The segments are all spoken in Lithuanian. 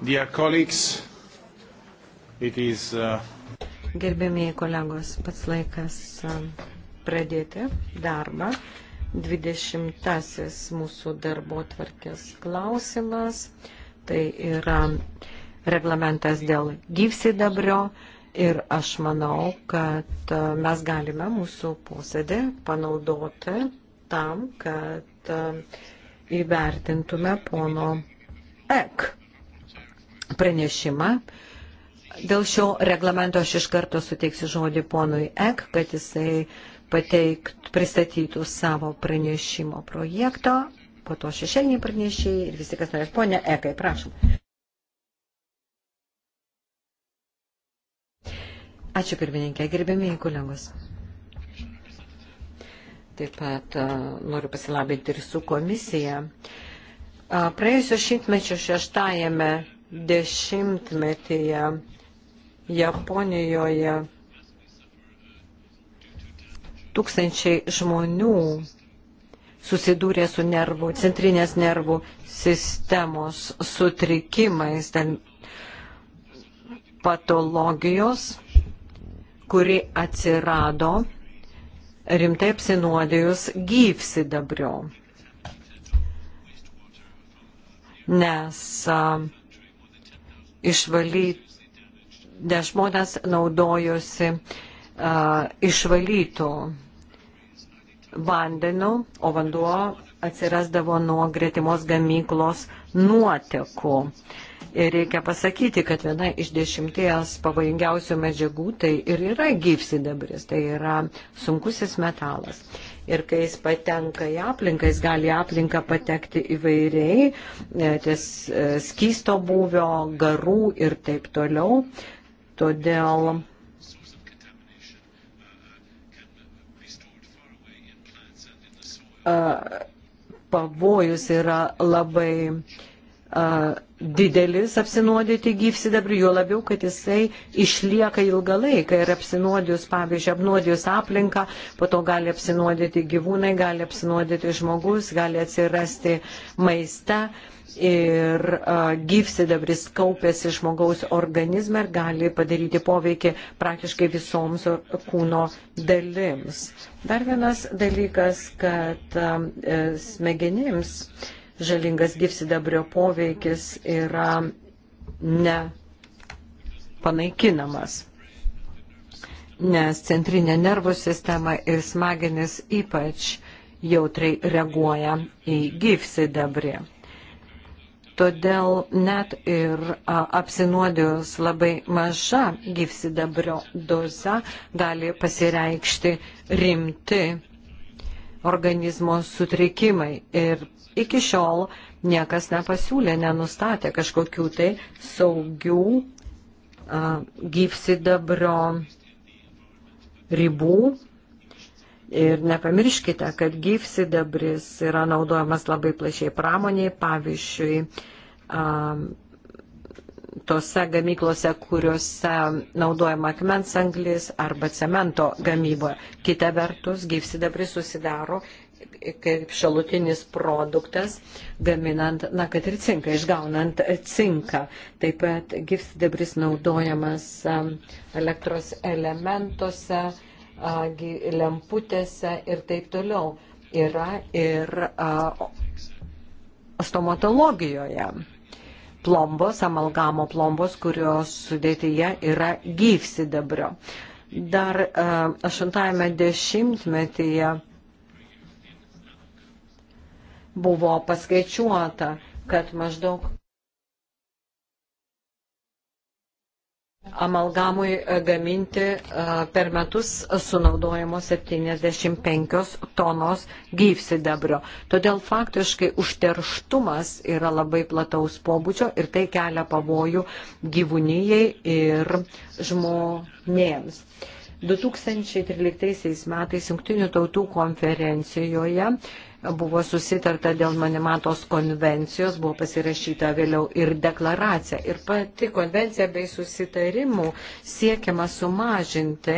Dear colleagues, it is. Uh... Gerbėmiai kolegos, pats laikas uh, pradėti darbą. 20 mūsų darbo tvarkės klausimas. Tai yra reglamentas dėl gyvsidabrio. Ir aš manau, kad uh, mes galime mūsų posėdį panaudoti tam, kad uh, įvertintume pono Ek pranešimą. Dėl šio reglamento aš iš karto suteiksiu žodį ponui Ek, kad jisai pateikt, pristatytų savo pranešimo projekto, po to šešėliniai pranešėjai ir visi, kas norės. Pone Ekai, prašom. Ačiū pirmininkė, gerbėmiai kolegos. Taip pat noriu pasilabinti ir su komisija. Praėjusio šimtmečio šeštajame dešimtmetyje Japonijoje tūkstančiai žmonių susidūrė su nervų, centrinės nervų sistemos sutrikimais, ten patologijos, kuri atsirado rimtai apsinuodėjus gyvsidabrio. Nes uh, išvalyti, nes žmonės naudojosi uh, išvalytų vandeniu, o vanduo atsirasdavo nuo gretimos gamyklos nuotekų. Ir reikia pasakyti, kad viena iš dešimties pavojingiausių medžiagų tai ir yra gyvsidabris, tai yra sunkusis metalas. Uh, ir kai jis patenka į aplinką, jis gali į aplinką patekti įvairiai, e, ties e, skysto būvio, garų ir taip toliau. Todėl e, pavojus yra labai uh, didelis apsinuodyti gyvsidabriu, juo labiau, kad jisai išlieka ilgą laiką ir apsinuodijus, pavyzdžiui, apnuodijus aplinką, po to gali apsinuodyti gyvūnai, gali apsinuodyti žmogus, gali atsirasti maiste ir uh, gyvsidabris kaupėsi žmogaus organizme ir gali padaryti poveikį praktiškai visoms kūno dalims. Dar vienas dalykas, kad uh, smegenims uh, žalingas gyvsidabrio poveikis yra nepanaikinamas, nes centrinė nervų sistema ir smegenis ypač jautriai reaguoja į gyvsidabrį. Todėl net ir apsinuodijus labai maža gyvsidabrio doza gali pasireikšti rimti organizmo sutrikimai ir iki šiol niekas nepasiūlė, nenustatė kažkokių tai saugių a, gyvsidabrio ribų. Ir nepamirškite, kad gyvsidabris yra naudojamas labai plačiai pramoniai, pavyzdžiui, a, tose gamyklose, kuriuose naudojama akmens anglis arba cemento gamyboje. Kita vertus, gyvsidabris susidaro kaip šalutinis produktas, gaminant, na, kad ir cinką, išgaunant cinką. Taip pat gyvsidabris naudojamas um, elektros elementuose, lemputėse ir taip toliau. Yra ir stomatologijoje plombos, amalgamo plombos, kurios sudėtyje yra gyvsidabrio. Dar aštuntajame dešimtmetyje buvo paskaičiuota, kad maždaug amalgamui e, gaminti e, per metus sunaudojamos 75 tonos gyvsidabrio. Todėl faktiškai užterštumas yra labai plataus pobūdžio ir tai kelia pavojų gyvūnyjai ir žmonėms. 2013 metais Junktinių tautų konferencijoje buvo susitarta dėl Manimatos konvencijos, buvo pasirašyta vėliau ir deklaracija. Ir pati konvencija bei susitarimų siekiama sumažinti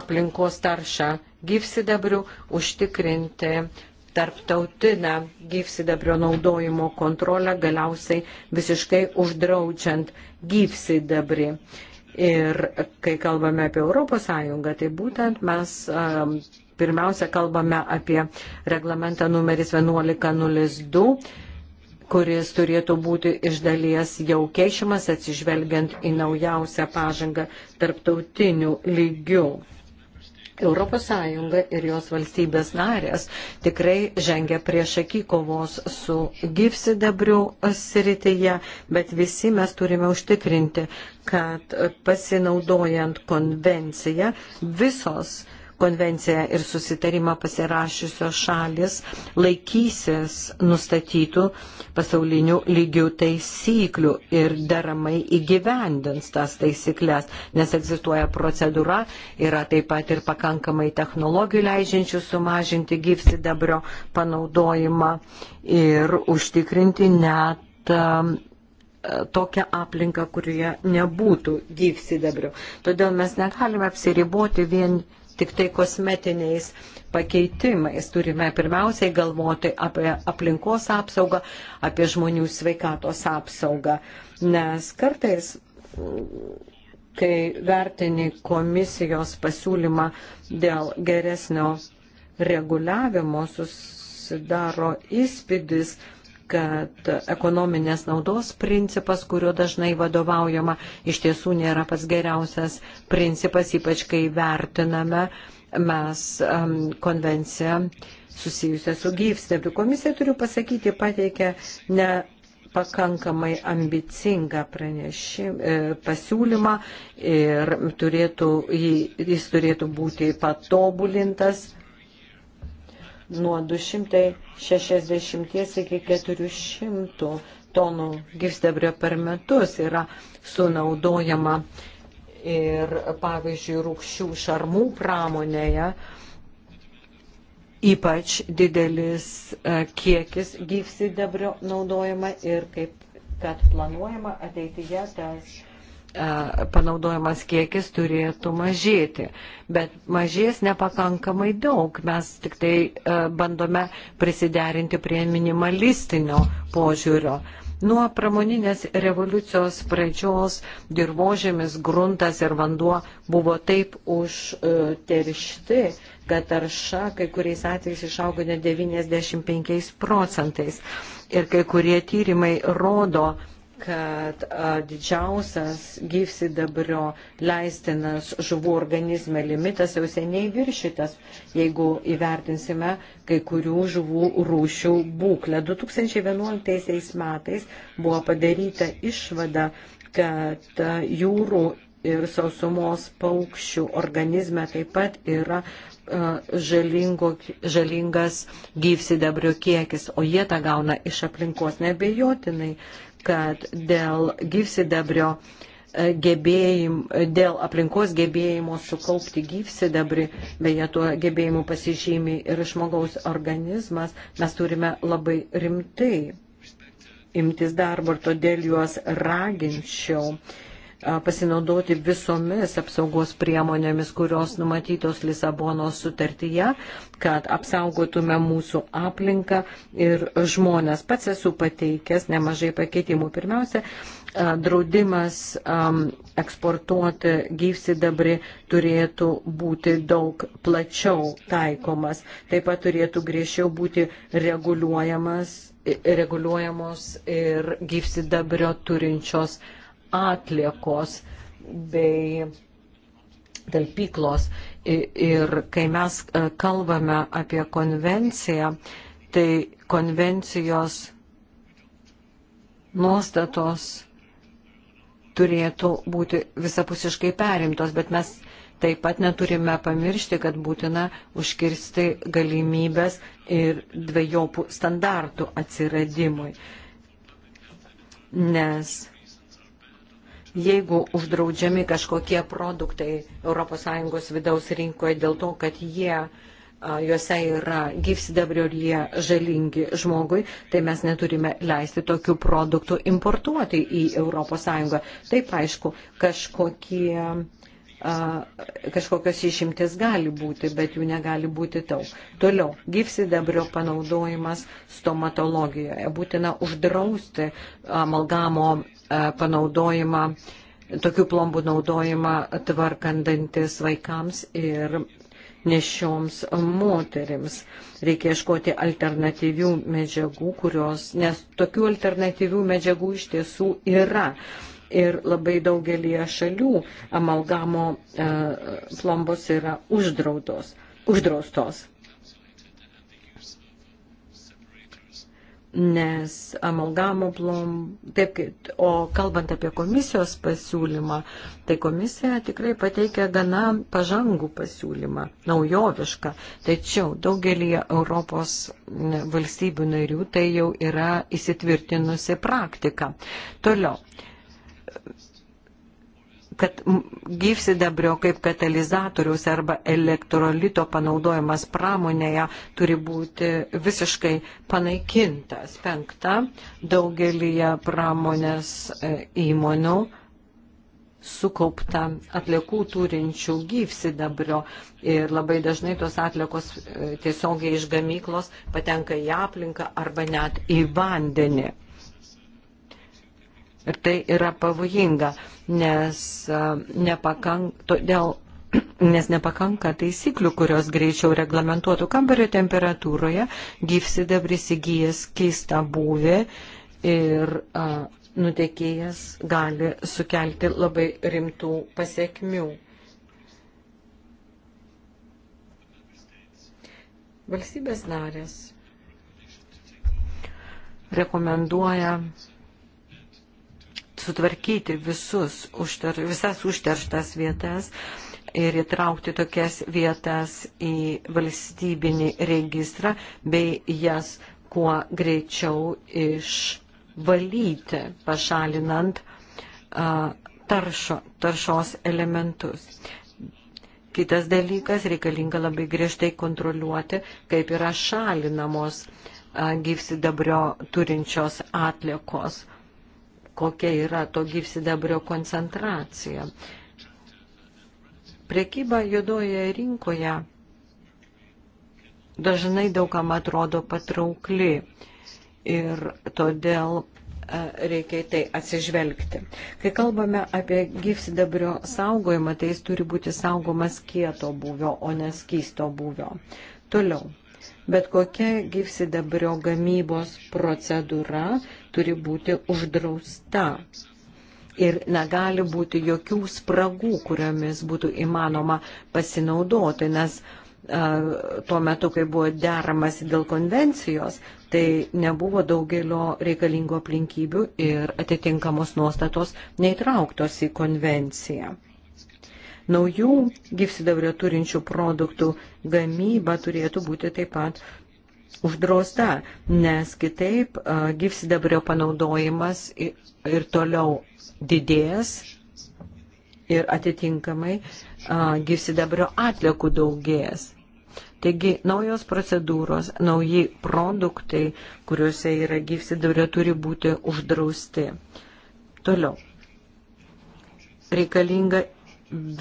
aplinkos taršą gyvsidabrių, užtikrinti tarptautinę gyvsidabrio naudojimo kontrolę, galiausiai visiškai uždraudžiant gyvsidabrį. Ir kai kalbame apie Europos Sąjungą, tai būtent mes um, Pirmiausia, kalbame apie reglamentą numeris 1102 kuris turėtų būti iš dalies jau keišimas atsižvelgiant į naujausią pažangą tarptautinių lygių. Europos Sąjunga ir jos valstybės narės tikrai žengia prieš akį kovos su gyvsidabrių srityje, bet visi mes turime užtikrinti, kad pasinaudojant konvenciją visos uh, konvenciją ir susitarimą pasirašysios šalis laikysis nustatytų pasaulinių lygių taisyklių ir deramai įgyvendins tas taisyklės, nes egzistuoja procedūra, yra taip pat ir pakankamai technologijų leidžiančių sumažinti gyvsidabrio panaudojimą ir užtikrinti net um, tokią aplinką, kurioje nebūtų gyvsidabrio. Todėl mes negalime apsiriboti vien tik tai kosmetiniais pakeitimais. Turime pirmiausiai galvoti apie aplinkos apsaugą, apie žmonių sveikatos apsaugą, nes kartais kai vertini komisijos pasiūlymą dėl geresnio reguliavimo, susidaro įspūdis, kad ekonominės naudos principas, kuriuo dažnai vadovaujama, iš tiesų nėra pats geriausias principas, ypač kai vertiname mes um, konvenciją susijusią su gyvstebiu. Komisija, turiu pasakyti, pateikė ne pakankamai ambicingą pranešim, e, pasiūlymą ir turėtų, jis turėtų būti patobulintas nuo 260 iki 400 tonų gyvstebrio per metus yra sunaudojama ir, pavyzdžiui, rūkščių šarmų pramonėje ypač didelis e, kiekis gyvsidabrio naudojama ir kaip kad planuojama ateityje tas E, panaudojamas kiekis turėtų mažėti, bet mažės nepakankamai daug. Mes tik tai e, bandome prisiderinti prie minimalistinio požiūrio. Nuo pramoninės revoliucijos pradžios dirbožėmis gruntas ir vanduo buvo taip užteršti, e, kad tarša kai kuriais atvejais išaugo net 95 procentais. Ir kai kurie tyrimai rodo, kad a, didžiausias gyvsidabrio leistinas žuvų organizme limitas jau seniai viršytas, jeigu įvertinsime kai kurių žuvų rūšių būklę. 2011 metais buvo padaryta išvada, kad a, jūrų ir sausumos paukščių organizme taip pat yra uh, žalingo, žalingas gyvsidabrio kiekis, o jie tą gauna iš aplinkos. Nebejotinai kad dėl gyvsidabrio e, gebėjim, dėl aplinkos gebėjimo sukaupti gyvsidabrį, beje, tuo gebėjimu pasižymi ir žmogaus organizmas, mes turime labai rimtai imtis darbo ir todėl juos raginčiau pasinaudoti visomis apsaugos priemonėmis, kurios numatytos Lisabonos sutartyje, kad apsaugotume mūsų aplinką ir žmonės. Pats esu pateikęs nemažai pakeitimų. Pirmiausia, draudimas eksportuoti gyvsidabri turėtų būti daug plačiau taikomas. Taip pat turėtų griežčiau būti reguliuojamas reguliuojamos ir gyvsidabrio turinčios atliekos bei talpyklos. Ir kai mes e, kalbame apie konvenciją, tai konvencijos nuostatos turėtų būti visapusiškai perimtos, bet mes taip pat neturime pamiršti, kad būtina užkirsti galimybės ir dviejopų standartų atsiradimui. Nes jeigu uždraudžiami kažkokie produktai ES vidaus rinkoje dėl to, kad jie juose yra gyvsidabrio ir jie žalingi žmogui, tai mes neturime leisti tokių produktų importuoti į ES. Taip aišku, kažkokie, kažkokios išimtis gali būti, bet jų negali būti daug. Toliau, gyvsidabrio panaudojimas stomatologijoje. Būtina uždrausti amalgamo E, panaudojimą, tokių plombų naudojimą tvarkandantis vaikams ir nešioms moterims. Reikia ieškoti alternatyvių medžiagų, kurios, nes tokių alternatyvių medžiagų iš tiesų yra. Ir labai daugelie šalių amalgamo e, plombos yra uždraudos, uždraustos. nes amalgamų plom, taip, o kalbant apie komisijos pasiūlymą, tai komisija tikrai pateikia gana pažangų pasiūlymą, naujovišką, tačiau daugelį Europos valstybių narių tai jau yra įsitvirtinusi praktika. Toliau, kad gyvsidabrio kaip katalizatoriaus arba elektrolito panaudojimas pramonėje turi būti visiškai panaikintas. Penkta, daugelyje pramonės e, įmonių sukaupta atliekų turinčių gyvsidabrio ir labai dažnai tos atliekos e, tiesiogiai iš gamyklos patenka į aplinką arba net į vandenį. Ir tai yra pavojinga, nes, nepakank, todėl, nes nepakanka taisyklių, kurios greičiau reglamentuotų kambario temperatūroje, gyvsidabris įgyjęs keistą būvį ir a, nutekėjęs gali sukelti labai rimtų pasiekmių. Valstybės narės rekomenduoja sutvarkyti visus, užter, visas užterštas vietas ir įtraukti tokias vietas į valstybinį registrą bei jas kuo greičiau išvalyti, pašalinant uh, taršo, taršos elementus. Kitas dalykas, reikalinga labai griežtai kontroliuoti, kaip yra šalinamos gyvsidabrio turinčios atliekos kokia yra to gyvsidabrio koncentracija. Prekyba juodoje rinkoje dažnai daugam atrodo patraukli ir todėl e, reikia į tai atsižvelgti. Kai kalbame apie gyvsidabrio saugojimą, tai jis turi būti saugomas kieto buvio, o ne skysto buvio. Toliau. Bet kokia gyvsidabrio gamybos procedūra turi būti uždrausta. Ir negali būti jokių spragų, kuriomis būtų įmanoma pasinaudoti, nes tuo metu, kai buvo deramas dėl konvencijos, tai nebuvo daugelio reikalingų aplinkybių ir atitinkamos nuostatos neįtrauktos į konvenciją. Naujų gyvsidabrio turinčių produktų gamyba turėtų būti taip pat uždrausta, nes kitaip gyvsidabrio panaudojimas ir toliau didės ir atitinkamai gyvsidabrio atliekų daugės. Taigi naujos procedūros, nauji produktai, kuriuose yra gyvsidabrio, turi būti uždrausti. Toliau. Reikalinga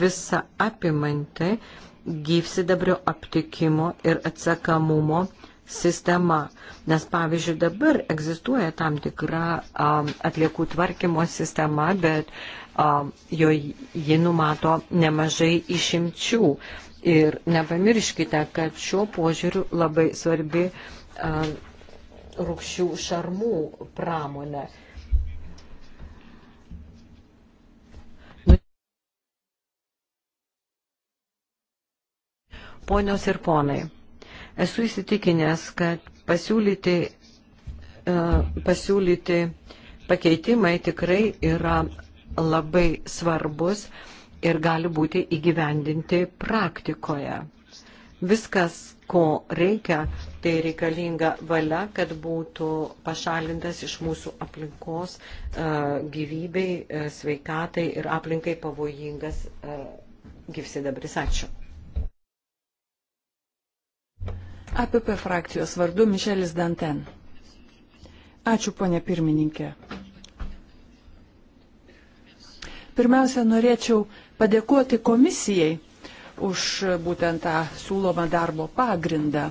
visa apimanti gyvsidabrio aptikimo ir atsakamumo sistema. Nes, pavyzdžiui, dabar egzistuoja tam tikra um, atliekų tvarkymo sistema, bet um, jo ji numato nemažai išimčių. Ir nepamirškite, kad šiuo požiūriu labai svarbi um, rūkščių šarmų pramonė. Ponios ir ponai. Esu įsitikinęs, kad pasiūlyti, e, pasiūlyti pakeitimai tikrai yra labai svarbus ir gali būti įgyvendinti praktikoje. Viskas, ko reikia, tai reikalinga valia, kad būtų pašalintas iš mūsų aplinkos e, gyvybei, e, sveikatai ir aplinkai pavojingas gyvsidabris. Ačiū. APP frakcijos vardu Mišelis Danten. Ačiū, ponė pirmininkė. Pirmiausia, norėčiau padėkoti komisijai už būtent tą siūlomą darbo pagrindą.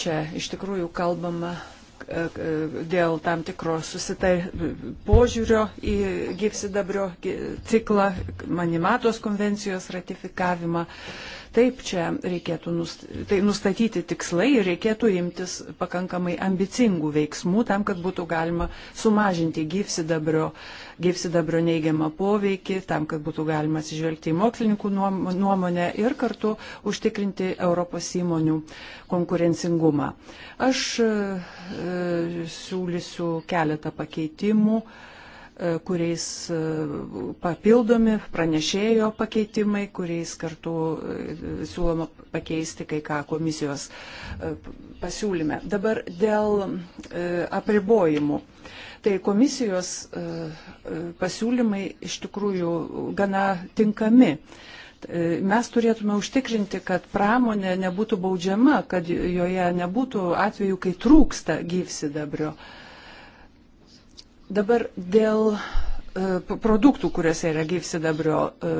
Čia iš tikrųjų kalbama e, e, dėl tam tikro susitar požiūrio į gyvsidabrio ciklą, Manimatos konvencijos ratifikavimą. Taip, čia reikėtų nust, tai nustatyti tikslai ir reikėtų imtis pakankamai ambicingų veiksmų tam, kad būtų galima sumažinti gyvsidabrio, gyvsidabrio neigiamą poveikį, tam, kad būtų galima atsižvelgti į mokslininkų nuomonę ir kartu užtikrinti Europos įmonių konkurencingumą. Aš e, siūlysiu keletą pakeitimų. E, E, kuriais e, papildomi pranešėjo pakeitimai, kuriais kartu e, siūloma pakeisti kai ką komisijos pasiūlyme. Dabar dėl apribojimų. Tai komisijos pasiūlymai iš tikrųjų gana tinkami mes turėtume užtikrinti, kad pramonė nebūtų baudžiama, kad joje nebūtų atveju, kai trūksta gyvsidabrio. Uh, Dabar dėl e, produktų, kuriuose yra gyvsidabrio e,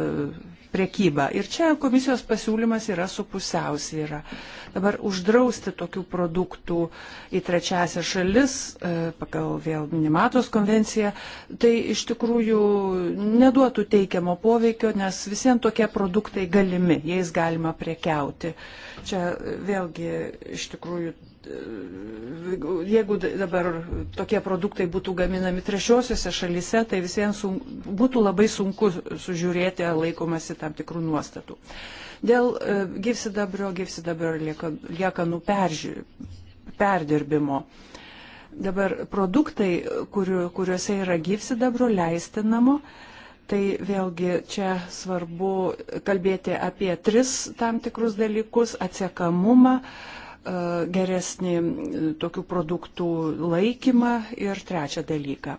prekyba. Ir čia komisijos pasiūlymas yra su pusiausvyra. Dabar uždrausti tokių produktų į trečiasią šalis, e, pagal vėl Minimatos konvenciją, tai iš tikrųjų neduotų teikiamo poveikio, nes visiems tokie produktai galimi, jais galima prekiauti. Čia vėlgi iš tikrųjų jeigu dabar tokie produktai būtų gaminami trečiosiuose šalyse, tai visiems sun, būtų labai sunku sužiūrėti, ar laikomasi tam tikrų nuostatų. Dėl e, gyvsidabrio, gyvsidabrio liekanų perži, perdirbimo. Dabar produktai, kuriu, kuriuose yra gyvsidabrio leistinamo, Tai vėlgi čia svarbu kalbėti apie tris tam tikrus dalykus - atsiekamumą, uh, E, geresnį e, tokių produktų laikymą ir trečią dalyką.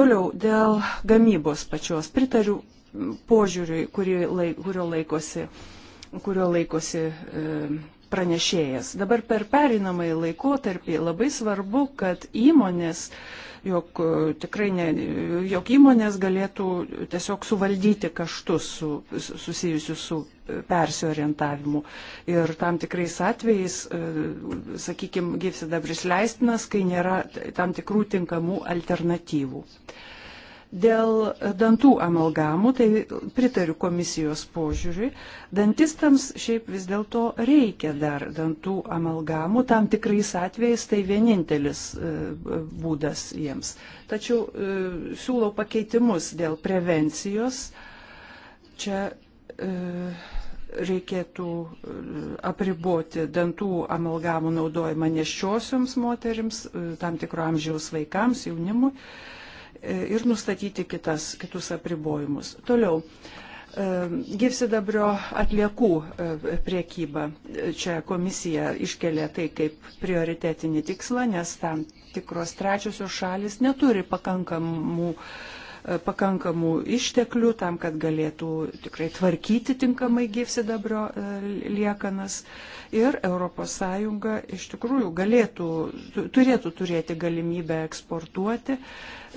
Toliau, dėl gamybos pačios pritariu požiūriui, laik, kurio laikosi, kurio laikosi e, pranešėjas. Dabar per pereinamąjį laikotarpį labai svarbu, kad įmonės uh, jog e, tikrai ne, jog įmonės galėtų tiesiog suvaldyti kaštus su, susijusius su persiorientavimu. Ir tam tikrais atvejais, e, sakykime, gyvsidabris leistinas, kai nėra tam tikrų tinkamų alternatyvų. Uh, Dėl dantų amalgamų, tai pritariu komisijos požiūriui, dantistams šiaip vis dėlto reikia dar dantų amalgamų, tam tikrais atvejais tai vienintelis e, būdas jiems. Tačiau e, siūlau pakeitimus dėl prevencijos. Čia e, reikėtų apriboti dantų amalgamų naudojimą neščiosioms moterims, tam tikro amžiaus vaikams, jaunimui ir nustatyti kitas, kitus apribojimus. Toliau. E, gyvsidabrio atliekų e, priekyba. Čia komisija iškelia tai kaip prioritetinį tikslą, nes tam tikros trečiosios šalis neturi pakankamų uh, pakankamų išteklių tam, kad galėtų tikrai tvarkyti tinkamai gyvsidabrio e, liekanas. Ir ES iš tikrųjų galėtų, turėtų turėti galimybę eksportuoti,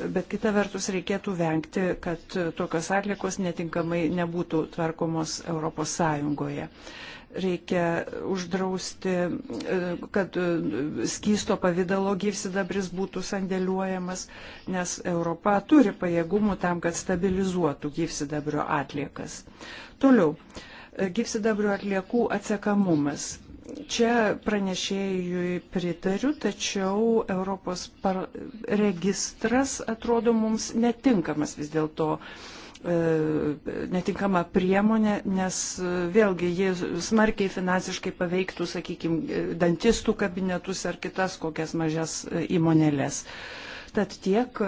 bet kita vertus reikėtų vengti, kad tokios atlikos netinkamai nebūtų tvarkomos ES reikia uždrausti, e, kad e, skysto pavydalo gyvsidabris būtų sandėliuojamas, nes Europa turi pajėgumų tam, kad stabilizuotų gyvsidabrio atliekas. Toliau, e, gyvsidabrio atliekų atsekamumas. Čia pranešėjui pritariu, tačiau Europos registras atrodo mums netinkamas vis dėlto. Uh, E, netinkama priemonė, nes e, vėlgi jie smarkiai finansiškai paveiktų, sakykime, dantistų kabinetus ar kitas kokias mažas e, įmonėlės. Tad tiek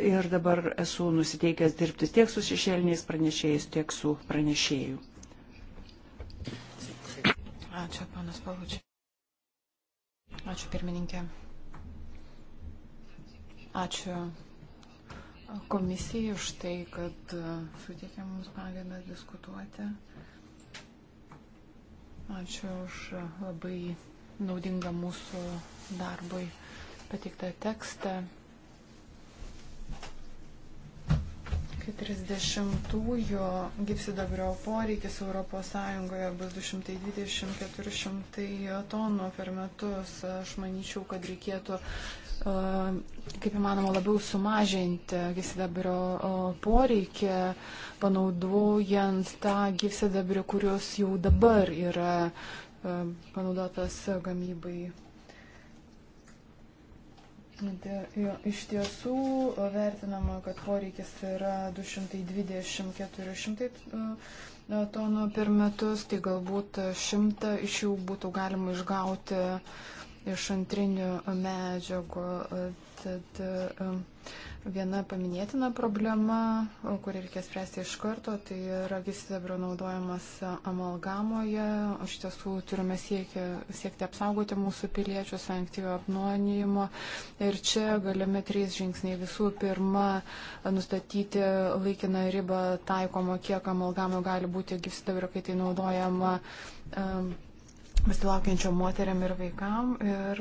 ir dabar esu nusiteikęs dirbti tiek su šešėliniais pranešėjais, tiek su pranešėju. Ačiū, panas Pavučiai. Ačiū, pirmininkė. Ačiū komisijai už tai, kad e, suteikė mums pagrindą diskutuoti. Ačiū už e, labai naudingą mūsų darbui pateiktą tekstą. Kai 30-ųjų gypsidabrio poreikis ES bus 220-400 tonų per metus, aš manyčiau, kad reikėtų kaip įmanoma labiau sumažinti gyvsidabrio poreikį, panaudojant tą gyvsidabrį, kurios jau dabar yra panaudotas gamybai. Iš tiesų vertinama, kad poreikis yra 220-400 tonų per metus, tai galbūt 100 iš jų būtų galima išgauti uh, iš antrinių medžiagų. Tad um, viena paminėtina problema, kurią reikia spręsti iš karto, tai yra gysidabrio naudojimas amalgamoje. Iš tiesų turime siekti, siekti apsaugoti mūsų piliečius ankstyvo apnuonijimo. Ir čia galime trys žingsniai. Visų pirma, nustatyti laikiną ribą taikomą, kiek amalgamo gali būti gysidabrio, kai tai naudojama. Um, besilaukiančiom moteriam ir vaikam ir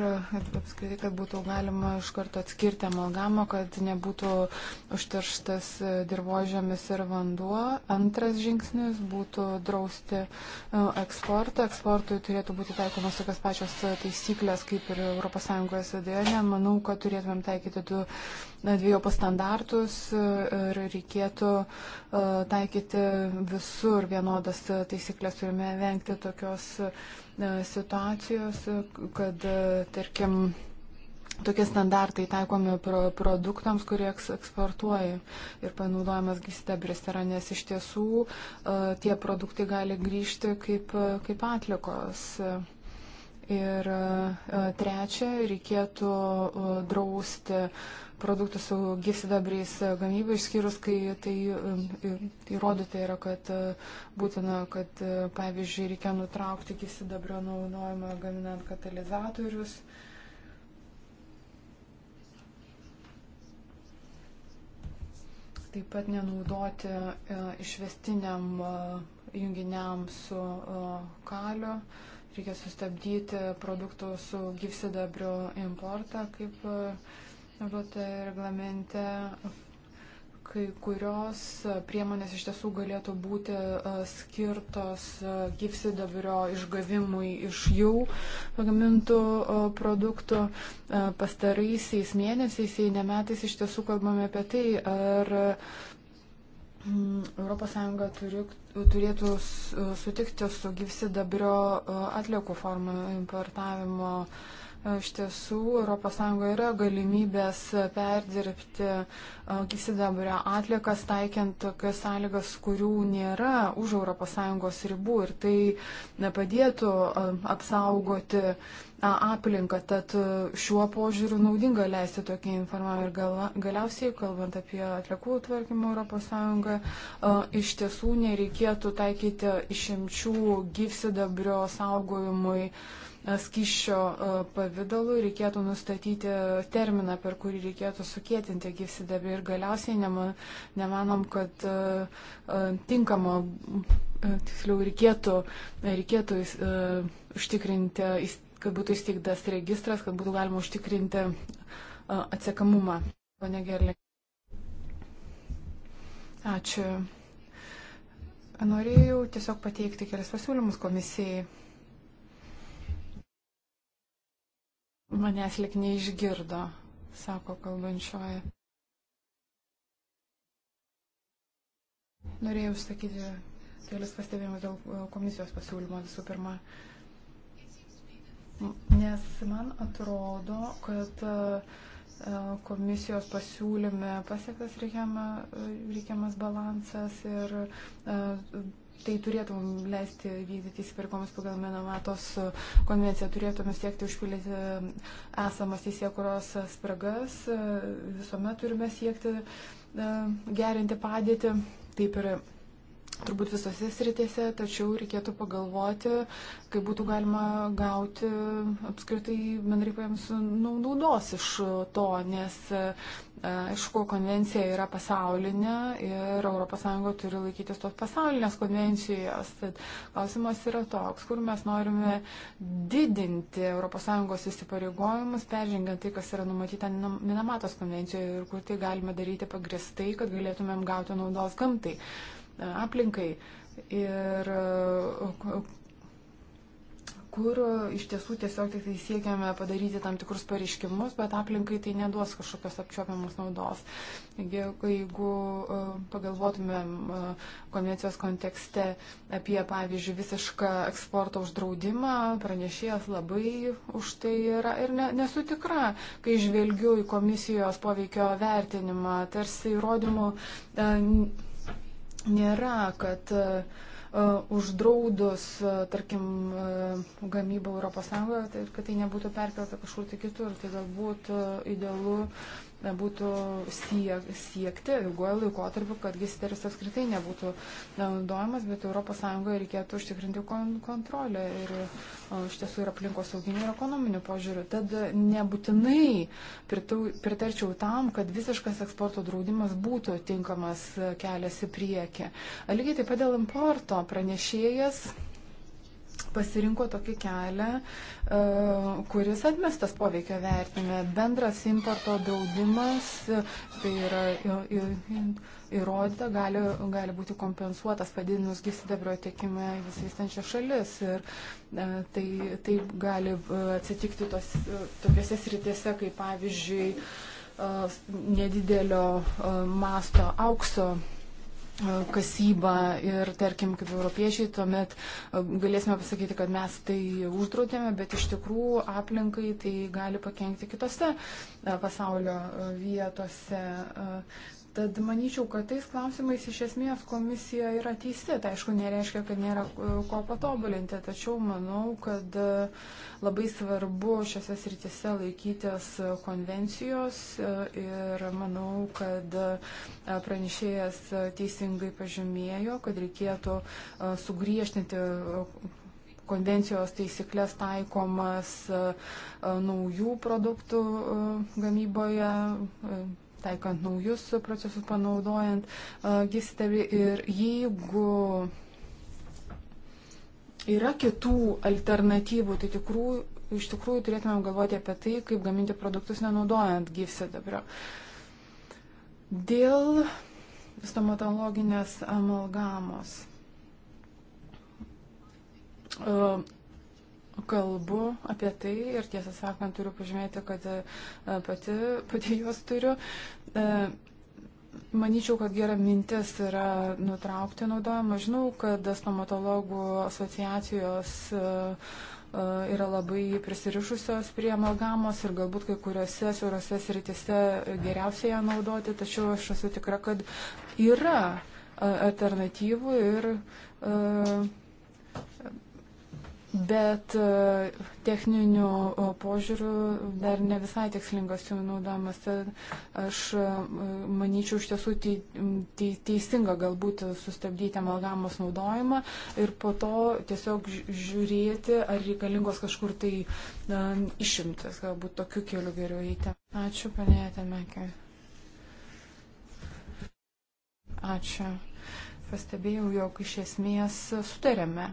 apskritai, kad būtų galima iš karto atskirti amalgamą, kad nebūtų užterštas dirbožėmis ir vanduo. Antras žingsnis būtų drausti e, eksportą. Eksportui turėtų būti taikomas tokias pačios taisyklės kaip ir ES dėlė. Manau, kad turėtumėm taikyti du dviejopas standartus ir reikėtų e, taikyti visur vienodas taisyklės. Turime vengti tokios E, situacijos, kad, e, tarkim, tokie standartai taikomi pro, produktams, kurie eksportuoja ir panaudojamas gyvsidabris yra, nes iš tiesų e, tie produktai gali grįžti kaip, kaip atlikos. Uh, Ir e, trečia, reikėtų e, drausti produktų su gysidabriais gamybą, išskyrus, kai tai e, įrodyta yra, kad būtina, kad pavyzdžiui, reikia nutraukti gysidabrio naudojimą gaminant katalizatorius. Taip pat nenaudoti išvestiniam junginiam su kaliu reikia sustabdyti produktų su gyvsidabrio importą, kaip naudota e, reglamente. Kai kurios priemonės iš tiesų galėtų būti e, skirtos e, gyvsidabrio išgavimui iš jau pagamintų produktų. Pastaraisiais mėnesiais, jei ne metais, iš tiesų kalbame apie tai, ar Mm, ES turi, turėtų sutikti su gyvsidabrio e, atliekų formų importavimo. E, iš tiesų, ES yra galimybės perdirbti e, gyvsidabrio atliekas, taikiant tokias sąlygas, kurių nėra už ES ribų ir tai padėtų apsaugoti uh, aplinką, tad e, šiuo požiūriu naudinga leisti tokį informavimą ir gal, galiausiai, kalbant apie atliekų tvarkymą ES, e, iš tiesų nereikėtų taikyti išimčių gyvsidabrio saugojimui e, skyščio pavydalu reikėtų nustatyti terminą, per kurį reikėtų sukėtinti gyvsidabį ir galiausiai nemanom, kad tinkama, tiksliau reikėtų, reikėtų užtikrinti kad būtų įsteigtas registras, kad būtų galima užtikrinti atsekamumą. Pane Gerlė. Ačiū. Norėjau tiesiog pateikti kelias pasiūlymus komisijai. Manęs lik neišgirdo, sako kalbančioji. Norėjau sakyti kelias pastebėjimus dėl komisijos pasiūlymo visų pirma. Uh, Nes man atrodo, kad e, komisijos pasiūlyme pasiektas reikiama, e, reikiamas balansas ir e, tai turėtum leisti vykdyti įsipareigomus pagal Menamatos konvenciją, turėtum siekti užpildyti esamas teisėkuros spragas, visuomet turime siekti gerinti padėtį. Taip ir turbūt visose sritėse, tačiau reikėtų pagalvoti, kaip būtų galima gauti apskritai bendrai paėmus naudos iš to, nes e, aišku, konvencija yra pasaulinė ir ES turi laikytis tos pasaulinės konvencijos. Tad klausimas yra toks, kur mes norime didinti ES įsipareigojimus, peržengiant tai, kas yra numatyta Minamatos konvencijoje ir kur tai galime daryti pagristai, kad galėtumėm gauti naudos gamtai. Uh, aplinkai ir e, kur iš tiesų tiesiog tik tai siekiame padaryti tam tikrus pareiškimus, bet aplinkai tai neduos kažkokios apčiopiamos naudos. Taigi, jeigu e, pagalvotumėm e, konvencijos kontekste apie, pavyzdžiui, visišką eksporto uždraudimą, pranešėjas labai už tai yra ir ne, nesu tikra, kai žvelgiu į komisijos poveikio vertinimą, tarsi įrodymų. E, nėra, kad e, e, uždraudus, e, tarkim, gamybą ES, tai kad tai nebūtų perkelta kažkur tai kitur. Tai galbūt idealu būtų siek, siekti ilguoju laikotarpiu, kad gisiterius apskritai nebūtų naudojamas, bet ES reikėtų užtikrinti kon kontrolę ir iš tiesų ir aplinkos sauginių ir ekonominių požiūrių. Tad nebūtinai pritau, pritarčiau tam, kad visiškas eksporto draudimas būtų tinkamas kelias į priekį. Lygiai taip pat dėl importo pranešėjas pasirinko tokį kelią, e, kuris atmestas poveikio vertinime. Bendras importo draudimas, tai yra įrodyta, gali, gali būti kompensuotas padidinus gysidabrio tiekime visais tenčia šalis. Ir e, tai, tai gali e, atsitikti tos, tokiuose sritėse, kaip pavyzdžiui, nedidelio masto aukso kasybą ir tarkim kaip europiečiai, tuomet e, galėsime pasakyti, kad mes tai uždraudėme, bet iš tikrųjų aplinkai tai gali pakengti kitose e, pasaulio e, vietose. Tad manyčiau, kad tais klausimais iš esmės komisija yra teisi. Tai aišku, nereiškia, kad nėra e, ko patobulinti, tačiau manau, kad e, labai svarbu šiose srityse laikytis konvencijos e, ir manau, kad pranešėjas teisingai pažymėjo, kad reikėtų sugriežtinti konvencijos taisyklės taikomas naujų produktų gamyboje taikant naujus procesus, panaudojant gisterį ir jeigu yra kitų alternatyvų, tai tikrų, iš tikrųjų turėtumėm galvoti apie tai, kaip gaminti produktus nenaudojant gyvsidabrio. Dėl stomatologinės amalgamos kalbu apie tai ir tiesą sakant turiu pažymėti, kad e, pati, pati juos turiu. E, manyčiau, kad gera mintis yra nutraukti naudojimą. Žinau, kad stomatologų asociacijos e, yra labai prisirišusios prie amalgamos ir galbūt kai kuriuose siaurose sritise geriausiai ją naudoti, tačiau aš esu tikra, kad yra alternatyvų ir uh, bet e, techniniu e, požiūriu dar ne visai tikslingas jų naudojimas. Tai aš e, manyčiau iš tiesų teisinga galbūt sustabdyti amalgamos naudojimą ir po to tiesiog žiūrėti, ar reikalingos kažkur tai išimtis, galbūt tokiu keliu geriau eiti. Ačiū, panėjate, Mekė. Ačiū. Pastebėjau, jog iš esmės sutarėme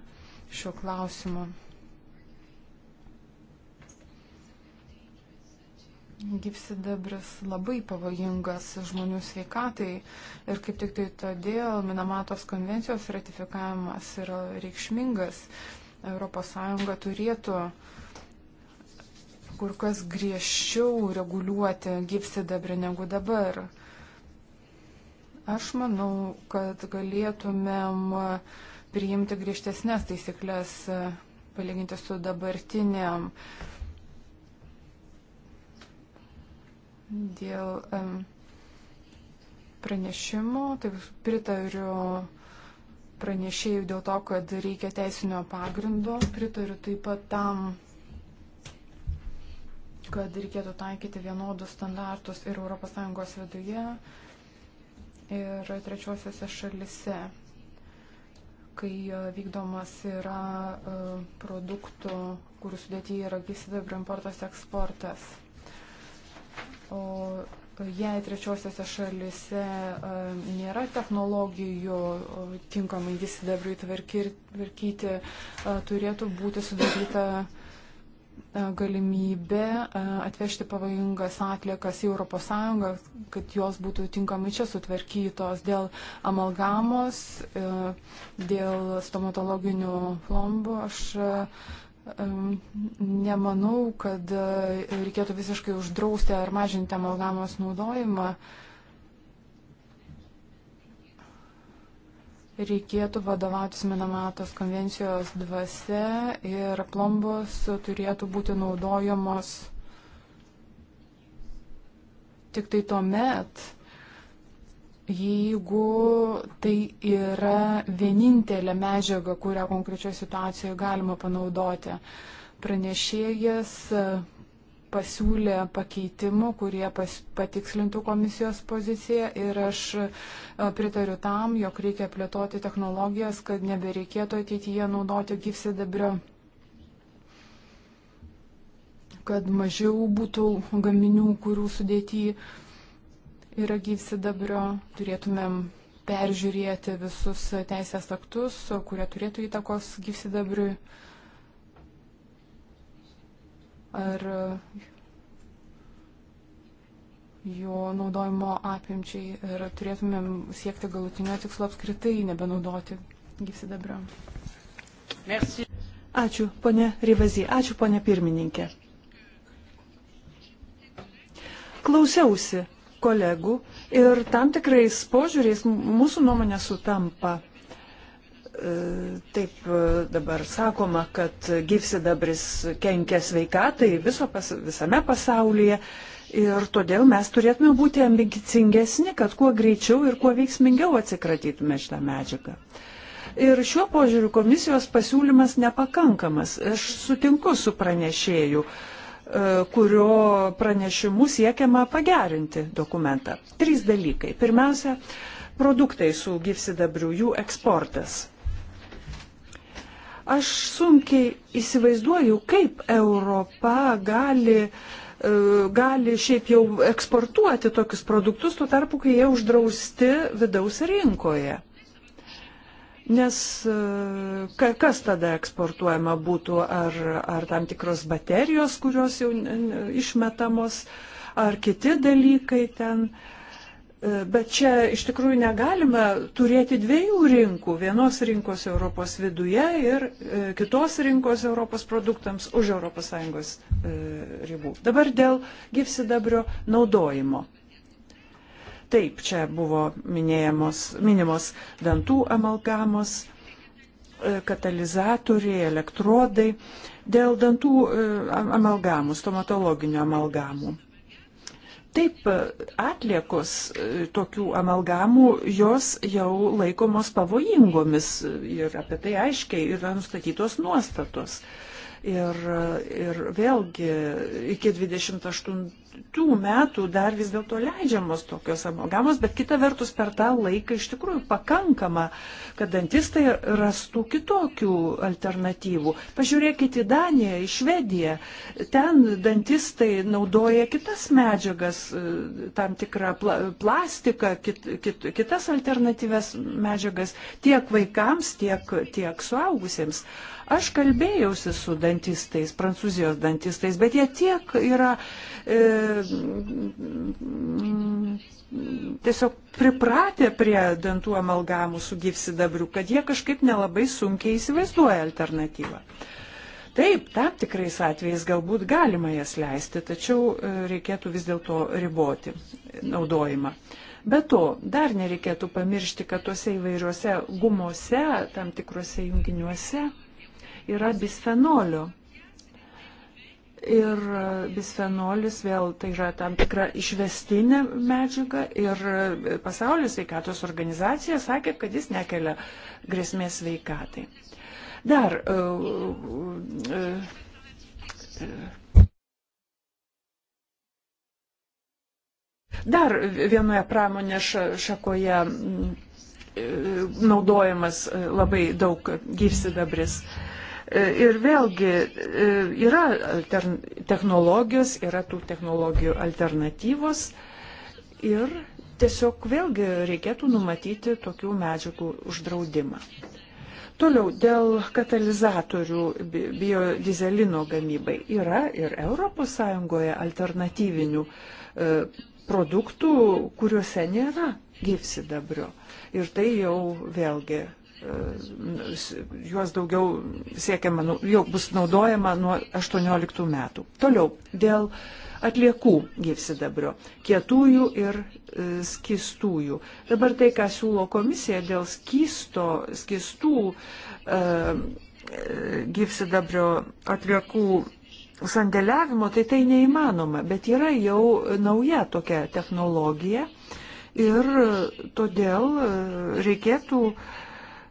šiuo klausimu. Gypsidabris labai pavojingas žmonių sveikatai ir kaip tik tai todėl Minamatos konvencijos ratifikavimas yra reikšmingas. ES turėtų kur kas griežčiau reguliuoti gypsidabrį negu dabar. Aš manau, kad galėtumėm uh, priimti griežtesnės taisyklės e, palyginti su dabartiniam dėl um, pranešimo. Tai pritariu pranešėjų dėl to, kad reikia teisinio pagrindo. Pritariu taip pat tam, kad reikėtų taikyti vienodus standartus ir ES viduje, ir trečiosiuose šalise kai e, vykdomas yra e, produktų, kurių sudėtyje yra gysidabrio importas, eksportas. O jei trečiosiose šalise e, nėra technologijų tinkamai gysidabriui tvarkyti, turėtų būti sudaryta galimybė atvežti pavojingas atliekas į ES, kad jos būtų tinkamai čia sutvarkytos dėl amalgamos, dėl stomatologinių plombų. Aš nemanau, kad reikėtų visiškai uždrausti ar mažinti amalgamos naudojimą. Uh, reikėtų vadovautis Minamatos konvencijos dvasia ir plombos turėtų būti naudojamos tik tai tuo met, jeigu tai yra vienintelė medžiaga, kurią konkrečioje situacijoje galima panaudoti. Pranešėjas pasiūlė pakeitimų, kurie pas, patikslintų komisijos poziciją ir aš e, pritariu tam, jog reikia plėtoti technologijas, kad nebereikėtų ateityje naudoti gyvsidabrio kad mažiau būtų gaminių, kurių sudėti yra gyvsidabrio, turėtumėm peržiūrėti visus teisės aktus, kurie turėtų įtakos gyvsidabriui ar uh, jo naudojimo apimčiai ir turėtumėm siekti galutinio tikslo apskritai nebenaudoti gyvsidabrio. Ačiū, ponė Rivazy, ačiū, ponė pirmininkė. Klausiausi kolegų ir tam tikrais požiūriais mūsų nuomonė sutampa. E, taip e, dabar sakoma, kad gyvsidabris kenkia sveikatai viso pas, visame pasaulyje ir todėl mes turėtume būti ambicingesni, kad kuo greičiau ir kuo veiksmingiau atsikratytume šitą medžiagą. Ir šiuo požiūriu komisijos pasiūlymas nepakankamas. Aš sutinku su pranešėju, e, kurio pranešimu siekiama pagerinti dokumentą. Trys dalykai. Pirmiausia, produktai su gyvsidabriu, jų eksportas Aš sunkiai įsivaizduoju, kaip Europa gali e, gali šiaip jau eksportuoti tokius produktus, tuo tarpu, kai jie uždrausti vidaus rinkoje. Nes e, kas tada eksportuojama būtų, ar, ar tam tikros baterijos, kurios jau išmetamos, ar kiti dalykai ten. Uh, E, bet čia iš tikrųjų negalima turėti dviejų rinkų - vienos rinkos Europos viduje ir e, kitos rinkos Europos produktams už ES e, ribų. Dabar dėl gyvsidabrio naudojimo. Taip, čia buvo minėjamos, minimos dantų amalgamos, katalizatoriai, elektrodai, dėl dantų amalgamų, stomatologinių amalgamų Taip, atliekos e, tokių amalgamų, jos jau laikomos pavojingomis ir apie tai aiškiai yra nustatytos nuostatos. Ir, e, ir vėlgi iki 28 tų metų dar vis dėlto leidžiamos tokios amalgamos, bet kita vertus per tą laiką iš tikrųjų pakankama, kad dantistai rastų kitokių alternatyvų. Pažiūrėkite į Daniją, į Švediją. Ten dantistai naudoja kitas medžiagas, e, tam tikrą pla plastiką, kit, kit, kitas alternatyves medžiagas tiek vaikams, tiek, tiek suaugusiems. Aš kalbėjausi su dantistais, prancūzijos dantistais, bet jie tiek yra e, mm, tiesiog pripratę prie dantų amalgamų su gyvsidabriu, kad jie kažkaip nelabai sunkiai įsivaizduoja alternatyvą. Taip, tam tikrais atvejais galbūt galima jas leisti, tačiau e, reikėtų vis dėlto riboti naudojimą. Be to, dar nereikėtų pamiršti, kad tuose įvairiuose gumuose, tam tikrose junginiuose yra bisfenolių. Ir bisfenolis vėl tai yra tam tikra išvestinė medžiaga ir pasaulio sveikatos organizacija sakė, kad jis nekelia grėsmės sveikatai. Dar uh, uh, uh, Dar vienoje pramonės šakoje e, naudojamas e, labai daug gyvsidabris. Uh, E, ir vėlgi e, yra technologijos, yra tų technologijų alternatyvos ir tiesiog vėlgi reikėtų numatyti tokių medžiagų uždraudimą. Toliau dėl katalizatorių biodizelino gamybai yra ir ES alternatyvinių e, produktų, kuriuose nėra gyvsidabrio. Ir tai jau vėlgi E, juos daugiau siekiama, jau bus naudojama nuo 18 metų. Toliau, dėl atliekų gyvsidabrio, kietųjų ir e, skistųjų. Dabar tai, ką siūlo komisija dėl skisto, skistų e, gyvsidabrio atliekų sandėliavimo, tai tai neįmanoma, bet yra jau nauja tokia technologija ir todėl reikėtų uh,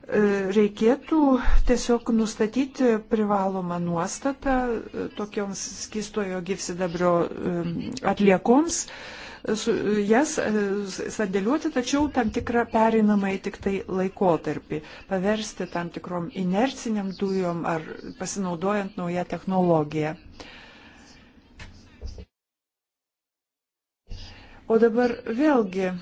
E, reikėtų tiesiog nustatyti privalomą nuostatą e, tokioms skistojo gyvsidabrio e, atliekoms, jas sandėliuoti, tačiau tam tikrą pereinamąjį tik tai laikotarpį, paversti tam tikrom inerciniam dujom ar pasinaudojant naują technologiją. O dabar vėlgi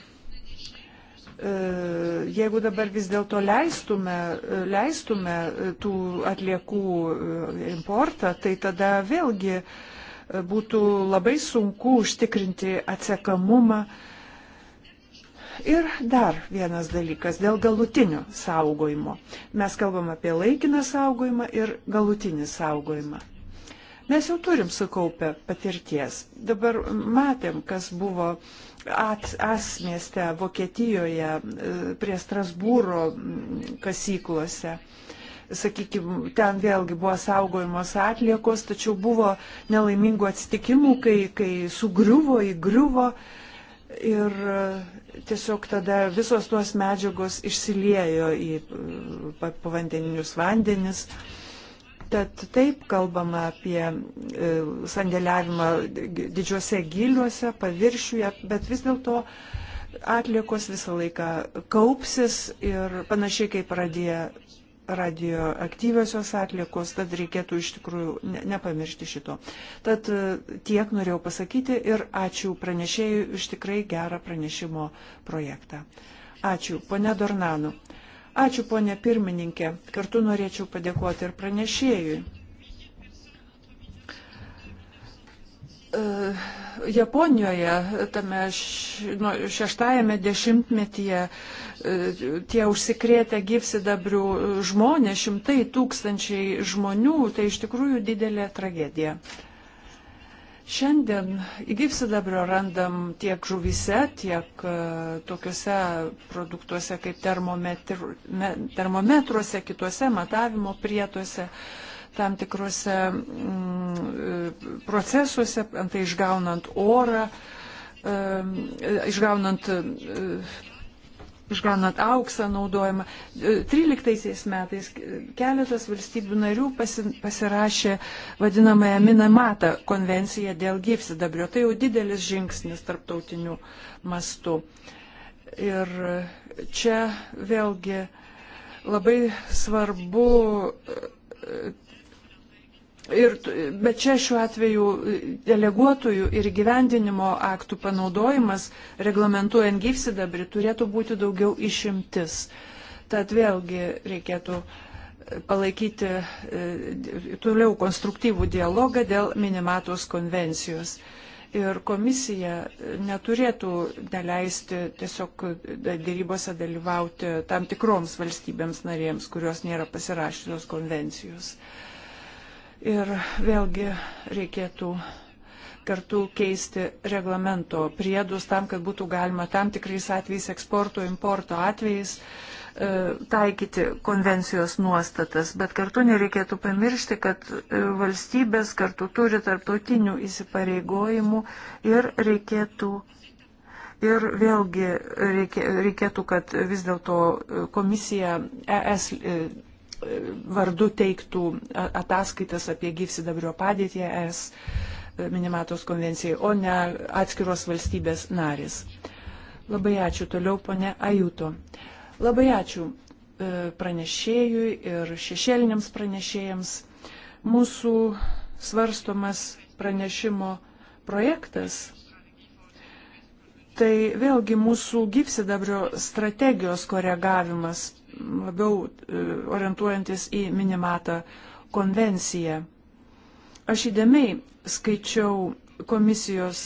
E, jeigu dabar vis dėlto leistume, e, leistume tų atliekų e, importą, tai tada vėlgi būtų labai sunku užtikrinti atsekamumą. Ir dar vienas dalykas dėl galutinio saugojimo. Mes kalbam apie laikiną saugojimą ir galutinį saugojimą. Mes jau turim sukaupę patirties. Dabar matėm, kas buvo uh, At, as mieste, Vokietijoje, e, prie Strasbūro kasyklose sakykime, ten vėlgi buvo saugojimos atliekos, tačiau buvo nelaimingų atsitikimų, kai, kai sugriuvo, įgriuvo ir e, tiesiog tada visos tuos medžiagos išsiliejo į e, povandeninius vandenis. Pa Tad taip kalbama apie e, sandėliavimą didžiuose giliuose, paviršiuje, bet vis dėlto atliekos visą laiką kaupsis ir panašiai kaip radė radioaktyviosios atliekos, tad reikėtų iš tikrųjų ne, nepamiršti šito. Tad e, tiek norėjau pasakyti ir ačiū pranešėjui iš tikrai gerą pranešimo projektą. Ačiū, pone Dornanu. Ačiū, ponė pirmininkė. Kartu norėčiau padėkoti ir pranešėjui. E, Japonijoje tame nu, šeštajame dešimtmetyje e, tie užsikrėtę gyvsidabrių žmonės, šimtai tūkstančiai žmonių, tai iš tikrųjų didelė tragedija. Šiandien gyvsidabrio randam tiek žuvise, tiek e, tokiuose produktuose kaip termometruose, kituose matavimo prietuose, tam tikrose mm, e, procesuose, antai išgaunant orą, e, išgaunant išgaunant auksą naudojimą. 13 e, metais keletas valstybių narių pasi, pasirašė vadinamąją Minamata konvenciją dėl gyvsidabrio. Tai jau didelis žingsnis tarptautiniu mastu. Ir čia vėlgi labai svarbu e, Ir, bet čia šiuo atveju deleguotojų ir gyvendinimo aktų panaudojimas reglamentuojant gyvsidabrį turėtų būti daugiau išimtis. Tad vėlgi reikėtų e, palaikyti e, toliau konstruktyvų dialogą dėl minimatos konvencijos. Ir komisija neturėtų neleisti tiesiog dėrybose dalyvauti tam tikroms valstybėms narėms, kurios nėra pasirašytos konvencijos. Uh, Ir vėlgi reikėtų kartu keisti reglamento priedus tam, kad būtų galima tam tikrais atvejais eksporto, importo atvejais e, taikyti konvencijos nuostatas, bet kartu nereikėtų pamiršti, kad e, valstybės kartu turi tarptautinių įsipareigojimų ir reikėtų. Ir vėlgi reikėtų, kad vis dėlto e, komisija ES vardu teiktų ataskaitas apie gyvsidabrio padėtį ES minimatos konvencijai, o ne atskiros valstybės narės. Labai ačiū toliau, ponė Ajuto. Labai ačiū e, pranešėjui ir šešėliniams pranešėjams. Mūsų svarstomas pranešimo projektas tai vėlgi mūsų gypsidabrio strategijos koregavimas labiau e, orientuojantis į minimatą konvenciją. Aš įdėmiai skaičiau komisijos e,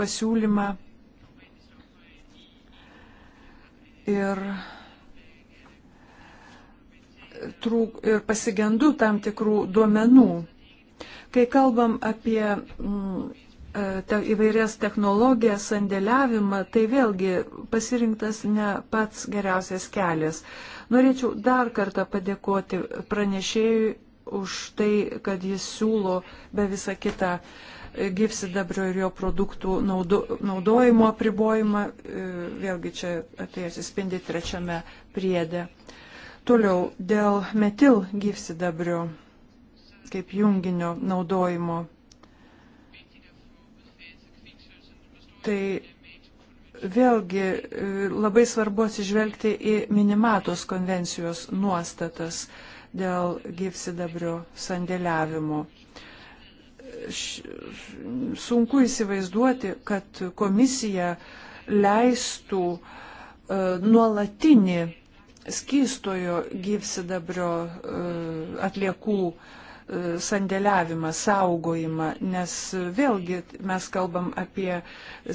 pasiūlymą ir, e, trūk, ir pasigendu tam tikrų duomenų. Kai kalbam apie m, mm, te, įvairias technologijas, sandėliavimą, tai vėlgi pasirinktas ne pats geriausias kelias. Uh, Norėčiau dar kartą padėkoti pranešėjui už tai, kad jis siūlo be visą kitą gyvsidabrio ir jo produktų naudo, naudojimo apribojimą. E, vėlgi čia apie atsispindi trečiame priedė. Toliau dėl metil gyvsidabrio kaip junginio naudojimo. Tai vėlgi labai svarbu atsižvelgti į minimatos konvencijos nuostatas dėl gyvsidabrio sandėliavimo. Sunku įsivaizduoti, kad komisija leistų e, nuolatinį skystojo gyvsidabrio e, atliekų uh, E, sandėliavimą, saugojimą, nes vėlgi mes kalbam apie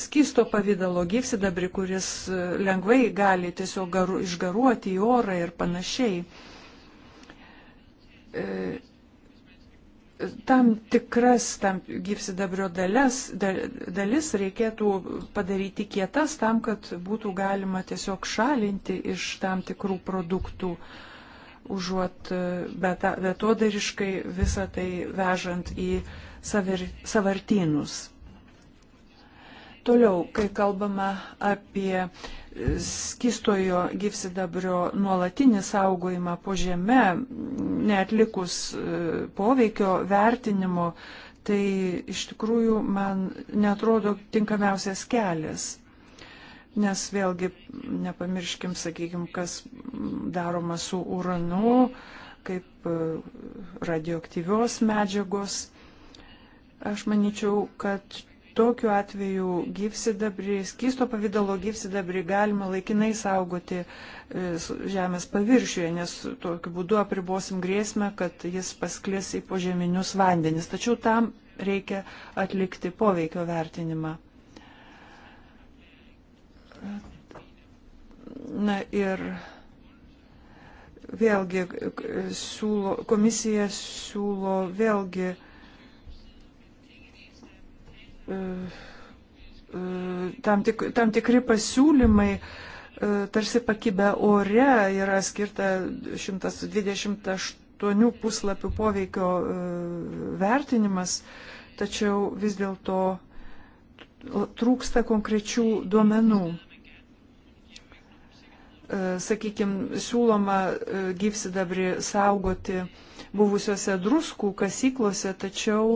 skysto pavydalo gyvsidabrį, kuris e, lengvai gali tiesiog garu, išgaruoti į orą ir panašiai. E, tam tikras tam gyvsidabrio dalis, dalis reikėtų padaryti kietas tam, kad būtų galima tiesiog šalinti iš tam tikrų produktų uh, užuot vietodariškai e, visą tai vežant į savir, savartynus. Toliau, kai kalbama apie e, skistojo gyvsidabrio nuolatinį saugojimą po žeme, neatlikus e, poveikio vertinimo, tai iš tikrųjų man netrodo tinkamiausias kelias nes vėlgi nepamirškim, sakykim, kas daroma su uranu, kaip e, radioaktyvios medžiagos. Aš manyčiau, kad tokiu atveju gyvsidabrį, skysto pavydalo gyvsidabrį galima laikinai saugoti e, žemės paviršiuje, nes tokiu būdu apribosim grėsmę, kad jis pasklis į požeminius vandenis. Tačiau tam reikia atlikti poveikio vertinimą. Na ir vėlgi siūlo, komisija siūlo vėlgi e, e, tam, tik, tam tikri pasiūlymai e, tarsi pakibę ore yra skirta 128 puslapių poveikio vertinimas, tačiau vis dėlto trūksta konkrečių duomenų. E, sakykime, siūloma e, gyvsidabrį saugoti buvusiuose druskų kasyklose, tačiau,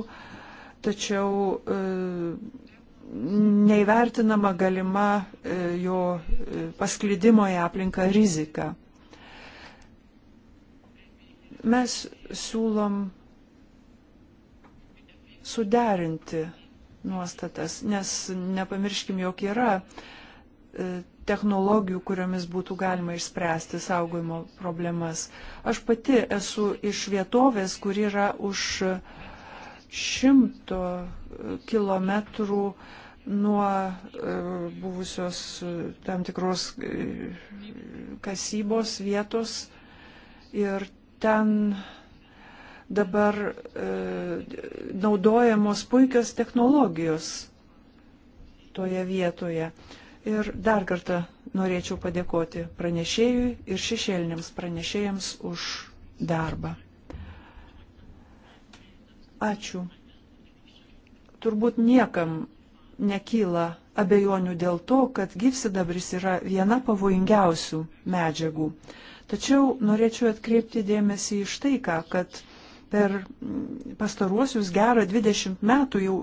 tačiau e, neįvertinama galima jo pasklidimo į aplinką rizika. Mes siūlom suderinti nuostatas, nes nepamirškim, jog yra technologijų, kuriomis būtų galima išspręsti saugojimo problemas. Aš pati esu iš vietovės, kur yra už šimto e, kilometrų nuo e, buvusios e, tam tikros kasybos vietos ir ten dabar naudojamos puikios technologijos toje vietoje. Ir dar kartą norėčiau padėkoti pranešėjui ir šešėliniams pranešėjams už darbą. Ačiū. Turbūt niekam nekyla abejonių dėl to, kad gyvsidabris yra viena pavojingiausių medžiagų. Tačiau norėčiau atkreipti dėmesį iš tai, ką, kad per pastaruosius gerą 20 metų jau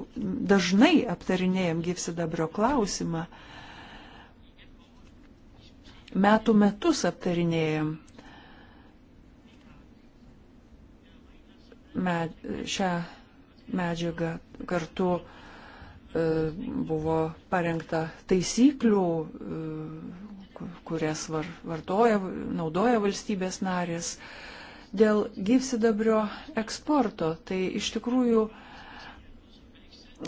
dažnai aptarinėjom gyvsidabrio klausimą. Uh, metų metus aptarinėjom med, šią medžiagą kartu e, buvo parengta taisyklių, e, kurias var, vartoja, naudoja valstybės narės. Dėl gyvsidabrio eksporto, tai iš tikrųjų,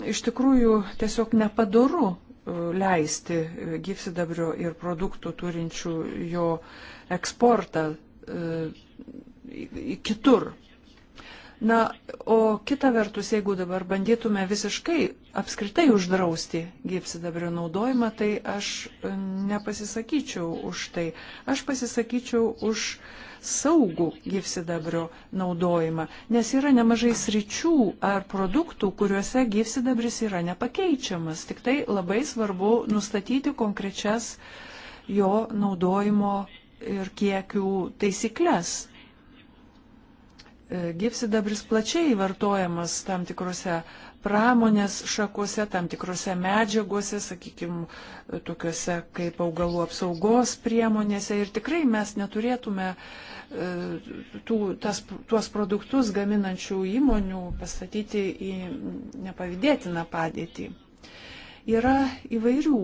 iš tikrųjų tiesiog nepadaru leisti gyvsidabrio ir produktų turinčių jo eksportą e, kitur. Na, o kita vertus, jeigu dabar bandytume visiškai apskritai uždrausti gyvsidabrio naudojimą, tai aš e, nepasisakyčiau už tai. Aš pasisakyčiau už uh, saugų gyvsidabrio naudojimą, nes yra nemažai sričių ar produktų, kuriuose gyvsidabris yra nepakeičiamas. Tik tai labai svarbu nustatyti konkrečias jo naudojimo ir kiekių taisyklės. E, gyvsidabris plačiai vartojamas tam tikrose pramonės šakose, tam tikrose medžiagose, sakykime, tokiuose kaip augalų apsaugos priemonėse. Ir tikrai mes neturėtume e, tų, tas, tuos produktus gaminančių įmonių pastatyti į nepavydėtiną padėtį. Yra įvairių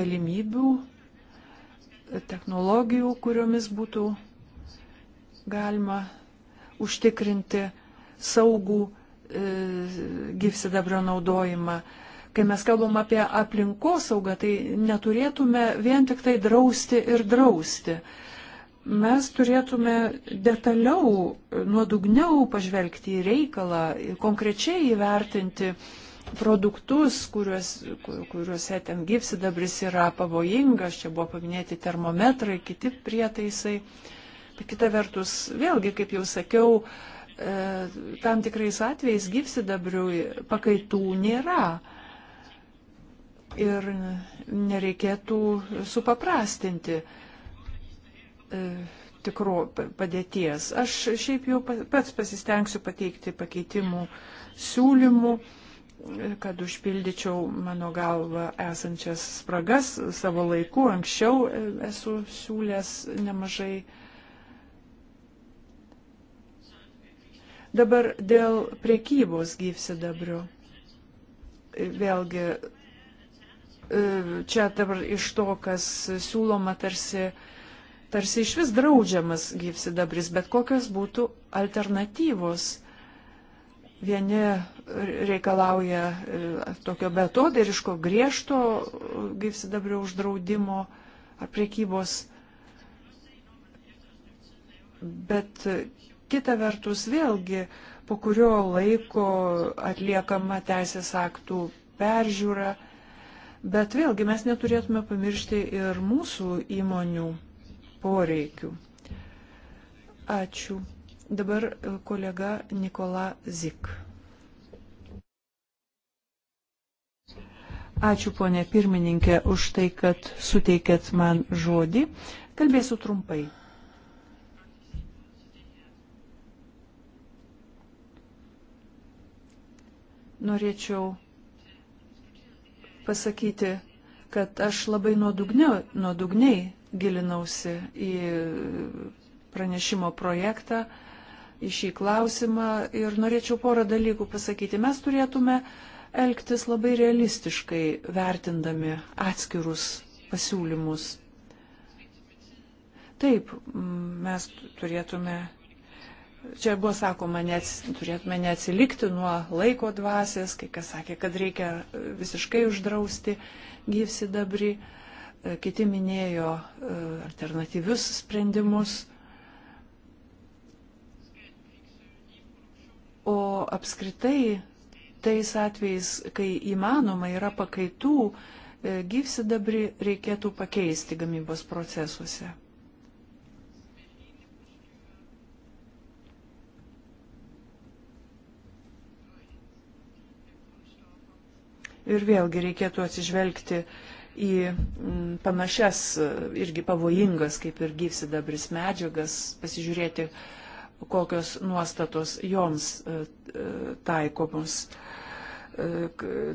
galimybių, technologijų, kuriomis būtų galima užtikrinti saugų E, gyvsidabrio naudojimą. Kai mes kalbam apie aplinkosaugą, tai neturėtume vien tik tai drausti ir drausti. Mes turėtume detaliau, nuodugniau pažvelgti į reikalą, konkrečiai įvertinti produktus, kuriuos, kuriuose ten gypsidabris yra pavojingas, čia buvo paminėti termometrai, kiti prietaisai. Bet kita vertus, vėlgi, kaip jau sakiau, E, tam tikrais atvejais gyvsidabriui pakaitų nėra. Ir nereikėtų supaprastinti e, tikro padėties. Aš šiaip jau pats pasistengsiu pateikti pakeitimų siūlymų, e, kad užpildyčiau mano galva esančias spragas savo laiku. Anksčiau esu siūlęs nemažai uh, Dabar dėl priekybos gyvsidabriu. Vėlgi, e, čia dabar iš to, kas siūloma tarsi, tarsi iš vis draudžiamas gyvsidabris, bet kokios būtų alternatyvos. Vieni reikalauja e, tokio betodariško griežto gyvsidabrio uždraudimo ar priekybos, bet Kita vertus, vėlgi, po kurio laiko atliekama teisės aktų peržiūra, bet vėlgi mes neturėtume pamiršti ir mūsų įmonių poreikių. Ačiū. Dabar e, kolega Nikola Zik. Ačiū, ponė pirmininkė, už tai, kad suteikėt man žodį. Kalbėsiu trumpai. norėčiau pasakyti, kad aš labai nuodugniai, nuodugniai gilinausi į pranešimo projektą, į šį klausimą ir norėčiau porą dalykų pasakyti. Mes turėtume elgtis labai realistiškai, vertindami atskirus pasiūlymus. Taip, mes turėtume Čia buvo sakoma, net, turėtume neatsilikti nuo laiko dvasės, kai kas sakė, kad reikia visiškai uždrausti gyvsidabrį, kiti minėjo e, alternatyvius sprendimus. O apskritai, tais atvejais, kai įmanoma yra pakaitų, e, gyvsidabrį reikėtų pakeisti gamybos procesuose. Ir vėlgi reikėtų atsižvelgti į mm, panašias irgi pavojingas, kaip ir gyvsidabris medžiagas, pasižiūrėti, kokios nuostatos joms e, e, taikomos. E,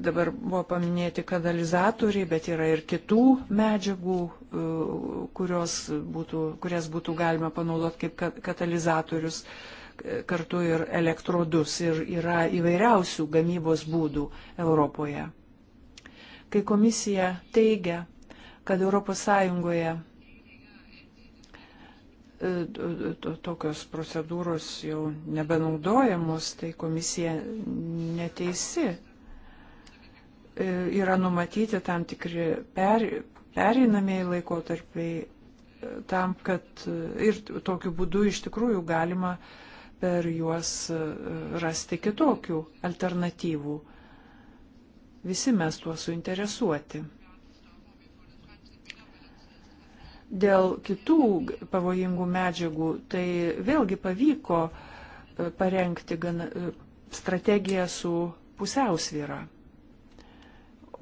dabar buvo paminėti katalizatoriai, bet yra ir kitų medžiagų, kurios būtų, kurias būtų galima panaudoti kaip katalizatorius kartu ir elektrodus. Ir yra įvairiausių gamybos būdų Europoje kai komisija teigia, kad ES e, tokios procedūros jau nebenaudojamos, tai komisija neteisi. E, yra numatyti tam tikri per, pereinamieji laikotarpiai e, tam, kad ir tokiu būdu iš tikrųjų galima per juos rasti kitokių alternatyvų. Visi mes tuo suinteresuoti. Dėl kitų pavojingų medžiagų, tai vėlgi pavyko e, parengti gan e, strategiją su pusiausvyra.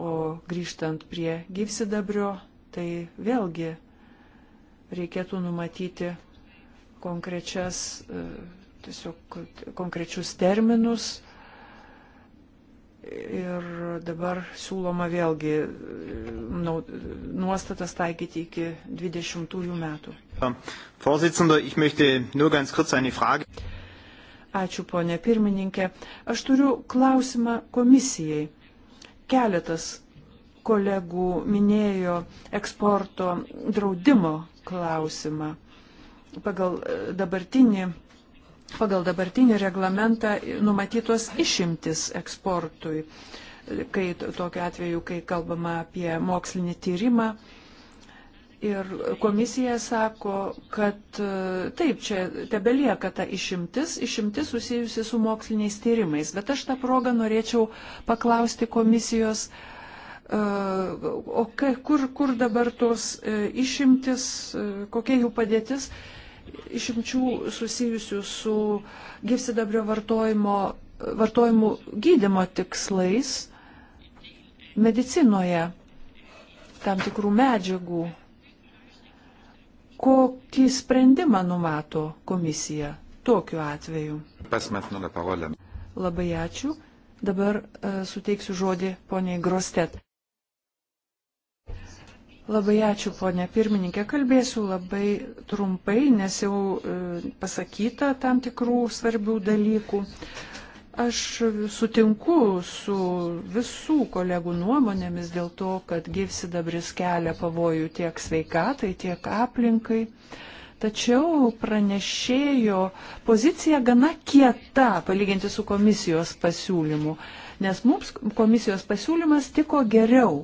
O grįžtant prie gyvsidabrio, tai vėlgi reikėtų numatyti konkrečias, e, tiesiog konkrečius terminus, Ir dabar siūloma vėlgi e, nuostatas taikyti iki 20 metų. Ačiū, ponė pirmininkė. Aš turiu klausimą komisijai. Keletas kolegų minėjo eksporto draudimo klausimą. Pagal e, dabartinį pagal dabartinį reglamentą numatytos išimtis eksportui, kai tokiu atveju, kai kalbama apie mokslinį tyrimą. Ir komisija sako, kad taip, čia tebelieka ta išimtis, išimtis susijusi su moksliniais tyrimais. Bet aš tą progą norėčiau paklausti komisijos, e, o kai, kur, kur dabar tos e, išimtis, e, kokia jų padėtis išimčių susijusių su gyvsidabrio vartojimo, vartojimu gydimo tikslais medicinoje tam tikrų medžiagų. Kokį sprendimą numato komisija tokiu atveju? Labai ačiū. Dabar uh, suteiksiu žodį poniai Grostet. Labai ačiū, ponė pirmininkė. Kalbėsiu labai trumpai, nes jau e, pasakyta tam tikrų svarbių dalykų. Aš sutinku su visų kolegų nuomonėmis dėl to, kad gyvsidabris kelia pavojų tiek sveikatai, tiek aplinkai. Tačiau pranešėjo pozicija gana kieta palyginti su komisijos pasiūlymu, nes mums komisijos pasiūlymas tiko geriau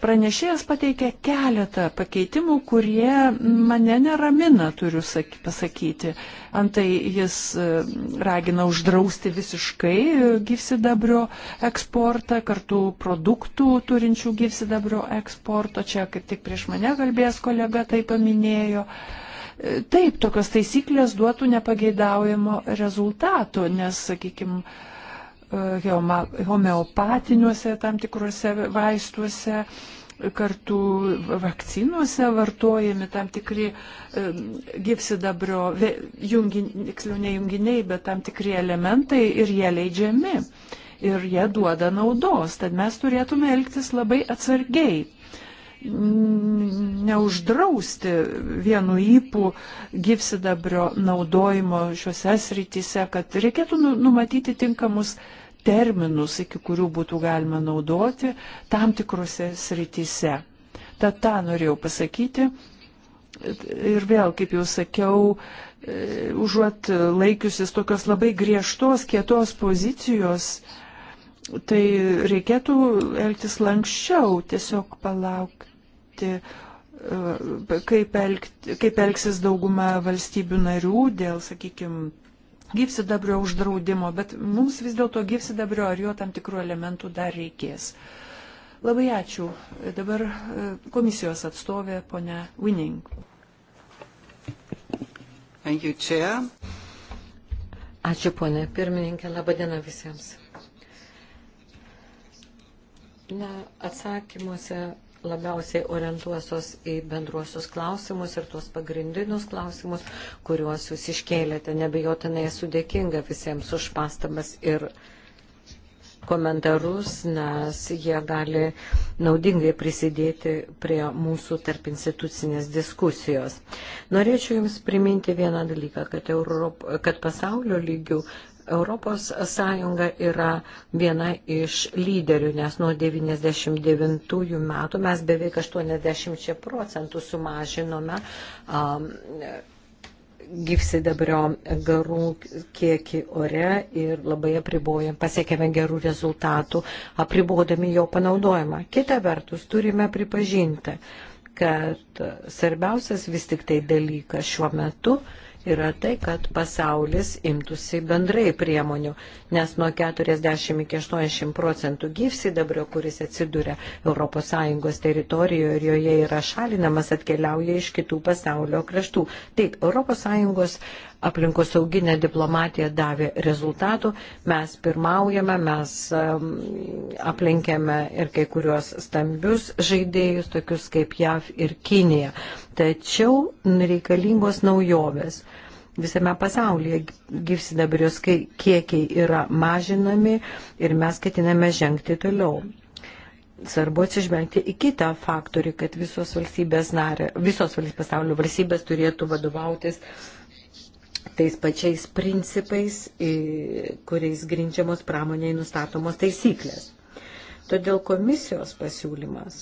Pranešėjas pateikė keletą pakeitimų, kurie mane neramina, turiu pasakyti. Antai jis e, ragina uždrausti visiškai gyvsidabrio eksportą, kartu produktų turinčių gyvsidabrio eksporto. Čia kaip tik prieš mane kalbėjęs kolega tai paminėjo. E, taip, tokios taisyklės duotų nepageidaujamo rezultato, nes, sakykime, homeopatiniuose tam tikruose vaistuose, kartu vakcinuose vartojami tam tikri e, gypsidabrio, tiksliau ne junginiai, bet tam tikri elementai ir jie leidžiami. Ir jie duoda naudos, tad mes turėtume elgtis labai atsargiai neuždrausti vienu įpū gyvsidabrio naudojimo šiuose srityse, kad reikėtų nu, numatyti tinkamus terminus, iki kurių būtų galima naudoti tam tikrose srityse. Tad tą norėjau pasakyti. Ir vėl, kaip jau sakiau, e, užuot laikiusis tokios labai griežtos, kietos pozicijos, tai reikėtų elgtis lankščiau, tiesiog palaukti, e, kaip, elgti, kaip elgsis dauguma valstybių narių dėl, sakykime, gyvsidabrio uždraudimo, bet mums vis dėlto gyvsidabrio ar jo tam tikrų elementų dar reikės. Labai ačiū. Dabar e, komisijos atstovė ponia Winning. Thank you, Chair. Ačiū ponė pirmininkė, laba diena visiems. Na, atsakymuose labiausiai orientuosios į bendruosius klausimus ir tuos pagrindinius klausimus, kuriuos jūs iškėlėte. Nebejotinai esu dėkinga visiems už pastabas ir komentarus, nes jie gali naudingai prisidėti prie mūsų tarp institucinės diskusijos. Norėčiau Jums priminti vieną dalyką, kad, Europ... kad pasaulio lygių ES yra viena iš lyderių, nes nuo 99 metų mes beveik 80 procentų sumažinome um, gyvsidabrio garų kiekį ore ir labai apribojam, pasiekėme gerų rezultatų, apribodami jo panaudojimą. Kita vertus, turime pripažinti, kad svarbiausias vis tik tai dalykas šiuo metu yra tai, kad pasaulis imtųsi bendrai priemonių, nes nuo 40 iki 80 procentų gyvsidabrio, kuris atsiduria ES teritorijoje ir joje yra šalinamas, atkeliauja iš kitų pasaulio kraštų. Taip, ES aplinkosauginė diplomatija davė rezultatų. Mes pirmaujame, mes aplenkėme ir kai kuriuos stambius žaidėjus, tokius kaip JAV ir Kinija. Tačiau reikalingos naujovės. Visame pasaulyje gyvsidabrio kiekiai yra mažinami ir mes ketiname žengti toliau svarbu atsižvelgti į kitą faktorių, kad visos valstybės narė, visos valstybės pasaulio valstybės turėtų vadovautis tais pačiais principais, kuriais grindžiamos pramoniai nustatomos taisyklės. Todėl komisijos pasiūlymas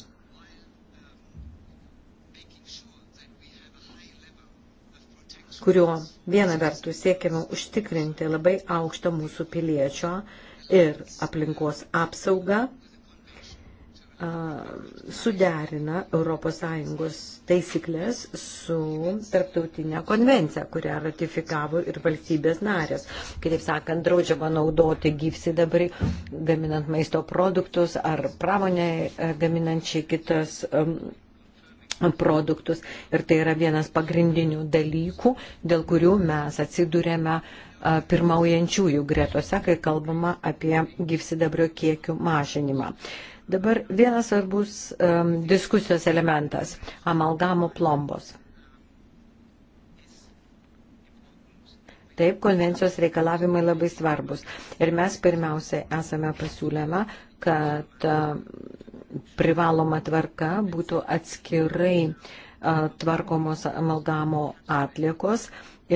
kurio viena vertus siekiame užtikrinti labai aukštą mūsų piliečio ir aplinkos apsaugą, suderina ES taisyklės su tarptautinė konvencija, kurią ratifikavo ir valstybės narės. Kitaip sakant, draudžiama naudoti gyvsidabrį, gaminant maisto produktus ar pramonėje gaminančiai kitas um, produktus. Ir tai yra vienas pagrindinių dalykų, dėl kurių mes atsidūrėme pirmaujančiųjų gretose, kai kalbama apie gyvsidabrio kiekių mažinimą. Uh, Dabar vienas svarbus um, diskusijos elementas - amalgamų plombos. Taip, konvencijos reikalavimai labai svarbus. Ir mes pirmiausiai esame pasiūlėme, kad privaloma tvarka būtų atskirai tvarkomos amalgamo atliekos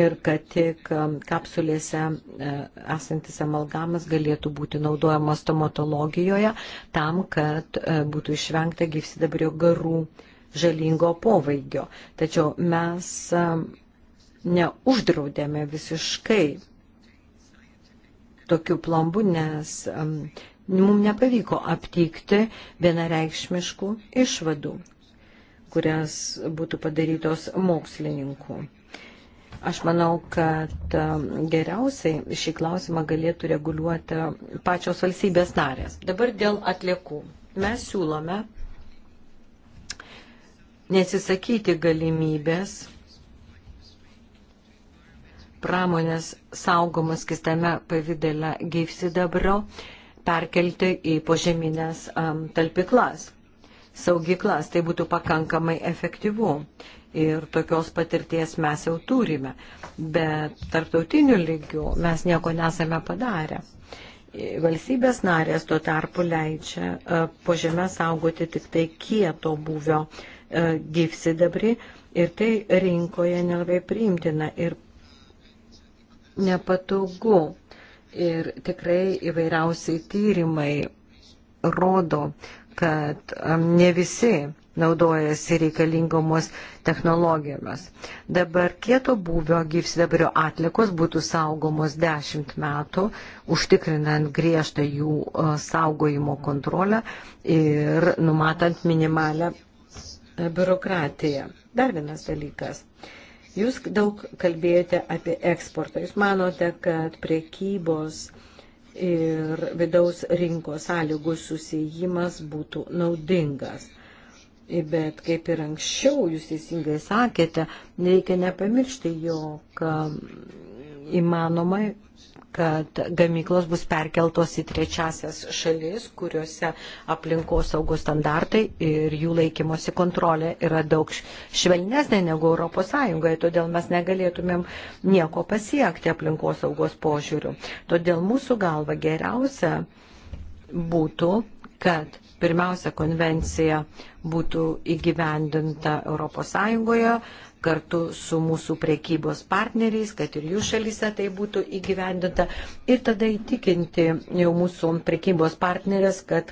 ir kad tik um, kapsulėse e, esantis amalgamas galėtų būti naudojamas stomatologijoje tam, kad e, būtų išvengta gyvsidabrio garų žalingo povaigio. Tačiau mes um, neuždraudėme visiškai tokių plombų, nes um, mums nepavyko aptikti vienareikšmiškų išvadų kurias būtų padarytos mokslininkų. Aš manau, kad um, geriausiai šį klausimą galėtų reguliuoti pačios valstybės narės. Dabar dėl atliekų. Mes siūlome nesisakyti galimybės pramonės saugomas kistame pavidale gyvsidabrio perkelti į požeminės um, talpiklas, saugiklas. Tai būtų pakankamai efektyvu ir tokios patirties mes jau turime, bet tarptautiniu lygiu mes nieko nesame padarę. Valstybės narės tuo tarpu leidžia e, po žemę saugoti tik tai kieto buvio e, gyvsidabrį ir tai rinkoje nelabai priimtina ir nepatogu. Ir tikrai įvairiausiai tyrimai rodo, kad e, ne visi naudojasi reikalingomos technologijomis. Dabar kieto būvio gyvsidabrio atlikos būtų saugomos 10 metų, užtikrinant griežtą jų e, saugojimo kontrolę ir numatant minimalę e, biurokratiją. Dar vienas dalykas. Jūs daug kalbėjote apie eksportą. Jūs manote, kad priekybos ir vidaus rinkos sąlygų susijimas būtų naudingas. Bet kaip ir anksčiau jūs teisingai sakėte, reikia nepamiršti, jog um, įmanoma, kad gamyklos bus perkeltos į trečiasias šalis, kuriuose aplinkos saugos standartai ir jų laikymosi kontrolė yra daug švelnesnė negu ES, todėl mes negalėtumėm nieko pasiekti aplinkos saugos požiūrių. Todėl mūsų galva geriausia būtų, kad Pirmiausia, konvencija būtų įgyvendinta ES kartu su mūsų priekybos partneriais, kad ir jų šalyse tai būtų įgyvendinta. Ir tada įtikinti jau mūsų priekybos partnerės, kad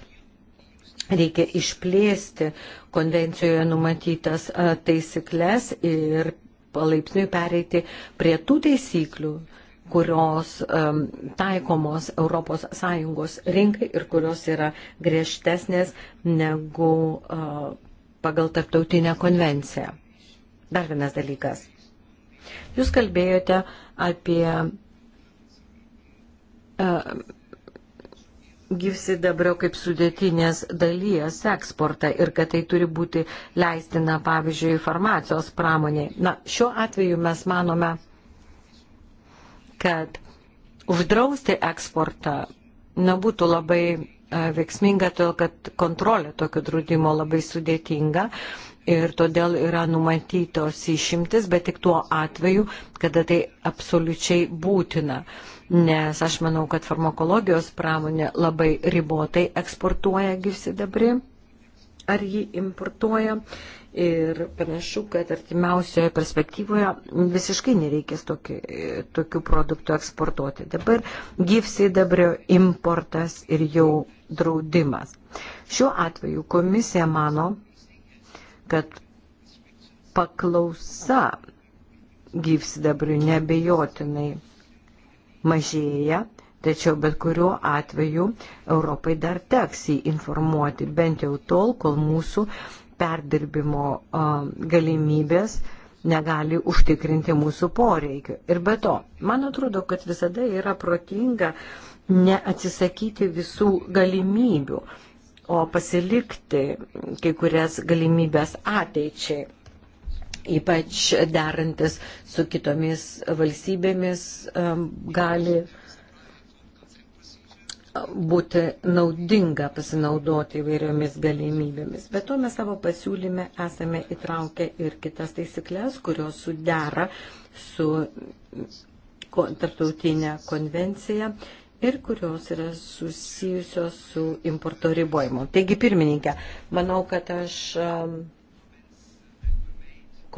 reikia išplėsti konvencijoje numatytas e, taisyklės ir palaipsniui pereiti prie tų taisyklių, kurios um, taikomos ES rinkai ir kurios yra griežtesnės negu uh, pagal tarptautinę konvenciją. Dar vienas dalykas. Jūs kalbėjote apie uh, gyvsidabrio kaip sudėtinės dalies eksportą ir kad tai turi būti leistina, pavyzdžiui, farmacijos pramonėje. Na, šiuo atveju mes manome, kad uždrausti eksportą nebūtų labai e, veiksminga, todėl kad kontrolė tokio draudimo labai sudėtinga ir todėl yra numatytos išimtis, bet tik tuo atveju, kada tai absoliučiai būtina. Nes aš manau, kad farmakologijos pramonė labai ribotai eksportuoja gyvsidabrį ar jį importuoja Ir panašu, kad artimiausioje perspektyvoje visiškai nereikės tokių, tokių produktų eksportuoti. Dabar gyvsidabrio importas ir jau draudimas. Šiuo atveju komisija mano, kad paklausa gyvsidabrių nebejotinai mažėja, tačiau bet kuriuo atveju Europai dar teks jį informuoti, bent jau tol, kol mūsų perdirbimo galimybės negali užtikrinti mūsų poreikių. Ir be to, man atrodo, kad visada yra protinga neatsisakyti visų galimybių, o pasilikti kai kurias galimybės ateičiai ypač derantis su kitomis valstybėmis, gali būti naudinga pasinaudoti įvairiomis galimybėmis. Bet to mes savo pasiūlyme esame įtraukę ir kitas taisyklės, kurios sudera su tarptautinė konvencija ir kurios yra susijusios su importo ribojimu. Taigi, pirmininkė, manau, kad aš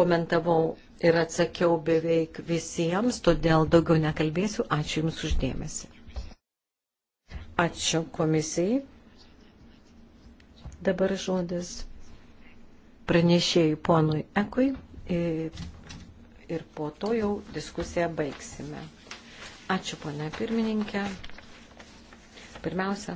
komentavau ir atsakiau beveik visiems, todėl daugiau nekalbėsiu. Ačiū Jums uždėmesi. Ačiū komisijai. Dabar žodis pranešėjai ponui Ekui e, ir po to jau diskusiją baigsime. Ačiū, ponia pirmininkė. Pirmiausia.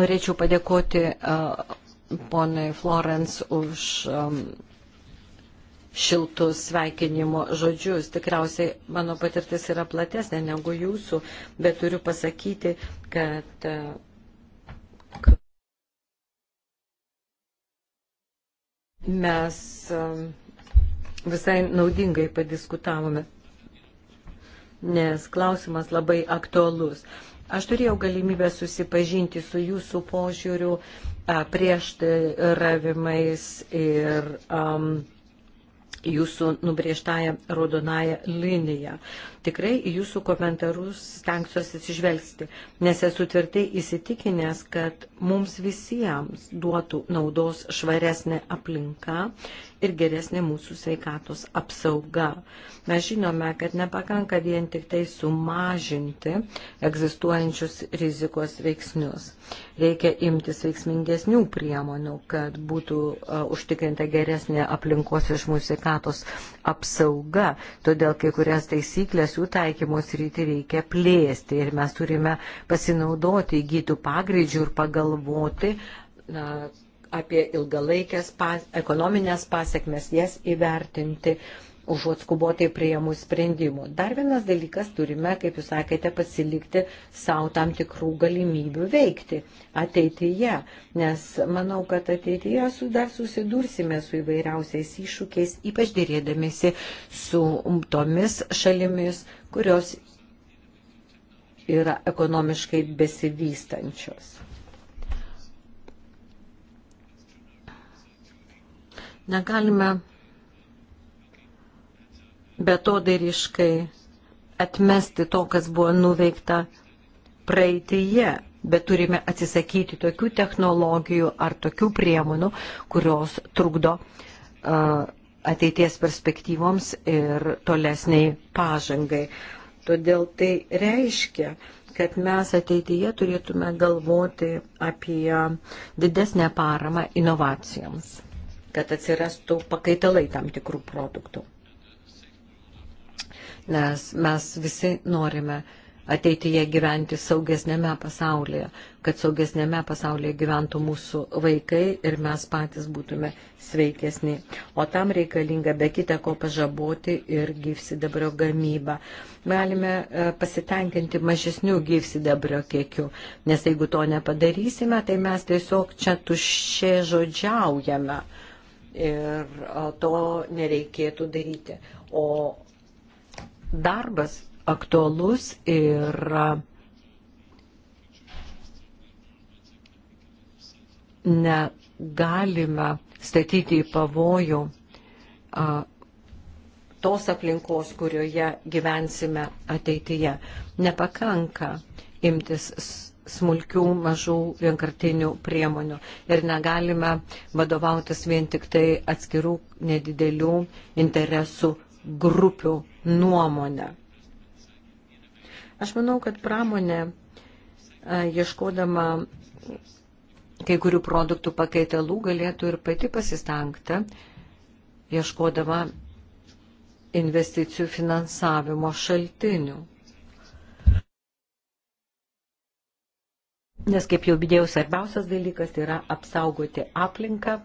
Norėčiau padėkoti uh, e, ponai Florence už um, šiltus sveikinimo žodžius. Tikriausiai mano patirtis yra platesnė negu jūsų, bet turiu pasakyti, kad. E, mes e, visai naudingai padiskutavome, nes klausimas labai aktualus. Aš turėjau galimybę susipažinti su jūsų požiūriu e, prieštaravimais ir um, jūsų nubriežtąją raudonąją liniją. Tikrai į jūsų komentarus stengsiuosi atsižvelgti, nes esu tvirtai įsitikinęs, kad mums visiems duotų naudos švaresnė aplinka ir geresnė mūsų sveikatos apsauga. Mes žinome, kad nepakanka vien tik tai sumažinti egzistuojančius rizikos veiksnius. Reikia imtis veiksmingesnių priemonių, kad būtų uh, užtikrinta geresnė aplinkos ir žmonių sveikatos apsauga. Todėl kai kurias taisyklės jų taikymos rytį reikia plėsti ir mes turime pasinaudoti įgytų pagreidžių ir pagalvoti, na, apie ilgalaikės pas, ekonominės pasiekmes, jas įvertinti užuot skubotai prieimų sprendimų. Dar vienas dalykas turime, kaip jūs sakėte, pasilikti savo tam tikrų galimybių veikti ateityje, nes manau, kad ateityje su dar susidursime su įvairiausiais iššūkiais, ypač dėrėdamėsi su tomis šalimis, kurios yra ekonomiškai besivystančios. Negalime betodairiškai atmesti to, kas buvo nuveikta praeitėje, bet turime atsisakyti tokių technologijų ar tokių priemonų, kurios trukdo uh, ateities perspektyvoms ir tolesniai pažangai. Todėl tai reiškia, kad mes ateityje turėtume galvoti apie didesnę paramą inovacijoms kad atsirastų pakaitalai tam tikrų produktų. Nes mes visi norime ateityje gyventi saugesnėme pasaulyje, kad saugesnėme pasaulyje gyventų mūsų vaikai ir mes patys būtume sveikesni. O tam reikalinga be kita ko pažaboti ir gyvsidabrio gamybą. Galime e, pasitenkinti mažesnių gyvsidabrio kiekių, nes jeigu to nepadarysime, tai mes tiesiog čia tuščiai žodžiaujame ir to nereikėtų daryti. O darbas aktualus ir negalime statyti į pavojų a, tos aplinkos, kurioje gyvensime ateityje. Nepakanka imtis smulkių, mažų, vienkartinių priemonių. Ir negalime vadovautis vien tik tai atskirų nedidelių interesų grupių nuomonę. Aš manau, kad pramonė, ieškodama kai kurių produktų pakaitalų, galėtų ir pati pasistengti, ieškodama investicijų finansavimo šaltinių. Nes, kaip jau minėjau, svarbiausias dalykas tai yra apsaugoti aplinką,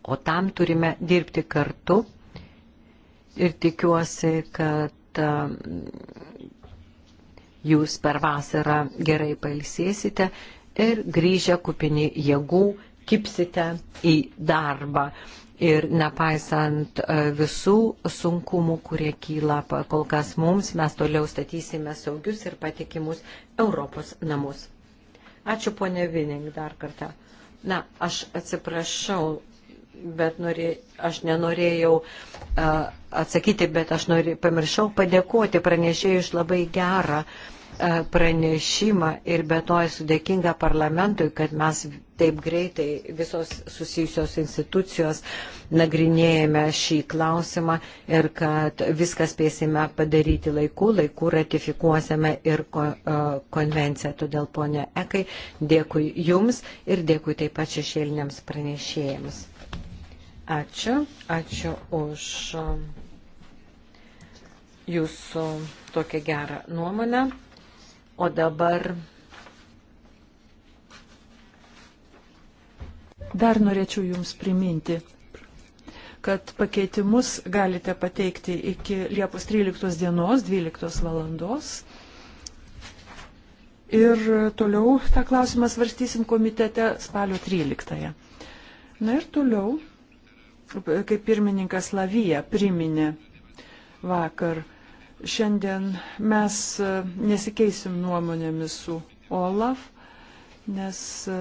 o tam turime dirbti kartu. Ir tikiuosi, kad um, jūs per vasarą gerai pailsėsite ir grįžę kupini jėgų kipsite į darbą ir nepaisant e, visų sunkumų, kurie kyla kol kas mums, mes toliau statysime saugius ir patikimus Europos namus. Ačiū ponė Vining dar kartą. Na, aš atsiprašau, bet norė, aš nenorėjau uh, atsakyti, bet aš norė, pamiršau padėkoti pranešėjai iš labai gerą uh, E, pranešimą ir be to esu dėkinga parlamentui, kad mes taip greitai visos susijusios institucijos nagrinėjame šį klausimą ir kad viską spėsime padaryti laiku, laiku ratifikuosime ir e, konvenciją. Todėl, ponė Ekai, dėkui Jums ir dėkui taip pat šešėliniams pranešėjams. Ačiū, ačiū už e, jūsų tokią gerą nuomonę. O dabar dar norėčiau Jums priminti, kad pakeitimus galite pateikti iki Liepos 13 dienos 12 valandos. Ir toliau tą klausimą svarstysim komitete spalio 13. -ąją. Na ir toliau, kaip pirmininkas Lavija priminė vakar, Šiandien mes e, nesikeisim nuomonėmis su Olaf, nes e,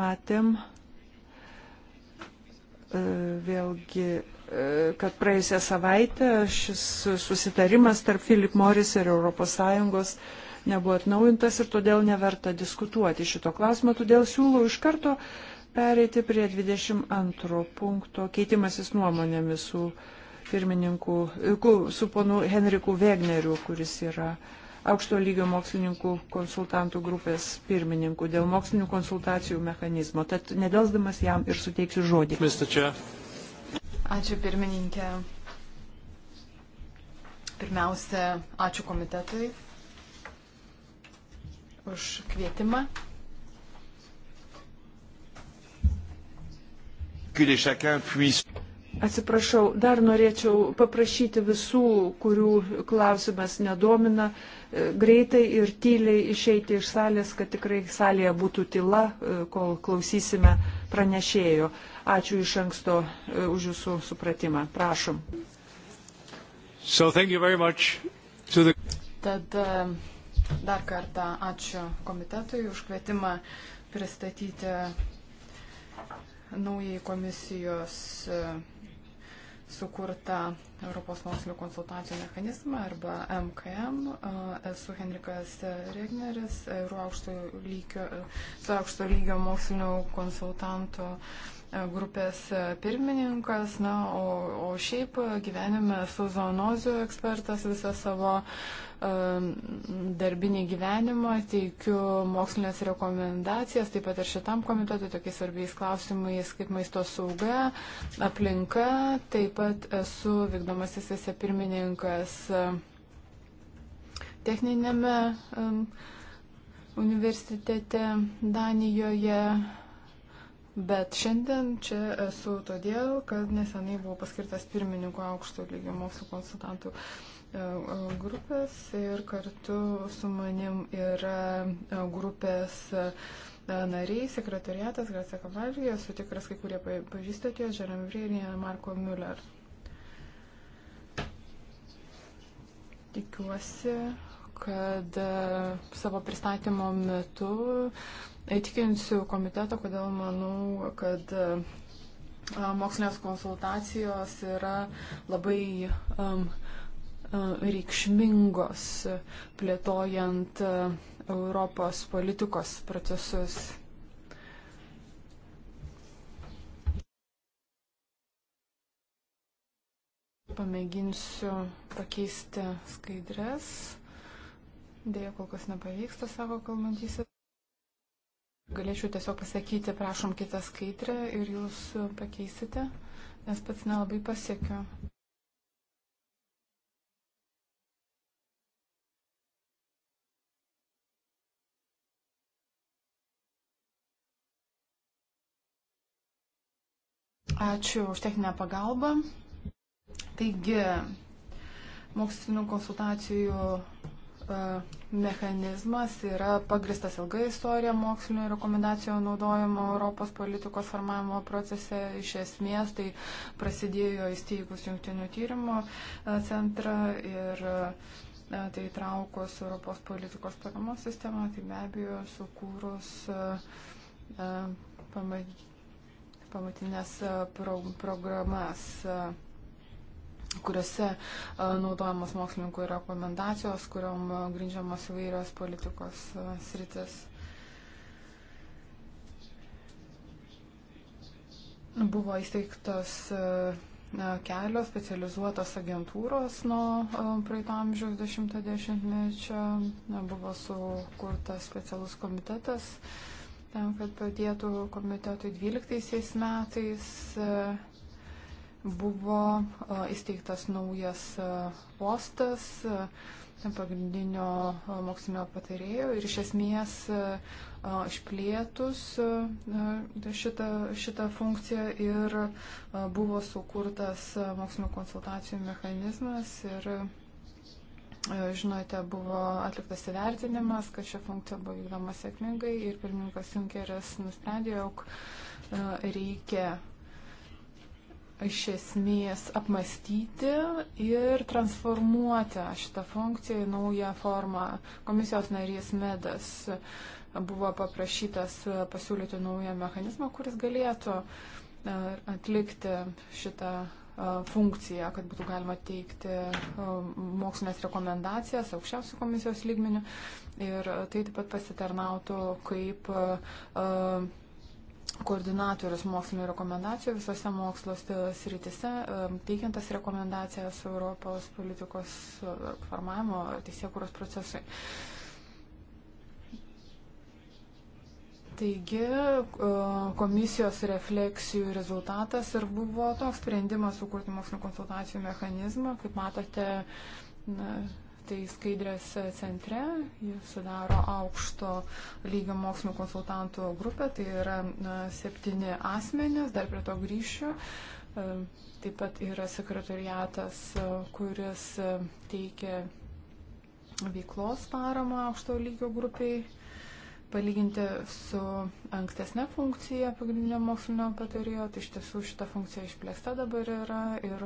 matėm e, vėlgi, kad praėjusią savaitę šis susitarimas tarp Philip Morris ir ES nebuvo atnaujintas ir todėl neverta diskutuoti šito klausimo, todėl siūlau iš karto pereiti prie 22 punkto keitimasis nuomonėmis su Olaf pirmininku, e, su ponu Henriku Wegneriu, kuris yra aukšto lygio mokslininkų konsultantų grupės pirmininku dėl mokslinių konsultacijų mechanizmo. Tad nedelsdamas jam ir suteiksiu žodį. Ačiū pirmininkė. Pirmiausia, ačiū komitetui už kvietimą. Que les chacun puisse Atsiprašau, dar norėčiau paprašyti visų, kurių klausimas nedomina, e, greitai ir tyliai išeiti iš salės, kad tikrai salėje būtų tyla, e, kol klausysime pranešėjo. Ačiū iš anksto e, už jūsų supratimą. Prašom. So the... Tad dar kartą ačiū komitetui už kvietimą pristatyti naujai komisijos sukurtą Europos mokslių konsultacijų mechanizmą arba MKM. Esu Henrikas Regneris, e, aukšto lygio, su e, aukšto lygio mokslinio konsultanto uh, grupės pirmininkas, na, o, o šiaip gyvenime su zoonozių ekspertas visą savo darbinį gyvenimą, teikiu mokslinės rekomendacijas, taip pat ir šitam komitetui tokiais svarbiais klausimais kaip maisto sauga, aplinka, taip pat esu vykdomasis vicepirmininkas techninėme universitete Danijoje Bet šiandien čia esu todėl, kad nesenai buvau paskirtas pirmininku aukšto lygio mokslo konsultantų e, e, grupės ir kartu su manim yra e, grupės nariai, sekretariatas Gracija Kavalžyje, esu tikras, kai kurie pažįstate jos, Žerem Vrinė, Marko Müller. Tikiuosi, kad savo pristatymo metu įtikinsiu komitetą, kodėl manau, kad e, mokslinės konsultacijos yra labai um, reikšmingos plėtojant e, Europos politikos procesus. Pamėginsiu pakeisti skaidres. Dėja, kol kas nepavyksta savo kalbantysis. Galėčiau tiesiog pasakyti, prašom kitą skaitrę ir jūs pakeisite, nes pats nelabai pasiekiu. Ačiū už techninę pagalbą. Taigi, mokslinių konsultacijų mechanizmas yra pagristas ilga istorija mokslinio rekomendacijų naudojimo Europos politikos formavimo procese. Iš esmės tai prasidėjo įsteigus jungtinių tyrimų centrą ir tai traukus Europos politikos paramos sistemą, tai be abejo sukūrus pamatinės programas kuriuose e, naudojamos mokslininkų rekomendacijos, kuriuom e, grindžiamas įvairios politikos e, sritis. Buvo įsteigtos kelios specializuotos agentūros nuo praeito amžiaus 10-mečio. Buvo sukurtas specialus komitetas, tam, kad padėtų komitetui 12 metais buvo įsteigtas naujas postas pagrindinio mokslinio patarėjo ir iš esmės išplėtus šitą, šitą funkciją ir buvo sukurtas mokslinio konsultacijų mechanizmas ir Žinote, buvo atliktas įvertinimas, kad šią funkciją buvo vykdoma sėkmingai ir pirmininkas Junkeris nusprendė, jog reikia iš esmės apmastyti ir transformuoti šitą funkciją į naują formą. Komisijos narys Medas buvo paprašytas pasiūlyti naują mechanizmą, kuris galėtų e, atlikti šitą e, funkciją, kad būtų galima teikti e, mokslinės rekomendacijas aukščiausių komisijos lygmenių ir tai taip pat pasitarnautų kaip koordinatorius mokslinio rekomendacijų visose mokslo sritise, teikiant tas rekomendacijas Europos politikos e, formavimo ar teisėkūros procesui. Taigi e, komisijos refleksijų rezultatas ir buvo toks sprendimas sukurti mokslinio konsultacijų mechanizmą. Kaip matote, na, tai skaidrės centre, jis sudaro aukšto lygio mokslinio konsultantų grupę, tai yra septyni asmenės, dar prie to grįšiu. E, taip pat yra sekretariatas, e, kuris e, teikia veiklos paramą aukšto lygio grupiai palyginti su ankstesne funkcija pagrindinio mokslinio patarėjo, tai iš tiesų šita funkcija išplėsta dabar yra ir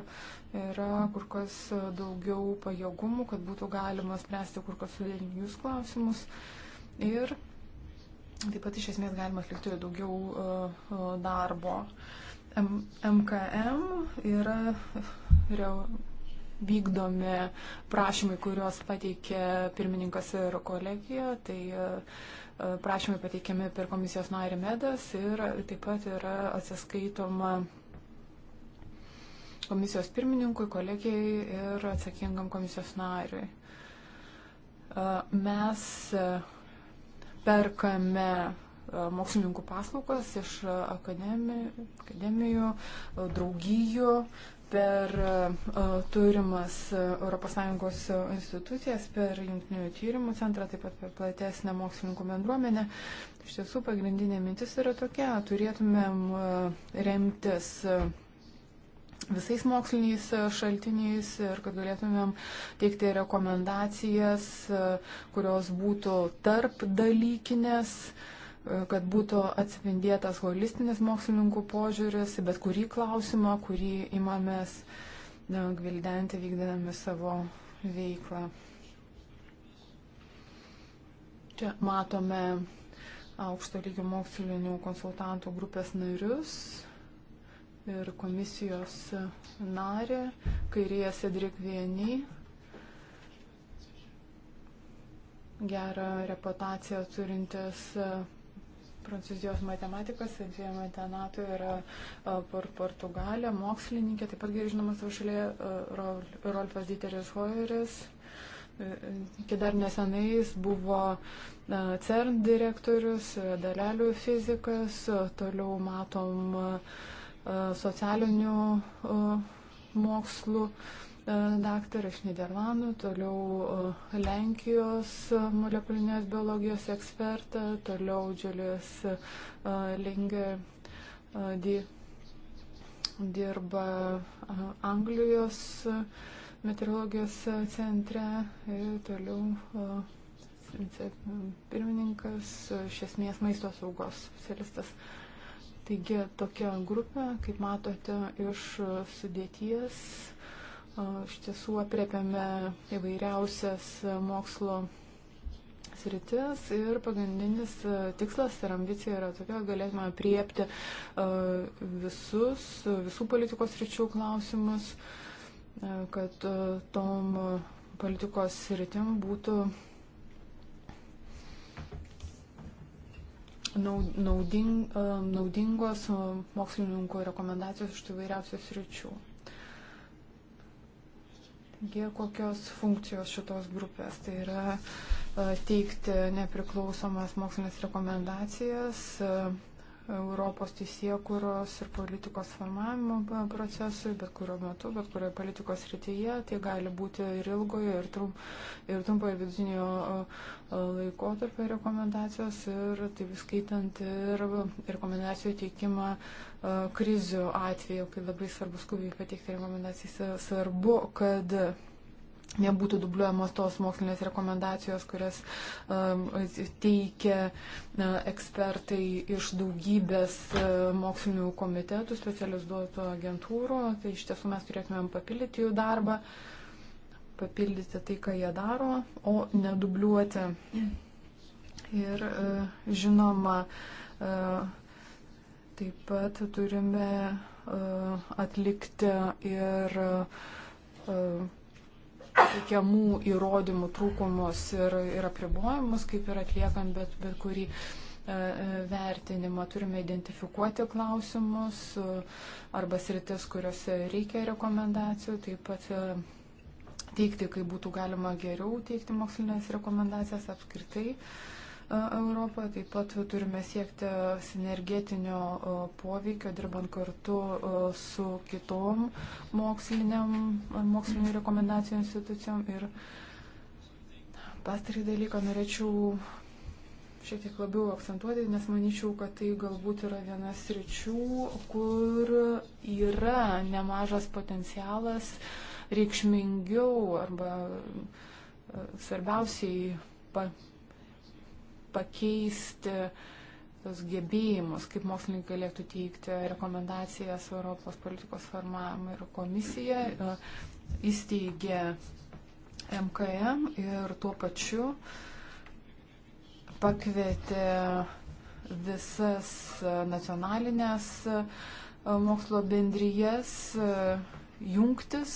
yra kur kas daugiau pajėgumų, kad būtų galima spręsti kur kas sudėtingius klausimus. Ir taip pat iš esmės galima atlikti daugiau e, e, darbo. M MKM yra vykdomi prašymai, kuriuos pateikė pirmininkas ir kolegija. Tai e, prašymai pateikiami per komisijos narį medas ir taip pat yra atsiskaitoma komisijos pirmininkui, kolegijai ir atsakingam komisijos nariui. Mes perkame mokslininkų paslaugas iš akademijų, draugijų, per e, turimas ES institucijas, per jungtinių tyrimų centrą, taip pat per platesnę mokslininkų bendruomenę. Iš tiesų, pagrindinė mintis yra tokia, turėtumėm e, remtis e, visais moksliniais šaltiniais ir kad galėtumėm teikti rekomendacijas, kurios būtų tarp dalykinės. Uh, kad būtų atspindėtas holistinis mokslininkų požiūris į bet kurį klausimą, kurį imamės gvildenti vykdami savo veiklą. Čia matome aukšto lygio mokslinių konsultantų grupės narius ir komisijos narė, kairėje Sedrik Vieni. Gerą reputaciją turintis prancūzijos matematikas, Antėja Matenato yra Portugalė, mokslininkė, taip pat gerai žinomas savo šalyje Rolfas Dieteris Hoeris. E, iki dar nesenai jis buvo CERN direktorius, dalelių fizikas, toliau matom socialinių mokslų E, daktarą iš Niderlandų, toliau e, Lenkijos e, molekulinės biologijos ekspertą, toliau Džiulius Linger di, dirba Anglijos meteorologijos centre ir toliau pirmininkas, iš esmės maisto saugos specialistas. Taigi tokia grupė, kaip matote, iš sudėties uh, Iš tiesų apriepiame įvairiausias mokslo sritis ir pagrindinis tikslas ir ambicija yra tokia, galėtume apriepti visus, visų politikos sričių klausimus, kad tom politikos sritim būtų naudingos mokslininkų rekomendacijos iš įvairiausių sričių kokios funkcijos šitos grupės. Tai yra teikti nepriklausomas mokslinės rekomendacijas Europos teisėkuros ir politikos formavimo procesui, bet kurio metu, bet kurioje politikos rytyje, tai gali būti ir ilgojo, ir, trump, ir trumpo, ir vidutinio laikotarpio rekomendacijos, ir tai viskaitant ir rekomendacijų teikimą krizių atveju, kai labai svarbu skubiai pateikti rekomendacijas. Svarbu, kad nebūtų dubliuojamos tos mokslinės rekomendacijos, kurias um, teikia ekspertai iš daugybės e, mokslinių komitetų, specializuotų agentūrų. Tai iš tiesų mes turėtumėm papildyti jų darbą, papildyti tai, ką jie daro, o nedubliuoti. Ir e, žinoma, e, taip pat turime atlikti ir pateikiamų įrodymų trūkumus ir, ir apribojimus, kaip ir atliekant bet, bet kurį e, e, vertinimą. Turime identifikuoti klausimus e, arba sritis, kuriuose reikia rekomendacijų, taip pat teikti, kaip būtų galima geriau teikti mokslinės rekomendacijas apskritai. Uh, Europoje. Taip pat turime siekti sinergetinio poveikio, dirbant kartu su kitom moksliniam, mokslinio rekomendacijų institucijom. Ir pastarį dalyką norėčiau šiek tiek labiau akcentuoti, nes manyčiau, kad tai galbūt yra vienas ryčių, kur yra nemažas potencialas reikšmingiau arba svarbiausiai pa, pakeisti tos gebėjimus, kaip mokslininkai galėtų teikti rekomendacijas Europos politikos formavimui ir komisija e, įsteigė MKM ir tuo pačiu pakvietė visas nacionalinės e, mokslo bendrijas e, jungtis,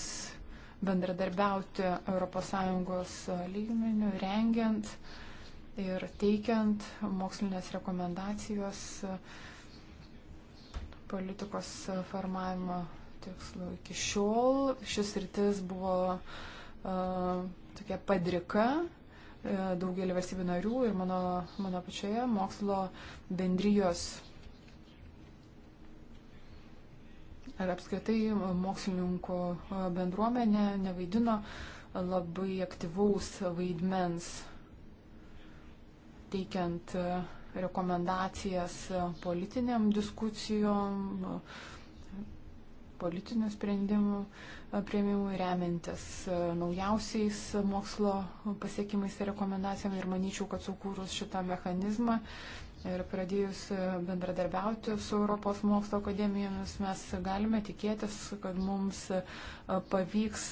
bendradarbiauti ES lygmenių, rengiant uh, ir teikiant mokslinės rekomendacijos politikos formavimo tikslu. Iki šiol šis rytis buvo uh, tokia padrika uh, daugelį valstybių narių ir mano, mano pačioje mokslo bendrijos ar apskritai mokslininkų e, bendruomenė nevaidino labai aktyvaus vaidmens teikiant e, rekomendacijas e, politiniam diskusijom, e, politinių sprendimų prieimimui, remintis naujausiais mokslo pasiekimais ir rekomendacijom. Ir manyčiau, kad sukūrus šitą mechanizmą ir pradėjus bendradarbiauti su Europos mokslo akademijomis, mes galime tikėtis, kad mums pavyks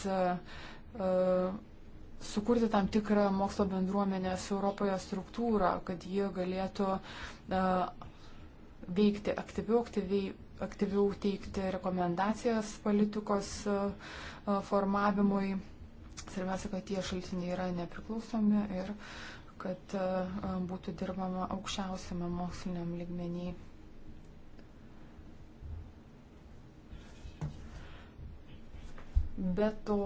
sukurti tam tikrą mokslo bendruomenės Europoje struktūrą, kad jie galėtų uh, veikti aktyviau, aktyviai, aktyviau teikti rekomendacijas politikos uh, formavimui. Svarbiausia, kad tie šaltiniai yra nepriklausomi ir kad uh, būtų dirbama aukščiausiame moksliniam ligmenyje. Be to,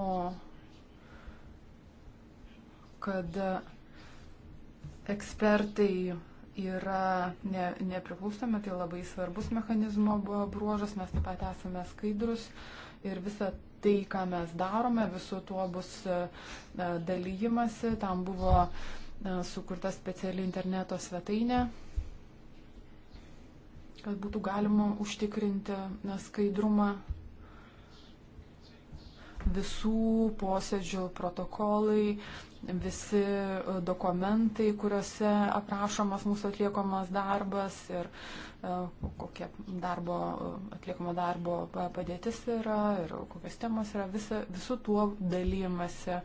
kad ekspertai yra ne, nepriklausomi, tai labai svarbus mechanizmo bruožas, mes taip pat esame skaidrus ir visa tai, ką mes darome, visu tuo bus e, dalyjimasi, tam buvo e, sukurta speciali interneto svetainė, kad būtų galima užtikrinti e, skaidrumą visų posėdžių protokolai, visi dokumentai, kuriuose aprašomas mūsų atliekamas darbas ir e, kokia darbo, atliekamo darbo padėtis yra ir kokios temos yra, visa, visu tuo dalymasi e,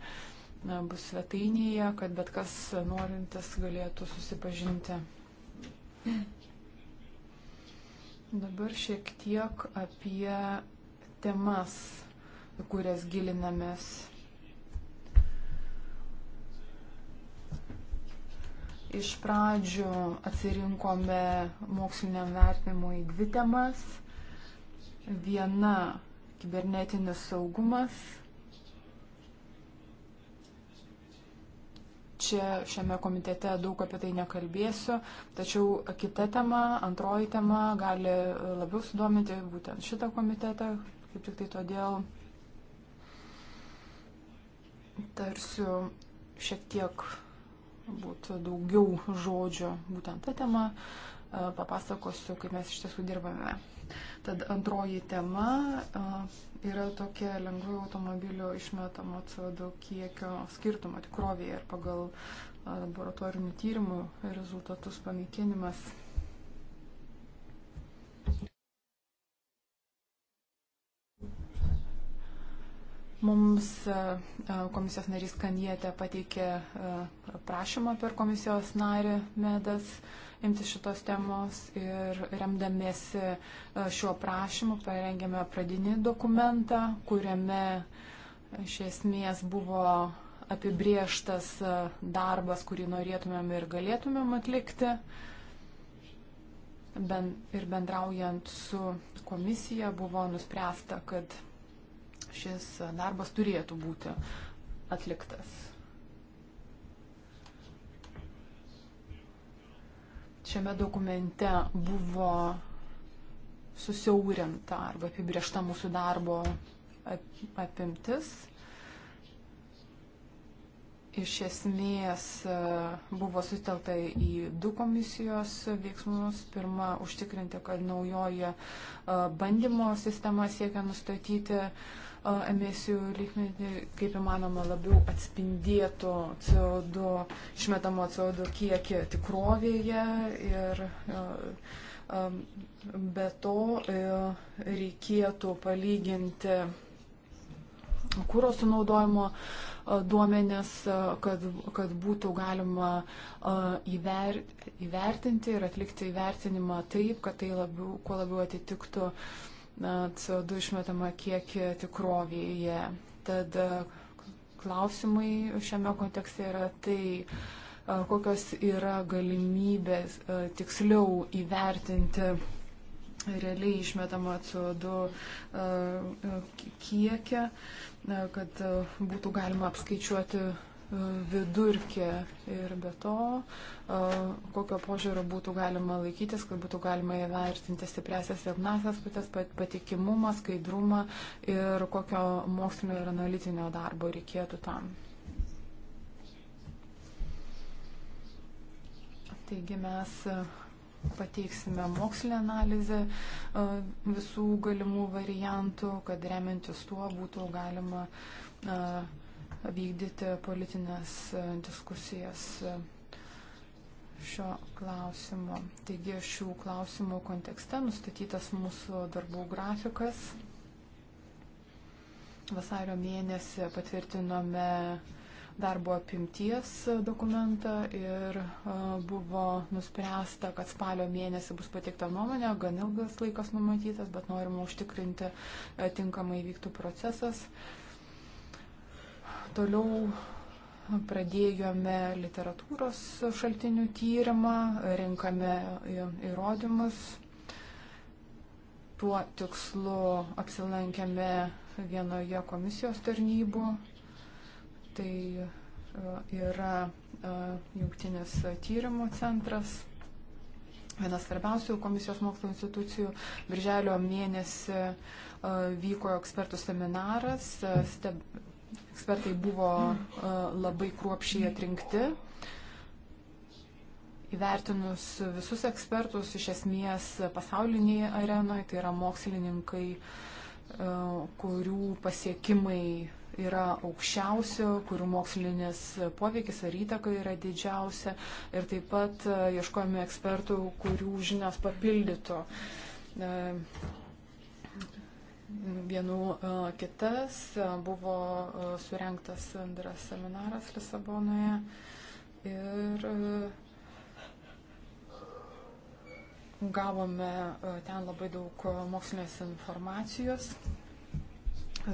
bus svetainėje, kad bet kas norintis galėtų susipažinti. Dabar šiek tiek apie temas, kurias gilinamės Iš pradžių atsirinkome moksliniam vertinimui dvi temas. Viena - kibernetinis saugumas. Čia šiame komitete daug apie tai nekalbėsiu, tačiau kita tema, antroji tema gali labiau sudominti būtent šitą komitetą, kaip tik tai todėl tarsiu šiek tiek galbūt daugiau žodžio būtent tą temą, e, papasakosiu, kaip mes iš tiesų dirbame. Tad antroji tema e, yra tokia lengvai automobilio išmetamo CO2 kiekio skirtumo tikrovėje ir pagal e, laboratorinių tyrimų rezultatus panaikinimas Mums e, e, komisijos narys Kanietė pateikė e, prašymą per komisijos narį Medas imti šitos temos ir remdamiesi šiuo prašymu parengėme pradinį dokumentą, kuriame iš esmės buvo apibrieštas darbas, kurį norėtumėm ir galėtumėm atlikti ben, ir bendraujant su komisija buvo nuspręsta, kad šis darbas turėtų būti atliktas. Šiame dokumente buvo susiaurinta arba apibriešta mūsų darbo apimtis. Iš esmės e, buvo sutelta į du komisijos veiksmus. Pirma, užtikrinti, kad naujoje bandymo sistema siekia nustatyti uh, emisijų lygmenį kaip įmanoma labiau atspindėtų CO2, išmetamo CO2 kiekį tikrovėje ir be to e, reikėtų palyginti kūro sunaudojimo duomenis, kad, kad būtų galima įver, įvertinti ir atlikti įvertinimą taip, kad tai labiau, kuo labiau atitiktų uh, CO2 išmetamą kiekį tikrovėje. Tad e, klausimai šiame kontekste yra tai, e, kokios yra galimybės e, tiksliau įvertinti realiai išmetamą CO2 kiekį, kad būtų galima apskaičiuoti E, vidurkį ir be to, e, kokio požiūrio būtų galima laikytis, kad būtų galima įvertinti stipresias silpnasias pusės patikimumą, skaidrumą ir kokio mokslinio ir analitinio darbo reikėtų tam. Taigi mes e, pateiksime mokslinę analizę visų galimų variantų, kad remiantis tuo būtų galima vykdyti politinės e, diskusijas e, šio klausimo. Taigi šių klausimų kontekste nustatytas mūsų darbų grafikas. Vasario mėnesį patvirtinome darbo apimties dokumentą ir e, buvo nuspręsta, kad spalio mėnesį bus pateikta nuomonė, gan ilgas laikas numatytas, bet norima užtikrinti tinkamai vyktų procesas. Uh, Toliau pradėjome literatūros šaltinių tyrimą, rinkame įrodymus. Tuo tikslu apsilankėme vienoje komisijos tarnybų. Tai e, yra e, jungtinis tyrimo centras. Vienas svarbiausių komisijos mokslo institucijų. Birželio mėnesį e, vyko ekspertų seminaras, steb, Ekspertai buvo e, labai kruopšiai atrinkti. Įvertinus visus ekspertus, iš esmės pasauliniai arenoje, tai yra mokslininkai, e, kurių pasiekimai yra aukščiausi, kurių mokslinis poveikis ar įtaka yra didžiausia. Ir taip pat e, ieškojame ekspertų, kurių žinias papildytų vienų e, kitas. E, buvo e, surinktas bendras seminaras Lisabonoje ir gavome ten labai daug mokslinės informacijos.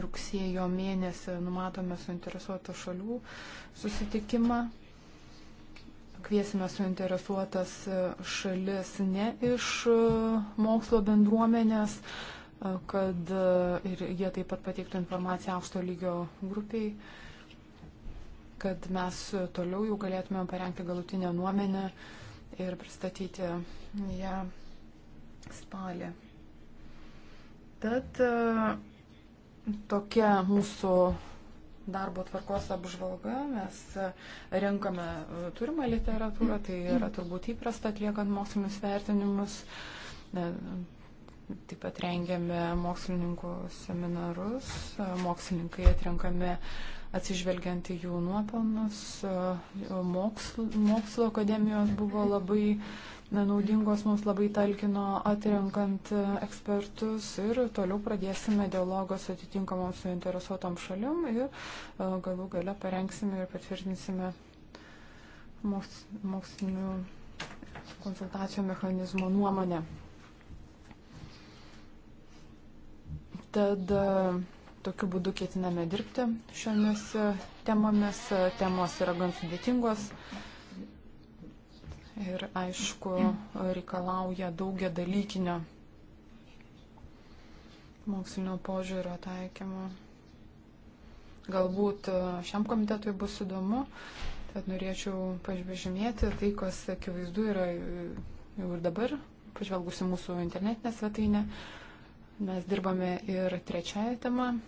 Rugsėjo mėnesį numatome suinteresuotų šalių susitikimą kviesime suinteresuotas šalis ne iš mokslo bendruomenės, kad e, ir jie taip pat pateiktų informaciją aukšto lygio grupiai, kad mes toliau jau galėtume parengti galutinę nuomenę ir pristatyti ją spalį. Tad e, tokia mūsų darbo tvarkos apžvalga, mes e, renkame turimą literatūrą, tai yra turbūt įprasta atliekant mokslinius vertinimus Taip pat rengiame mokslininkų seminarus, mokslininkai atrenkami atsižvelgiant į jų nuopelnus. Mokslo, mokslo akademijos buvo labai na, naudingos, mums labai talkino atrenkant ekspertus ir toliau pradėsime dialogą su atitinkamom suinteresuotom šalim ir e, galų gale parengsime ir patvirtinsime moks, mokslinių konsultacijų mechanizmo nuomonę. Tad e, tokiu būdu ketiname dirbti šiomis e, temomis. E, temos yra gan sudėtingos ir aišku reikalauja daugia dalykinio mokslinio požiūrio taikymo. Galbūt šiam komitetui bus įdomu, tad norėčiau pažymėti tai, kas akivaizdu yra jau ir dabar, pažvelgusi mūsų internetinę svetainę. Uh, Mes dirbame ir trečiają temą.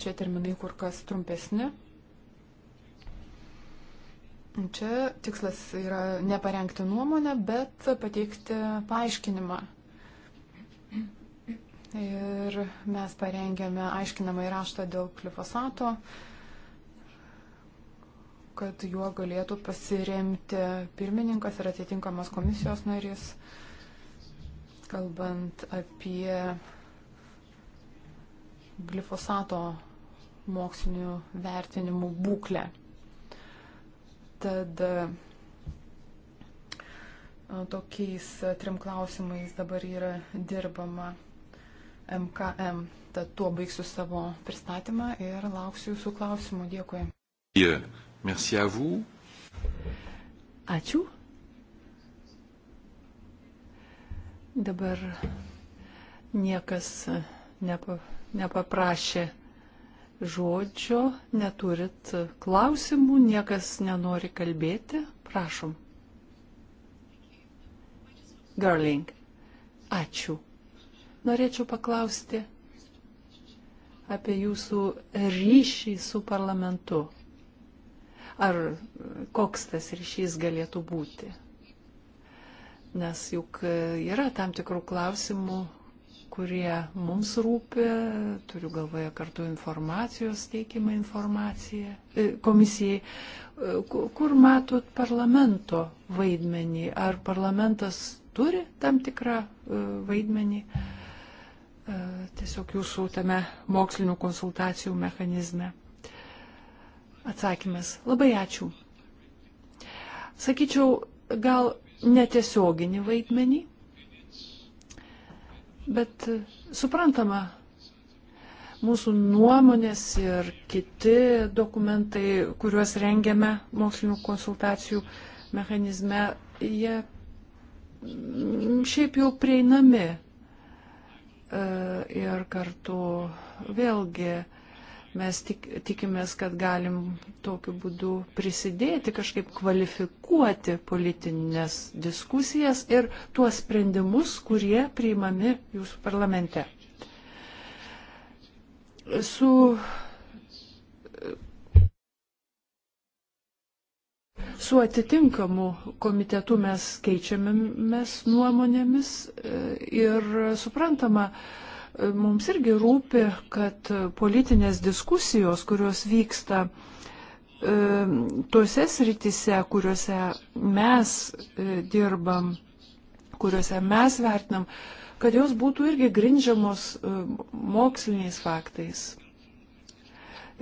Čia terminai kur kas trumpesni. Čia tikslas yra ne parengti nuomonę, bet pateikti paaiškinimą. Ir mes parengėme aiškinamą įraštą dėl glifosato, kad juo galėtų pasiremti pirmininkas ir atitinkamas komisijos narys, kalbant apie glifosato mokslinių vertinimų būklę. Tad e, tokiais trim klausimais dabar yra dirbama MKM. Tad tuo baigsiu savo pristatymą ir lauksiu jūsų klausimų. Dėkui. Ačiū. Dabar niekas nepa nepaprašė žodžio, neturit klausimų, niekas nenori kalbėti, prašom. Garling, ačiū. Norėčiau paklausti apie jūsų ryšį su parlamentu. Ar koks tas ryšys galėtų būti? Nes juk yra tam tikrų klausimų, kurie mums rūpi, turiu galvoje kartu informacijos teikimą informaciją, e, komisijai, e, kur matot parlamento vaidmenį, ar parlamentas turi tam tikrą e, vaidmenį tiesiog jūsų tame mokslinių konsultacijų mechanizme. Atsakymas. Labai ačiū. Sakyčiau, gal netiesioginį vaidmenį Bet suprantama, mūsų nuomonės ir kiti dokumentai, kuriuos rengiame mokslinių konsultacijų mechanizme, jie mm, šiaip jau prieinami. E, ir kartu vėlgi Mes tik, tikimės, kad galim tokiu būdu prisidėti, kažkaip kvalifikuoti politinės diskusijas ir tuos sprendimus, kurie priimami jūsų parlamente. Su su atitinkamu komitetu mes keičiamės nuomonėmis e, ir suprantama, mums irgi rūpi, kad politinės diskusijos, kurios vyksta e, tuose sritise, kuriuose mes e, dirbam, kuriuose mes vertinam, kad jos būtų irgi grindžiamos e, moksliniais faktais.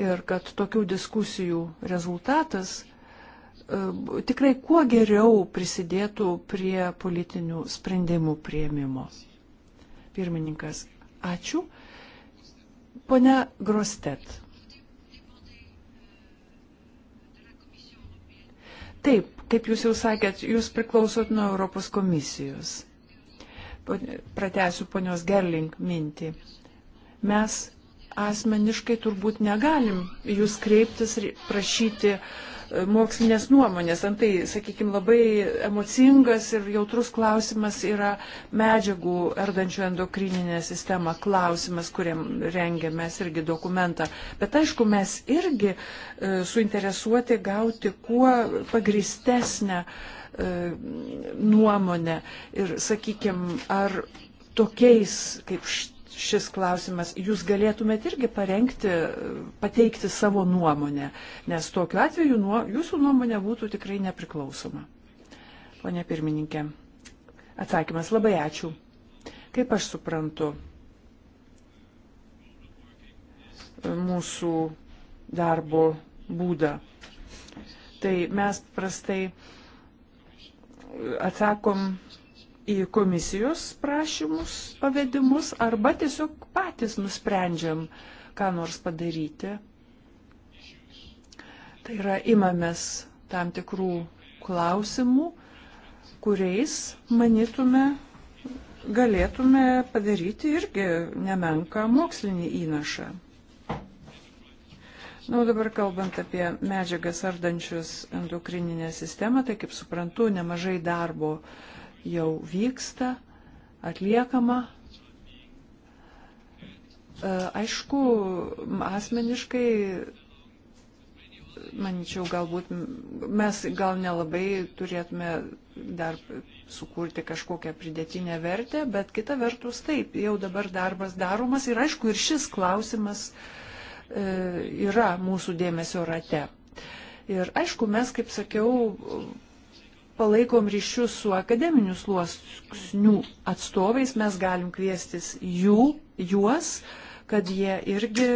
Ir kad tokių diskusijų rezultatas tikrai kuo geriau prisidėtų prie politinių sprendimų prieimimo. Pirmininkas, Ačiū. Pone Grostet. Taip, kaip jūs jau sakėt, jūs priklausot nuo Europos komisijos. Pratęsiu ponios Gerling mintį. Mes asmeniškai turbūt negalim jūs kreiptis, prašyti uh, mokslinės nuomonės. Antai, sakykime, labai emocingas ir jautrus klausimas yra medžiagų ardančių endokrininę sistemą klausimas, kuriam rengiamės irgi dokumentą. Bet aišku, mes irgi e, suinteresuoti gauti kuo pagristesnę e, nuomonę ir, sakykime, ar tokiais kaip štai šis klausimas, jūs galėtumėt irgi parengti, pateikti savo nuomonę, nes tokiu atveju nuo, jūsų nuomonė būtų tikrai nepriklausoma. Pone pirmininkė, atsakymas labai ačiū. Kaip aš suprantu, mūsų darbo būdą. Tai mes prastai atsakom į komisijos prašymus, pavedimus, arba tiesiog patys nusprendžiam, ką nors padaryti. Tai yra imamės tam tikrų klausimų, kuriais, manytume, galėtume padaryti irgi nemenką mokslinį įnašą. Na, nu, dabar kalbant apie medžiagas ardančius endokrininę sistemą, tai kaip suprantu, nemažai darbo uh, jau vyksta, atliekama. E, aišku, asmeniškai, manyčiau, galbūt mes gal nelabai turėtume dar sukurti kažkokią pridėtinę vertę, bet kita vertus taip, jau dabar darbas daromas ir aišku, ir šis klausimas e, yra mūsų dėmesio rate. Ir aišku, mes, kaip sakiau, palaikom ryšius su akademinių sluoksnių atstovais, mes galim kviestis jų, juos, kad jie irgi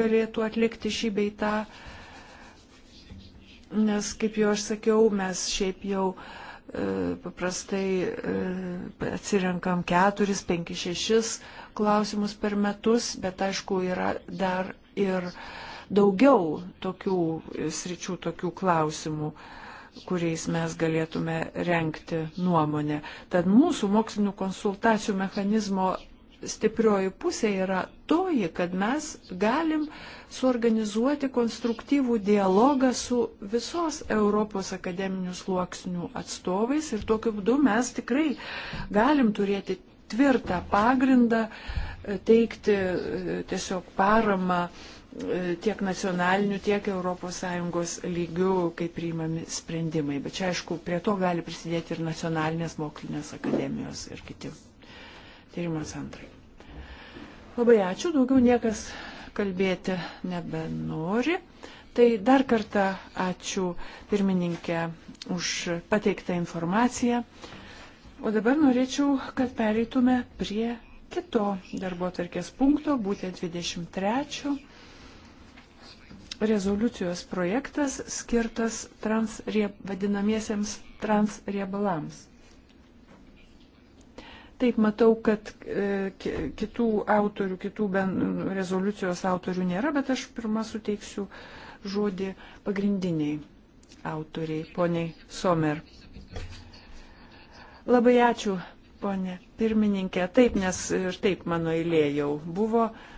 galėtų atlikti šį beitą. Nes, kaip jau aš sakiau, mes šiaip jau e, paprastai e, atsirenkam keturis, penki, šešis klausimus per metus, bet aišku, yra dar ir daugiau tokių sričių, tokių klausimų. E, kuriais mes galėtume renkti nuomonę. Tad mūsų mokslinių konsultacijų mechanizmo stiprioji pusė yra toji, kad mes galim suorganizuoti konstruktyvų dialogą su visos Europos akademinių sluoksnių atstovais ir tokiu būdu mes tikrai galim turėti tvirtą pagrindą e, teikti e, tiesiog paramą uh, tiek nacionaliniu, tiek ES lygiu, kai priimami sprendimai. Bet čia, aišku, prie to gali prisidėti ir nacionalinės mokslinės akademijos ir kiti tyrimo centrai. Labai ačiū, daugiau niekas kalbėti nebenori. Tai dar kartą ačiū pirmininkė už pateiktą informaciją. O dabar norėčiau, kad pereitume prie kito darbo tarkės punkto, būtent 23 rezoliucijos projektas skirtas transrieb, vadinamiesiems transriebalams. Taip, matau, kad e, kitų autorių, kitų ben, rezoliucijos autorių nėra, bet aš pirmą suteiksiu žodį pagrindiniai autoriai, poniai Somer. Labai ačiū, ponė pirmininkė. Taip, nes ir taip mano eilė jau buvo. Uh,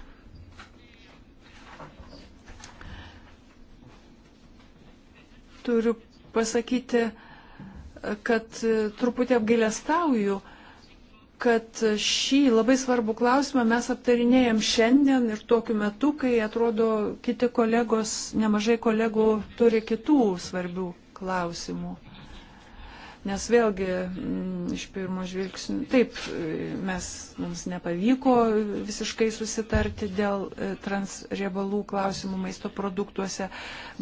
turiu pasakyti, kad truputį apgailestauju, kad šį labai svarbų klausimą mes aptarinėjom šiandien ir tokiu metu, kai atrodo kiti kolegos, nemažai kolegų turi kitų svarbių klausimų. Nes vėlgi m, mm, iš pirmo žvilgsnio, taip, mes, mums nepavyko visiškai susitarti dėl e, transriebalų klausimų maisto produktuose,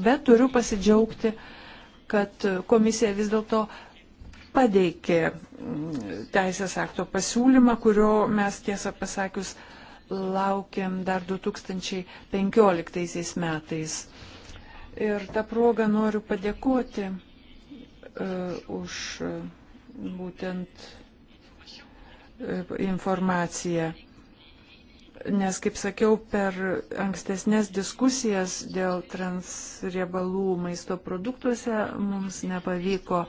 bet turiu pasidžiaugti, kad komisija vis dėlto pateikė mm, teisės akto pasiūlymą, kurio mes tiesą pasakius laukiam dar 2015 metais. Ir tą progą noriu padėkoti E, už e, būtent e, informaciją. Nes, kaip sakiau, per ankstesnės diskusijas dėl transriebalų maisto produktuose mums nepavyko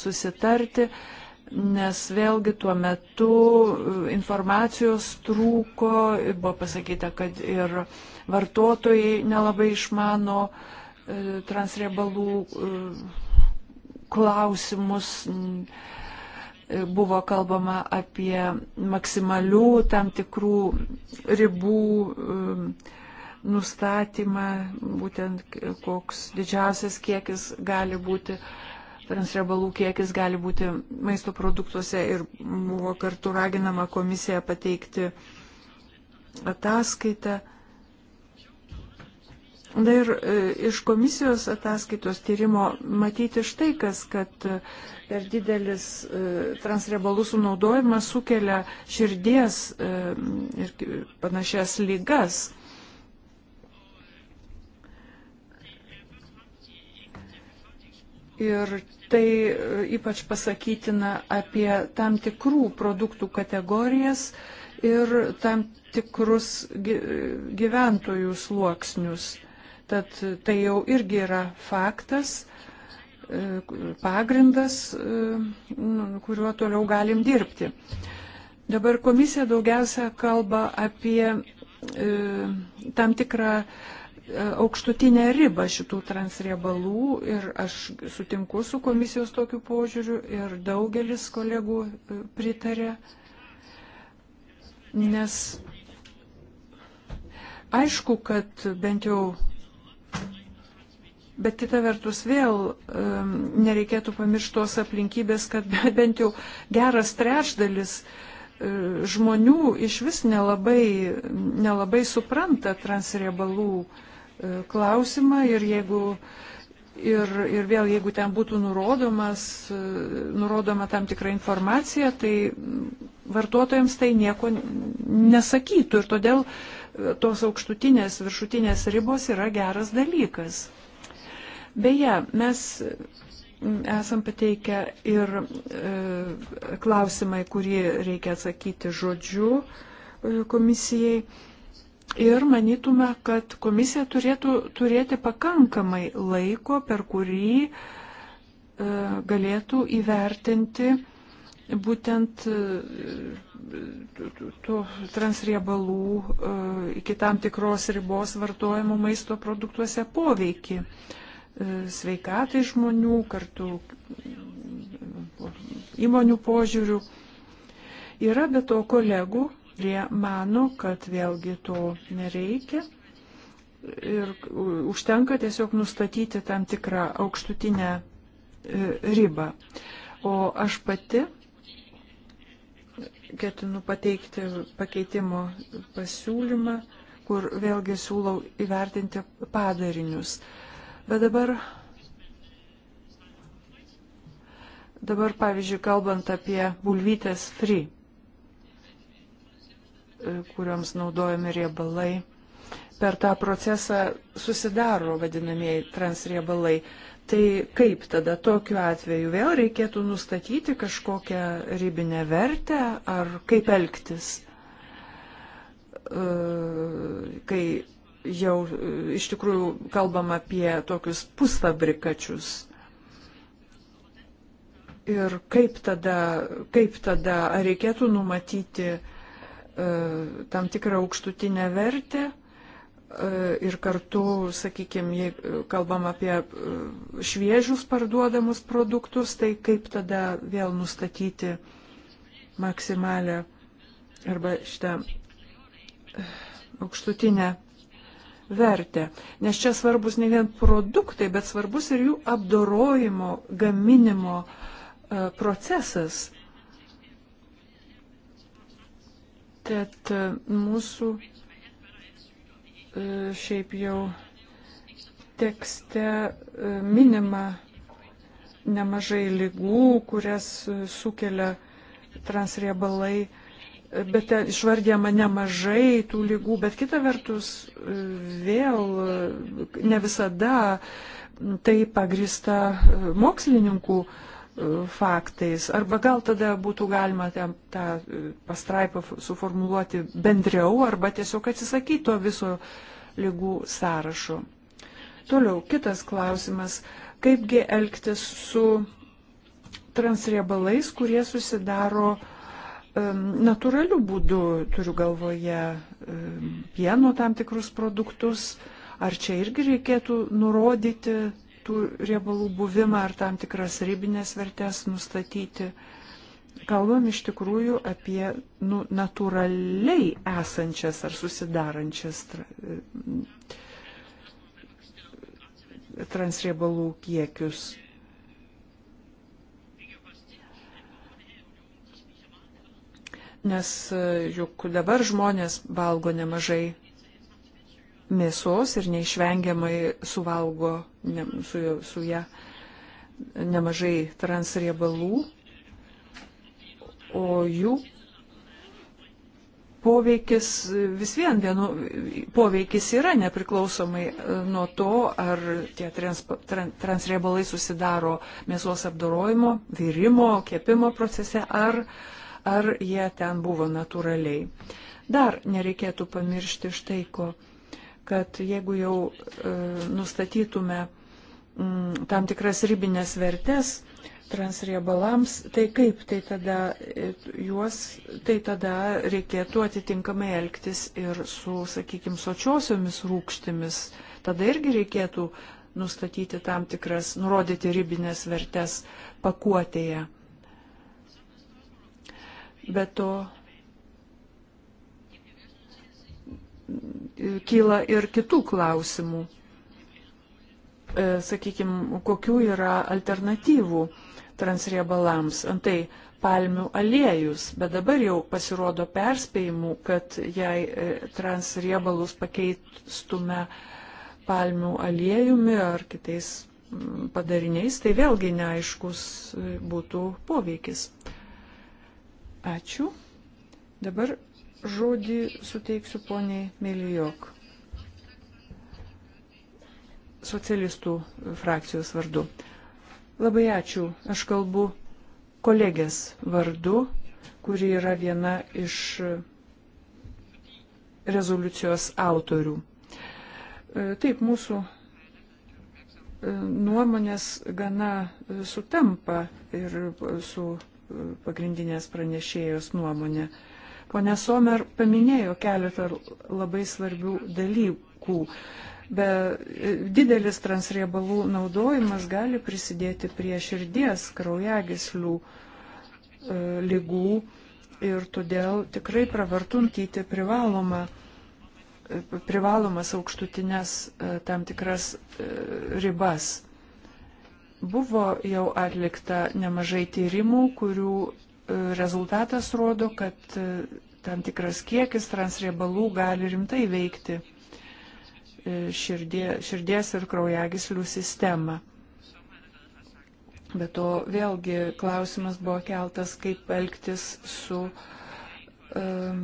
susitarti, nes vėlgi tuo metu informacijos trūko, buvo pasakyta, kad ir vartotojai nelabai išmano transriebalų klausimus. Buvo kalbama apie maksimalių tam tikrų ribų um, nustatymą, būtent koks didžiausias kiekis gali būti transriebalų kiekis gali būti maisto produktuose ir buvo kartu raginama komisija pateikti ataskaitą. Na ir e, iš komisijos ataskaitos tyrimo matyti štai kas, kad e, per didelis e, transriebalų sunaudojimas sukelia širdies ir panašias lygas. Ir tai ypač pasakytina apie tam tikrų produktų kategorijas ir tam tikrus gyventojų sluoksnius. Tad tai jau irgi yra faktas, e, pagrindas, e, nu, kuriuo toliau galim dirbti. Dabar komisija daugiausia kalba apie e, tam tikrą aukštutinę ribą šitų transriebalų ir aš sutinku su komisijos tokiu požiūriu ir daugelis kolegų pritarė, nes aišku, kad bent jau Bet kita vertus vėl um, nereikėtų pamirštos aplinkybės, kad bent jau geras trečdalis um, žmonių iš vis nelabai, nelabai supranta transriebalų um, klausimą ir jeigu Ir, ir vėl, jeigu ten būtų nurodomas, e, nurodoma tam tikra informacija, tai vartotojams tai nieko nesakytų ir todėl tos aukštutinės, viršutinės ribos yra geras dalykas. Beje, mes esam pateikę ir e, klausimai, kurį reikia atsakyti žodžiu e, komisijai. Ir manytume, kad komisija turėtų turėti pakankamai laiko, per kurį e, galėtų įvertinti būtent e, tų transriebalų e, iki tam tikros ribos vartojimo maisto produktuose poveikį. E, E, sveikatai žmonių, kartu įmonių požiūrių. Yra be to kolegų, kurie mano, kad vėlgi to nereikia ir užtenka tiesiog nustatyti tam tikrą aukštutinę e, ribą. O aš pati ketinu pateikti pakeitimo pasiūlymą, kur vėlgi siūlau įvertinti padarinius. Uh, Bet dabar, dabar pavyzdžiui, kalbant apie bulvytės free, e, kuriuoms naudojami riebalai, per tą procesą susidaro vadinamieji transriebalai. Tai kaip tada tokiu atveju vėl reikėtų nustatyti kažkokią ribinę vertę ar kaip elgtis, e, kai jau e, iš tikrųjų kalbam apie tokius pusfabrikačius. Ir kaip tada, kaip tada ar reikėtų numatyti e, tam tikrą aukštutinę vertę e, ir kartu, sakykime, jei kalbam apie e, šviežius parduodamus produktus, tai kaip tada vėl nustatyti maksimalę arba šitą e, aukštutinę vertę. Nes čia svarbus ne vien produktai, bet svarbus ir jų apdorojimo, gaminimo e, procesas. Tad e, mūsų e, šiaip jau tekste minima nemažai lygų, kurias sukelia transriebalai bet ten išvardėma nemažai tų lygų, bet kita vertus vėl ne visada tai pagrista mokslininkų e, faktais. Arba gal tada būtų galima ten tą e, pastraipą suformuluoti bendriau arba tiesiog atsisakyti to viso lygų sąrašo. Toliau, kitas klausimas. Kaipgi elgtis su transriebalais, kurie susidaro uh, natūraliu būdu, turiu galvoje pieno tam tikrus produktus, ar čia irgi reikėtų nurodyti tų riebalų buvimą ar tam tikras ribinės vertės nustatyti. Kalbam iš tikrųjų apie nu, natūraliai esančias ar susidarančias tra, transriebalų kiekius. nes e, juk dabar žmonės valgo nemažai mėsos ir neišvengiamai suvalgo ne, su, su ją nemažai transriebalų, o jų poveikis vis vien vienu, poveikis yra nepriklausomai e, nuo to, ar tie trans, trans, transriebalai susidaro mėsos apdorojimo, virimo, kepimo procese ar uh, ar jie ten buvo natūraliai. Dar nereikėtų pamiršti štai ko, kad jeigu jau e, nustatytume m, mm, tam tikras ribinės vertės transriebalams, tai kaip tai tada e, juos, tai tada reikėtų atitinkamai elgtis ir su, sakykime, sočiosiomis rūkštimis. Tada irgi reikėtų nustatyti tam tikras, nurodyti ribinės vertės pakuotėje. Be to kyla ir kitų klausimų. E, Sakykime, kokių yra alternatyvų transriebalams. Antai palmių aliejus, bet dabar jau pasirodo perspėjimų, kad jei e, transriebalus pakeistume palmių aliejumi ar kitais padariniais, tai vėlgi neaiškus e, būtų poveikis. Ačiū. Dabar žodį suteiksiu poniai Melijok. Socialistų frakcijos vardu. Labai ačiū. Aš kalbu kolegės vardu, kuri yra viena iš rezoliucijos autorių. E, taip, mūsų e, nuomonės gana sutampa ir su pagrindinės pranešėjos nuomonė. Pone Somer paminėjo keletą labai svarbių dalykų. Be e, didelis transriebalų naudojimas gali prisidėti prie širdies, kraujagislių e, lygų ir todėl tikrai pravartuntyti privalomą e, privalomas aukštutinės tam tikras ribas Buvo jau atlikta nemažai tyrimų, kurių e, rezultatas rodo, kad e, tam tikras kiekis transriebalų gali rimtai veikti e, širdie, širdies ir kraujagyslių sistemą. Bet to vėlgi klausimas buvo keltas, kaip elgtis su um,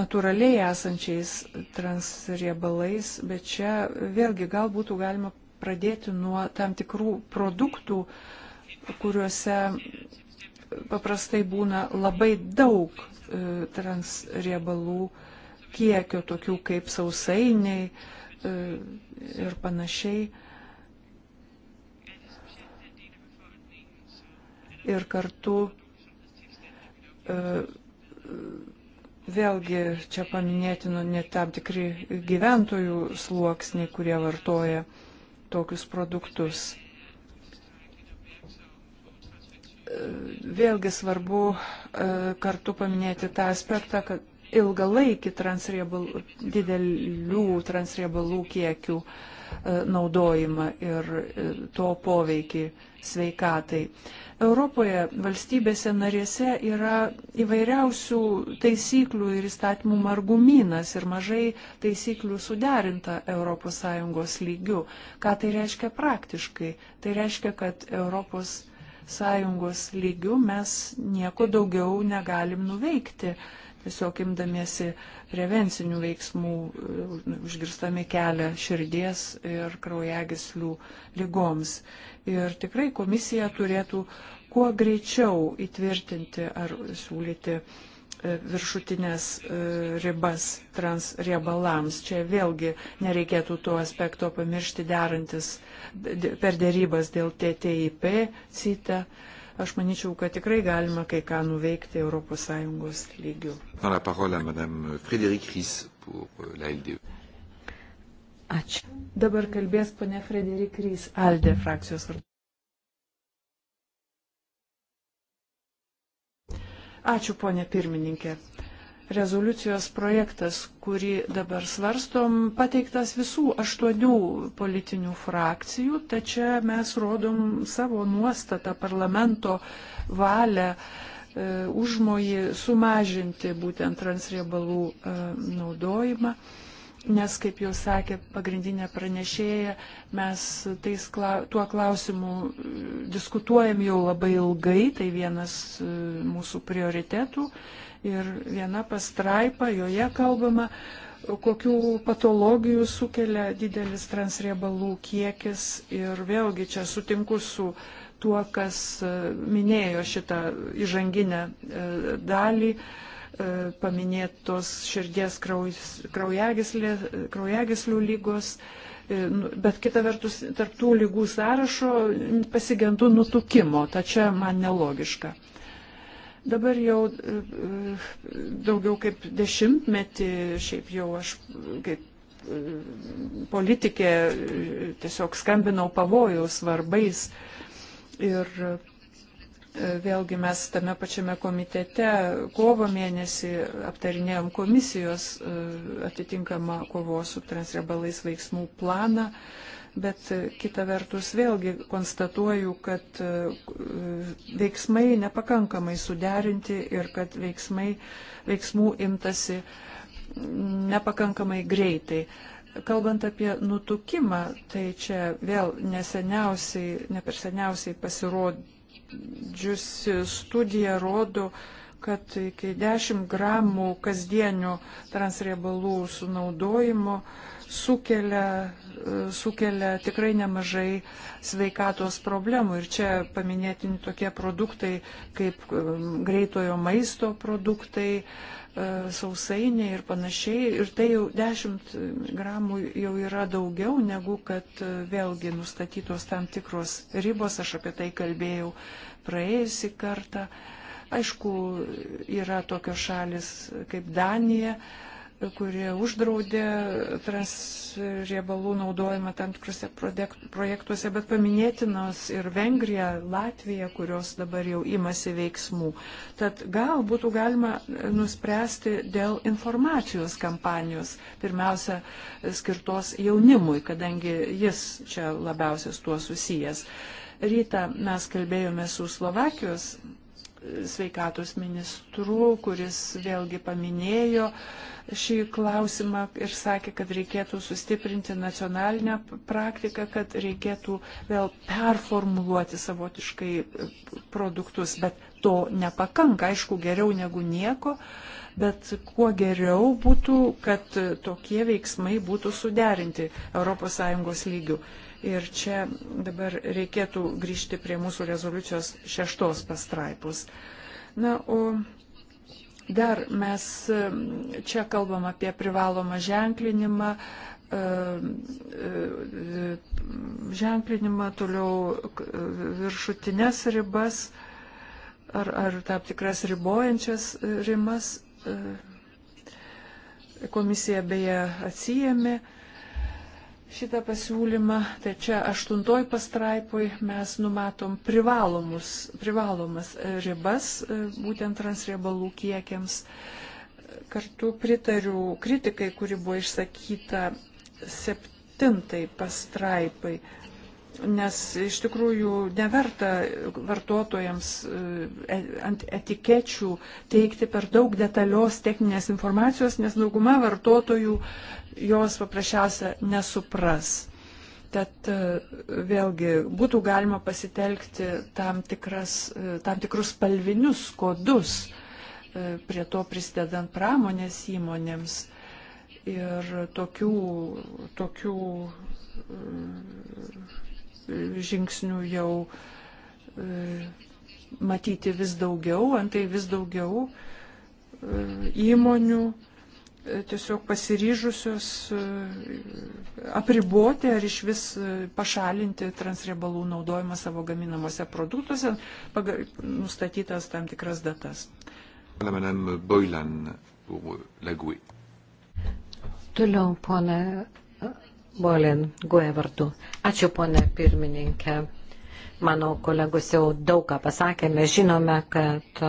natūraliai esančiais transriebalais, bet čia vėlgi gal būtų galima pradėti nuo tam tikrų produktų, kuriuose paprastai būna labai daug e, transriebalų kiekio, tokių kaip sausainiai e, ir panašiai. Ir kartu e, vėlgi čia paminėtinu net tam tikri gyventojų sluoksniai, kurie vartoja uh, tokius produktus. Vėlgi svarbu e, kartu paminėti tą aspektą, kad ilgalaikį transriebalų, didelių transriebalų kiekių e, naudojimą ir e, to poveikį sveikatai. Europoje valstybėse narėse yra įvairiausių taisyklių ir įstatymų margumynas ir mažai taisyklių suderinta ES lygių. Ką tai reiškia praktiškai? Tai reiškia, kad ES sąjungos lygių mes nieko daugiau negalim nuveikti tiesiog imdamiesi prevencinių veiksmų e, užgirstami kelią širdies ir kraujagyslių lygoms. Ir tikrai komisija turėtų kuo greičiau įtvirtinti ar siūlyti e, viršutinės e, ribas transriebalams. Čia vėlgi nereikėtų tuo aspekto pamiršti derantis per dėrybas dėl TTIP, CITA Aš manyčiau, kad tikrai galima kai ką nuveikti ES lygių. Euh, e. Ačiū. Dabar kalbės ponė Frederik Rys, Alde frakcijos vardu. Ačiū, ponė pirmininkė rezoliucijos projektas, kurį dabar svarstom, pateiktas visų aštuonių politinių frakcijų, tačiau mes rodom savo nuostatą parlamento valią e, užmojį sumažinti būtent transriebalų e, naudojimą, nes, kaip jau sakė pagrindinė pranešėja, mes tais, tuo klausimu e, diskutuojam jau labai ilgai, tai vienas mūsų prioritetų ir viena pastraipa, joje kalbama, kokių patologijų sukelia didelis transriebalų kiekis ir vėlgi čia sutinku su tuo, kas e, minėjo šitą įžanginę e, dalį e, paminėtos širdies kraujagyslių lygos, nu, bet kita vertus, tarptų lygų sąrašo pasigendu nutukimo, tačia man nelogiška. Dabar jau e, daugiau kaip dešimtmetį, šiaip jau aš kaip e, politikė e, tiesiog skambinau pavojaus varbais. Ir vėlgi mes tame pačiame komitete kovo mėnesį aptarinėjom komisijos atitinkamą kovos su transrebalais veiksmų planą bet e, kita vertus vėlgi konstatuoju, kad e, veiksmai nepakankamai suderinti ir kad veiksmai, veiksmų imtasi nepakankamai greitai. Kalbant apie nutukimą, tai čia vėl neseniausiai, neperseniausiai pasirodžiusi studija rodo, kad iki 10 gramų kasdienio transriebalų sunaudojimo uh, sukelia, e, sukelia tikrai nemažai sveikatos problemų. Ir čia paminėtini tokie produktai kaip e, greitojo maisto produktai, e, sausainiai ir panašiai. Ir tai jau 10 gramų jau yra daugiau negu kad vėlgi nustatytos tam tikros ribos. Aš apie tai kalbėjau praėjusį kartą. Aišku, yra tokios šalis kaip Danija, kurie uždraudė transriebalų naudojimą tam tikrose projektuose, bet paminėtinos ir Vengrija, Latvija, kurios dabar jau imasi veiksmų. Tad gal būtų galima nuspręsti dėl informacijos kampanijos, pirmiausia, skirtos jaunimui, kadangi jis čia labiausias tuo susijęs. Ryta mes kalbėjome su Slovakijos e, sveikatos ministru, kuris vėlgi paminėjo, uh, šį klausimą ir sakė, kad reikėtų sustiprinti nacionalinę praktiką, kad reikėtų vėl performuluoti savotiškai e, produktus, bet to nepakanka, aišku, geriau negu nieko, bet kuo geriau būtų, kad e, tokie veiksmai būtų suderinti ES lygių. Ir čia dabar reikėtų grįžti prie mūsų rezoliucijos šeštos pastraipos. Na, o Dar mes čia kalbam apie privalomą ženklinimą, ženklinimą toliau viršutinės ribas ar, ar tam tikras ribojančias e, rimas. E. Komisija beje atsijėmė šitą pasiūlymą, tai čia aštuntoj pastraipoj mes numatom privalomas e, ribas e, būtent transriebalų kiekiams. Kartu pritariu kritikai, kuri buvo išsakyta septintai pastraipai nes iš tikrųjų neverta vartotojams e, ant etikečių teikti per daug detalios techninės informacijos, nes dauguma vartotojų jos paprasčiausia nesupras. Tad e, vėlgi būtų galima pasitelkti tam, tikras, e, tam tikrus spalvinius kodus, prie to prisidedant pramonės įmonėms. Ir tokių, tokių žingsnių jau e, matyti vis daugiau, antai vis daugiau e, įmonių e, tiesiog pasiryžusios apriboti ar iš vis pašalinti transriebalų naudojimą savo gaminamuose produktuose, pagal, nustatytas tam tikras datas. Madame Boylan, Lagui. Toliau, ponė Bolin Guė vardu. Ačiū, ponė pirmininkė. Mano kolegos jau daug ką pasakė, mes žinome, kad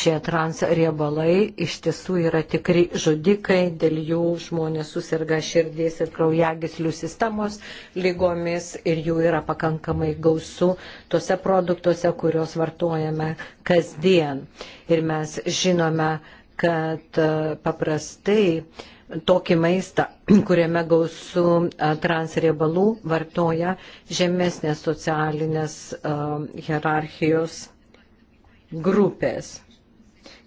šie transriebalai iš tiesų yra tikri žudikai, dėl jų žmonės susirga širdies ir kraujagislių sistemos lygomis ir jų yra pakankamai gausu tose produktuose, kuriuos vartojame kasdien. Ir mes žinome, kad paprastai uh, tokį maistą, kuriame gausu transriebalų, vartoja žemesnės socialinės hierarchijos grupės.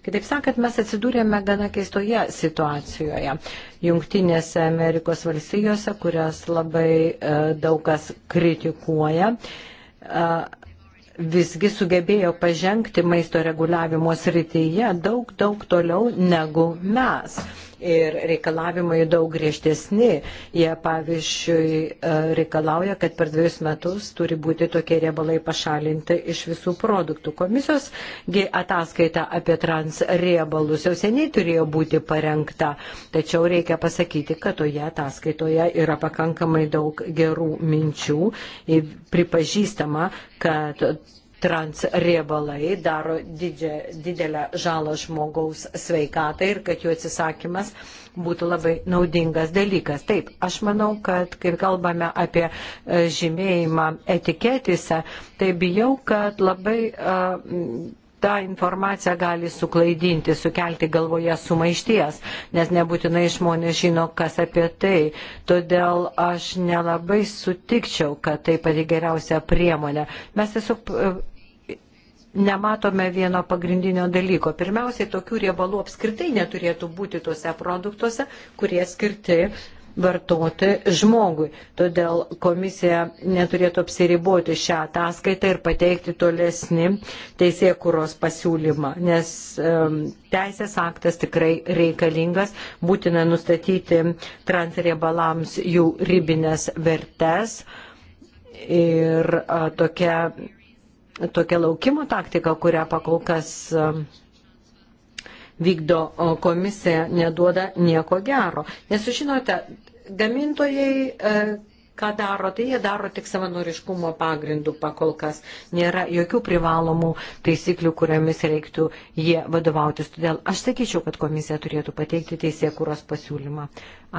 Kitaip sakant, mes atsidūrėme gana keistoje situacijoje. Junktinėse Amerikos valstijose, kurias labai daug kas kritikuoja, visgi sugebėjo pažengti maisto reguliavimo srityje daug, daug toliau negu mes ir reikalavimai daug griežtesni. Jie, pavyzdžiui, e, reikalauja, kad per dviejus metus turi būti tokie riebalai pašalinti iš visų produktų. Komisijos ataskaita apie transriebalus jau seniai turėjo būti parengta, tačiau reikia pasakyti, kad toje ataskaitoje yra pakankamai daug gerų minčių. Pripažįstama, kad transriebalai daro didžią, didelę žalą žmogaus sveikatai ir kad jų atsisakymas būtų labai naudingas dalykas. Taip, aš manau, kad kai kalbame apie e, žymėjimą etiketėse, tai bijau, kad labai uh, e, ta informacija gali suklaidinti, sukelti galvoje sumaišties, nes nebūtinai žmonės žino, kas apie tai. Todėl aš nelabai sutikčiau, kad tai pati geriausia priemonė. Mes tiesiog e, nematome vieno pagrindinio dalyko. Pirmiausiai, tokių riebalų apskritai neturėtų būti tuose produktuose, kurie skirti vartoti žmogui. Todėl komisija neturėtų apsiriboti šią ataskaitą ir pateikti tolesnį teisėkuros pasiūlymą, nes um, teisės aktas tikrai reikalingas, būtina nustatyti transriebalams jų ribinės vertes ir a, tokia tokia laukimo taktika, kurią pakol kas um, vykdo komisija, neduoda nieko gero. Nes žinote, gamintojai, e, ką daro, tai jie daro tik savanoriškumo pagrindų pakol kas. Nėra jokių privalomų taisyklių, kuriamis reiktų jie vadovautis. Todėl aš sakyčiau, kad komisija turėtų pateikti teisėkūros pasiūlymą.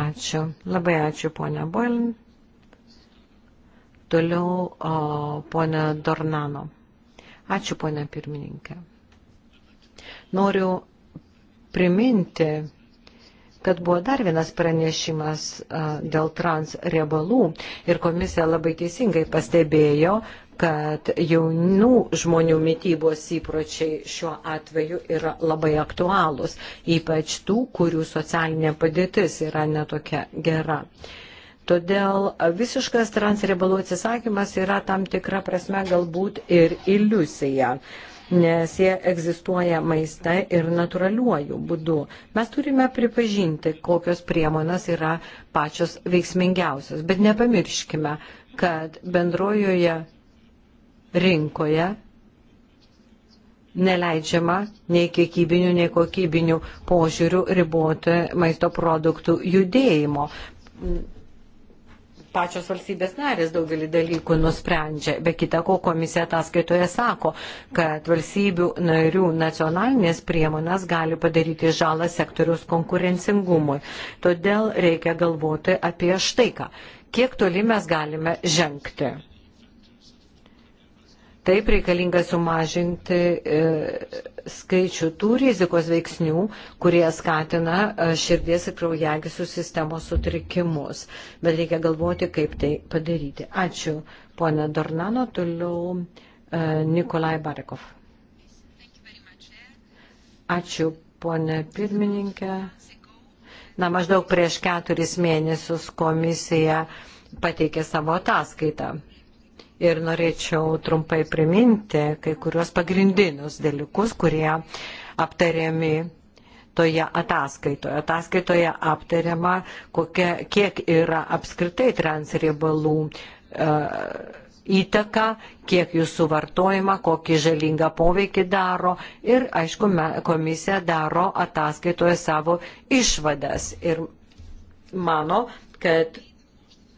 Ačiū. Labai ačiū, ponia Boilin. Toliau o, ponia Dornano. Ačiū, ponia pirmininkė. Noriu priminti, kad buvo dar vienas pranešimas dėl trans riebalų ir komisija labai teisingai pastebėjo, kad jaunų žmonių mytybos įpročiai šiuo atveju yra labai aktualūs, ypač tų, kurių socialinė padėtis yra netokia gera. Uh, Todėl visiškas transriebalų atsisakymas yra tam tikra prasme galbūt ir iliuzija, nes jie egzistuoja maiste ir natūraliuoju būdu. Mes turime pripažinti, kokios priemonės yra pačios veiksmingiausios, bet nepamirškime, kad bendrojoje rinkoje neleidžiama nei kiekybinių, nei kokybinių požiūrių riboti maisto produktų judėjimo pačios valstybės narės daugelį dalykų nusprendžia. Be kita ko, komisija ataskaitoje sako, kad valstybių narių nacionalinės priemonės gali padaryti žalą sektoriaus konkurencingumui. Todėl reikia galvoti apie štai ką. Kiek toli mes galime žengti? Taip reikalinga sumažinti e, skaičių tų rizikos veiksnių, kurie skatina e, širdies ir kraujagyslių sistemos sutrikimus. Bet reikia galvoti, kaip tai padaryti. Ačiū, ponė Dornano. Toliau e, Nikolai Barekov. Ačiū, ponė pirmininkė. Na, maždaug prieš keturis mėnesius komisija pateikė savo ataskaitą ir norėčiau trumpai priminti kai kuriuos pagrindinius dalykus, kurie aptariami toje ataskaitoje. Ataskaitoje aptariama, kokia, kiek yra apskritai transriebalų uh, e, įtaką, kiek jų suvartojimą, kokį žalingą poveikį daro ir, aišku, komisija daro ataskaitoje savo išvadas ir mano, kad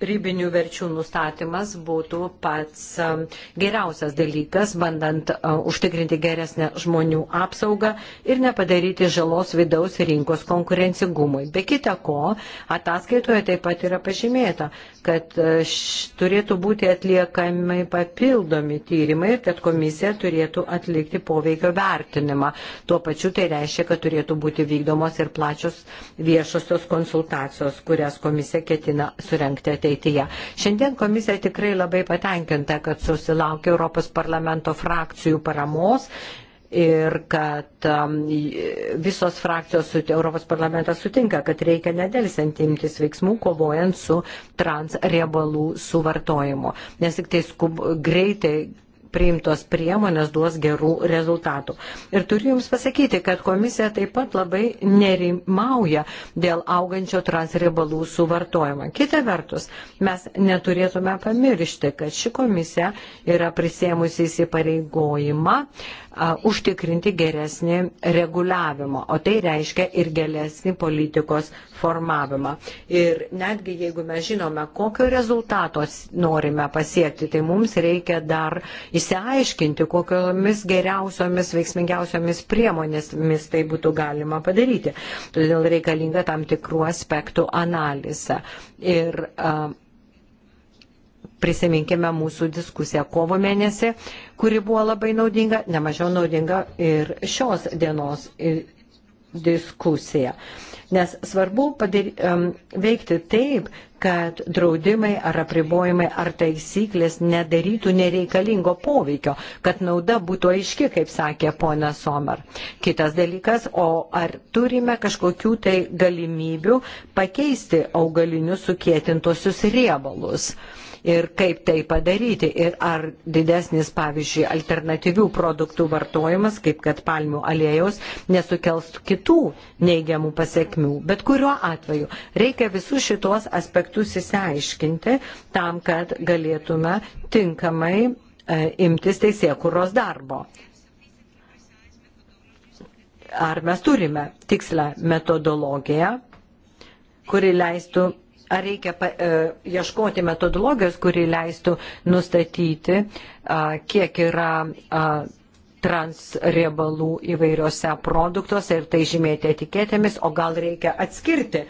ribinių verčių nustatymas būtų pats geriausias dalykas, bandant užtikrinti geresnę žmonių apsaugą ir nepadaryti žalos vidaus rinkos konkurencingumui. Be kita ko, ataskaitoje taip pat yra pažymėta, kad e, turėtų būti atliekami papildomi tyrimai ir kad komisija turėtų atlikti poveikio vertinimą. Tuo pačiu tai reiškia, kad turėtų būti vykdomos ir plačios viešosios konsultacijos, kurias komisija ketina surenkti ateityje. Šiandien komisija tikrai labai patenkinta, kad susilaukė Europos parlamento frakcijų paramos ir kad um, visos frakcijos Europos parlamentas sutinka, kad reikia nedelsiant imtis veiksmų, kovojant su transriebalų suvartojimu. Nes tik tai skub, greitai priimtos priemonės duos gerų rezultatų. Ir turiu Jums pasakyti, kad komisija taip pat labai nerimauja dėl augančio transriebalų suvartojimo. Kita vertus, mes neturėtume pamiršti, kad ši komisija yra prisėmusi įsipareigojimą uh, užtikrinti geresnį reguliavimą, o tai reiškia ir geresnį politikos formavimą. Ir netgi jeigu mes žinome, kokio rezultatos norime pasiekti, tai mums reikia dar įsiaiškinti, kokiomis geriausiomis, veiksmingiausiomis priemonėmis tai būtų galima padaryti. Todėl reikalinga tam tikrų aspektų analizė. Ir, uh, Prisiminkime mūsų diskusiją kovo mėnesį, kuri buvo labai naudinga, nemažiau naudinga ir šios dienos diskusija. Nes svarbu padary, um, veikti taip, kad draudimai ar apribojimai ar taisyklės nedarytų nereikalingo poveikio, kad nauda būtų aiški, kaip sakė pona Somar. Kitas dalykas, o ar turime kažkokių tai galimybių pakeisti augalinius sukėtintosius riebalus? Uh, ir kaip tai padaryti ir ar didesnis, pavyzdžiui, alternatyvių produktų vartojimas, kaip kad palmių aliejaus, nesukels kitų neigiamų pasiekmių. Bet kuriuo atveju reikia visus šitos aspektus įsiaiškinti tam, kad galėtume tinkamai e, imtis teisėkuros darbo ar mes turime tikslę metodologiją, kuri leistų Ar reikia pa, e, ieškoti metodologijos, kuri leistų nustatyti, a, kiek yra a, transriebalų įvairiuose produktuose ir tai žymėti etiketėmis, o gal reikia atskirti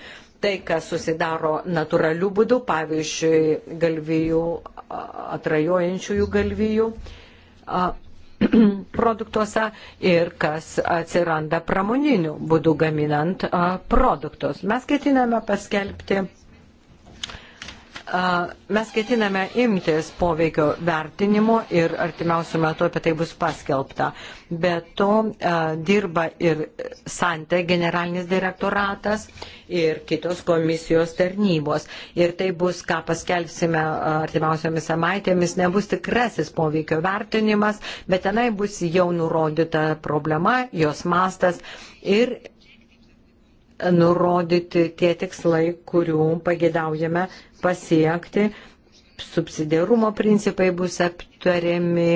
tai, kas susidaro natūralių būdų, pavyzdžiui, galvijų, atrajojančiųjų galvijų produktuose ir kas atsiranda pramoninių būdų gaminant produktus. Mes ketiname paskelbti Mes ketiname imtis poveikio vertinimo ir artimiausių metų apie tai bus paskelbta. Be to dirba ir Sante generalinis direktoratas ir kitos komisijos tarnybos. Ir tai bus, ką paskelbsime artimiausiomis savaitėmis, nebus tikrasis poveikio vertinimas, bet tenai bus jau nurodyta problema, jos mastas ir nurodyti tie tikslai, kurių pagėdaujame pasiekti, subsidiarumo principai bus aptariami,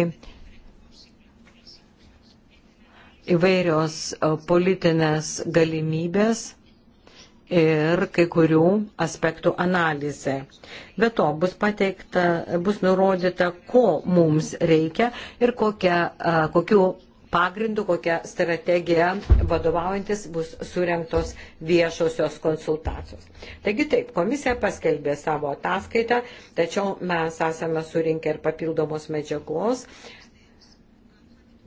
įvairios e, politinės galimybės ir kai kurių aspektų analizė. Be to bus pateikta, bus nurodyta, ko mums reikia ir kokia, e, kokiu pagrindu, kokią strategiją vadovaujantis bus surinktos viešosios konsultacijos. Taigi taip, komisija paskelbė savo ataskaitą, tačiau mes esame surinkę ir papildomos medžiagos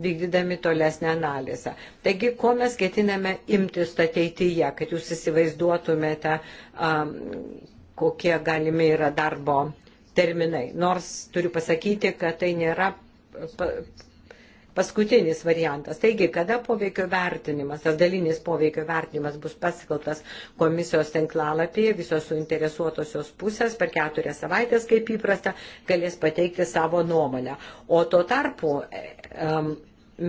vykdydami tolesnę analizą. Taigi, ko mes ketiname imtis ateityje, kad jūs įsivaizduotumėte, um, kokie galimi yra darbo terminai. Nors turiu pasakyti, kad tai nėra paskutinis variantas. Taigi, kada poveikio vertinimas, tas dalinis poveikio vertinimas bus paskeltas komisijos tinklalapyje, visos suinteresuotosios pusės per keturias savaitės, kaip įprasta, galės pateikti savo nuomonę. O tuo tarpu. Um,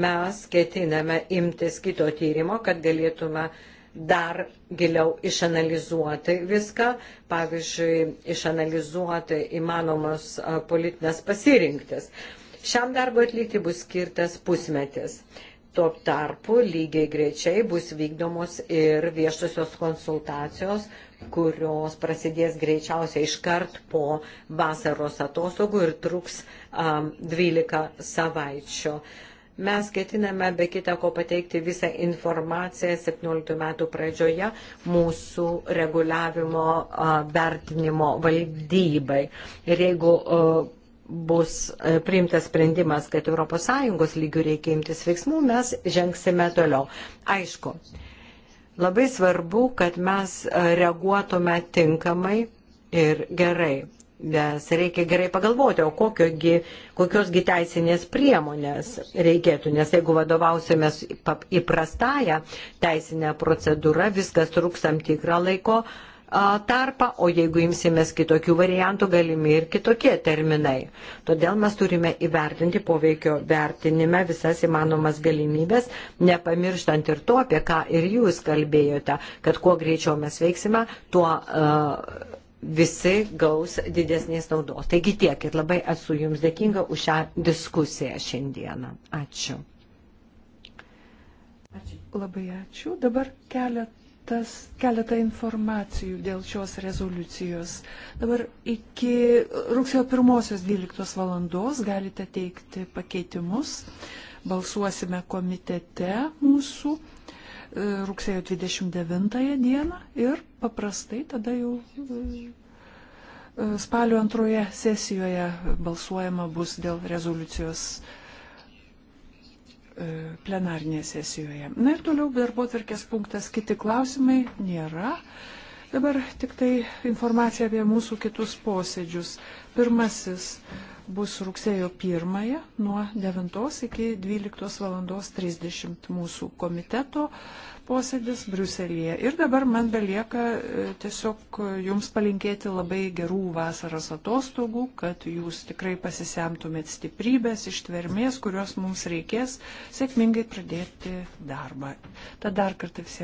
Mes ketiname imtis kito tyrimo, kad galėtume dar giliau išanalizuoti viską, pavyzdžiui, išanalizuoti įmanomas politinės pasirinktis. Uh, Šiam darbui atlikti bus skirtas pusmetis. Tuo tarpu lygiai greičiai bus vykdomos ir viešosios konsultacijos, kurios prasidės greičiausiai iškart po vasaros atostogų ir truks um, 12 savaičių. Mes ketiname be kita ko pateikti visą informaciją 17 metų pradžioje mūsų reguliavimo vertinimo valdybai. Ir jeigu uh, bus e, priimtas sprendimas, kad ES lygių reikia imtis veiksmų, mes žengsime toliau. Aišku, labai svarbu, kad mes e, reaguotume tinkamai ir gerai. Nes reikia gerai pagalvoti, o kokiogi, kokiosgi teisinės priemonės reikėtų, nes jeigu vadovausimės įprastąją teisinę procedūrą, viskas truks tam tikrą laiko, tarpą, o jeigu imsimės kitokių variantų, galimi ir kitokie terminai. Todėl mes turime įvertinti poveikio vertinime visas įmanomas galimybės, nepamirštant ir to, apie ką ir jūs kalbėjote, kad kuo greičiau mes veiksime, tuo uh, visi gaus didesnės naudos. Taigi tiek ir labai esu Jums dėkinga už šią diskusiją šiandieną. Ačiū. ačiū. Labai ačiū. Dabar keletą keletas, keletą informacijų dėl šios rezoliucijos. Dabar iki rugsėjo 1.12 valandos galite teikti pakeitimus. Balsuosime komitete mūsų e, rugsėjo 29 dieną ir paprastai tada jau e, spalio antroje sesijoje balsuojama bus dėl rezoliucijos E, plenarnėje sesijoje. Na ir toliau darbo tvarkės punktas, kiti klausimai nėra. Dabar tik tai informacija apie mūsų kitus posėdžius. Pirmasis bus rugsėjo 1 nuo 9 iki 12 val. 30 mūsų komiteto posėdis Briuselėje. Ir dabar man belieka e, tiesiog e, jums palinkėti labai gerų vasaros atostogų, kad jūs tikrai pasisemtumėt stiprybės, ištvermės, kurios mums reikės sėkmingai pradėti darbą. Tad dar kartą visiems.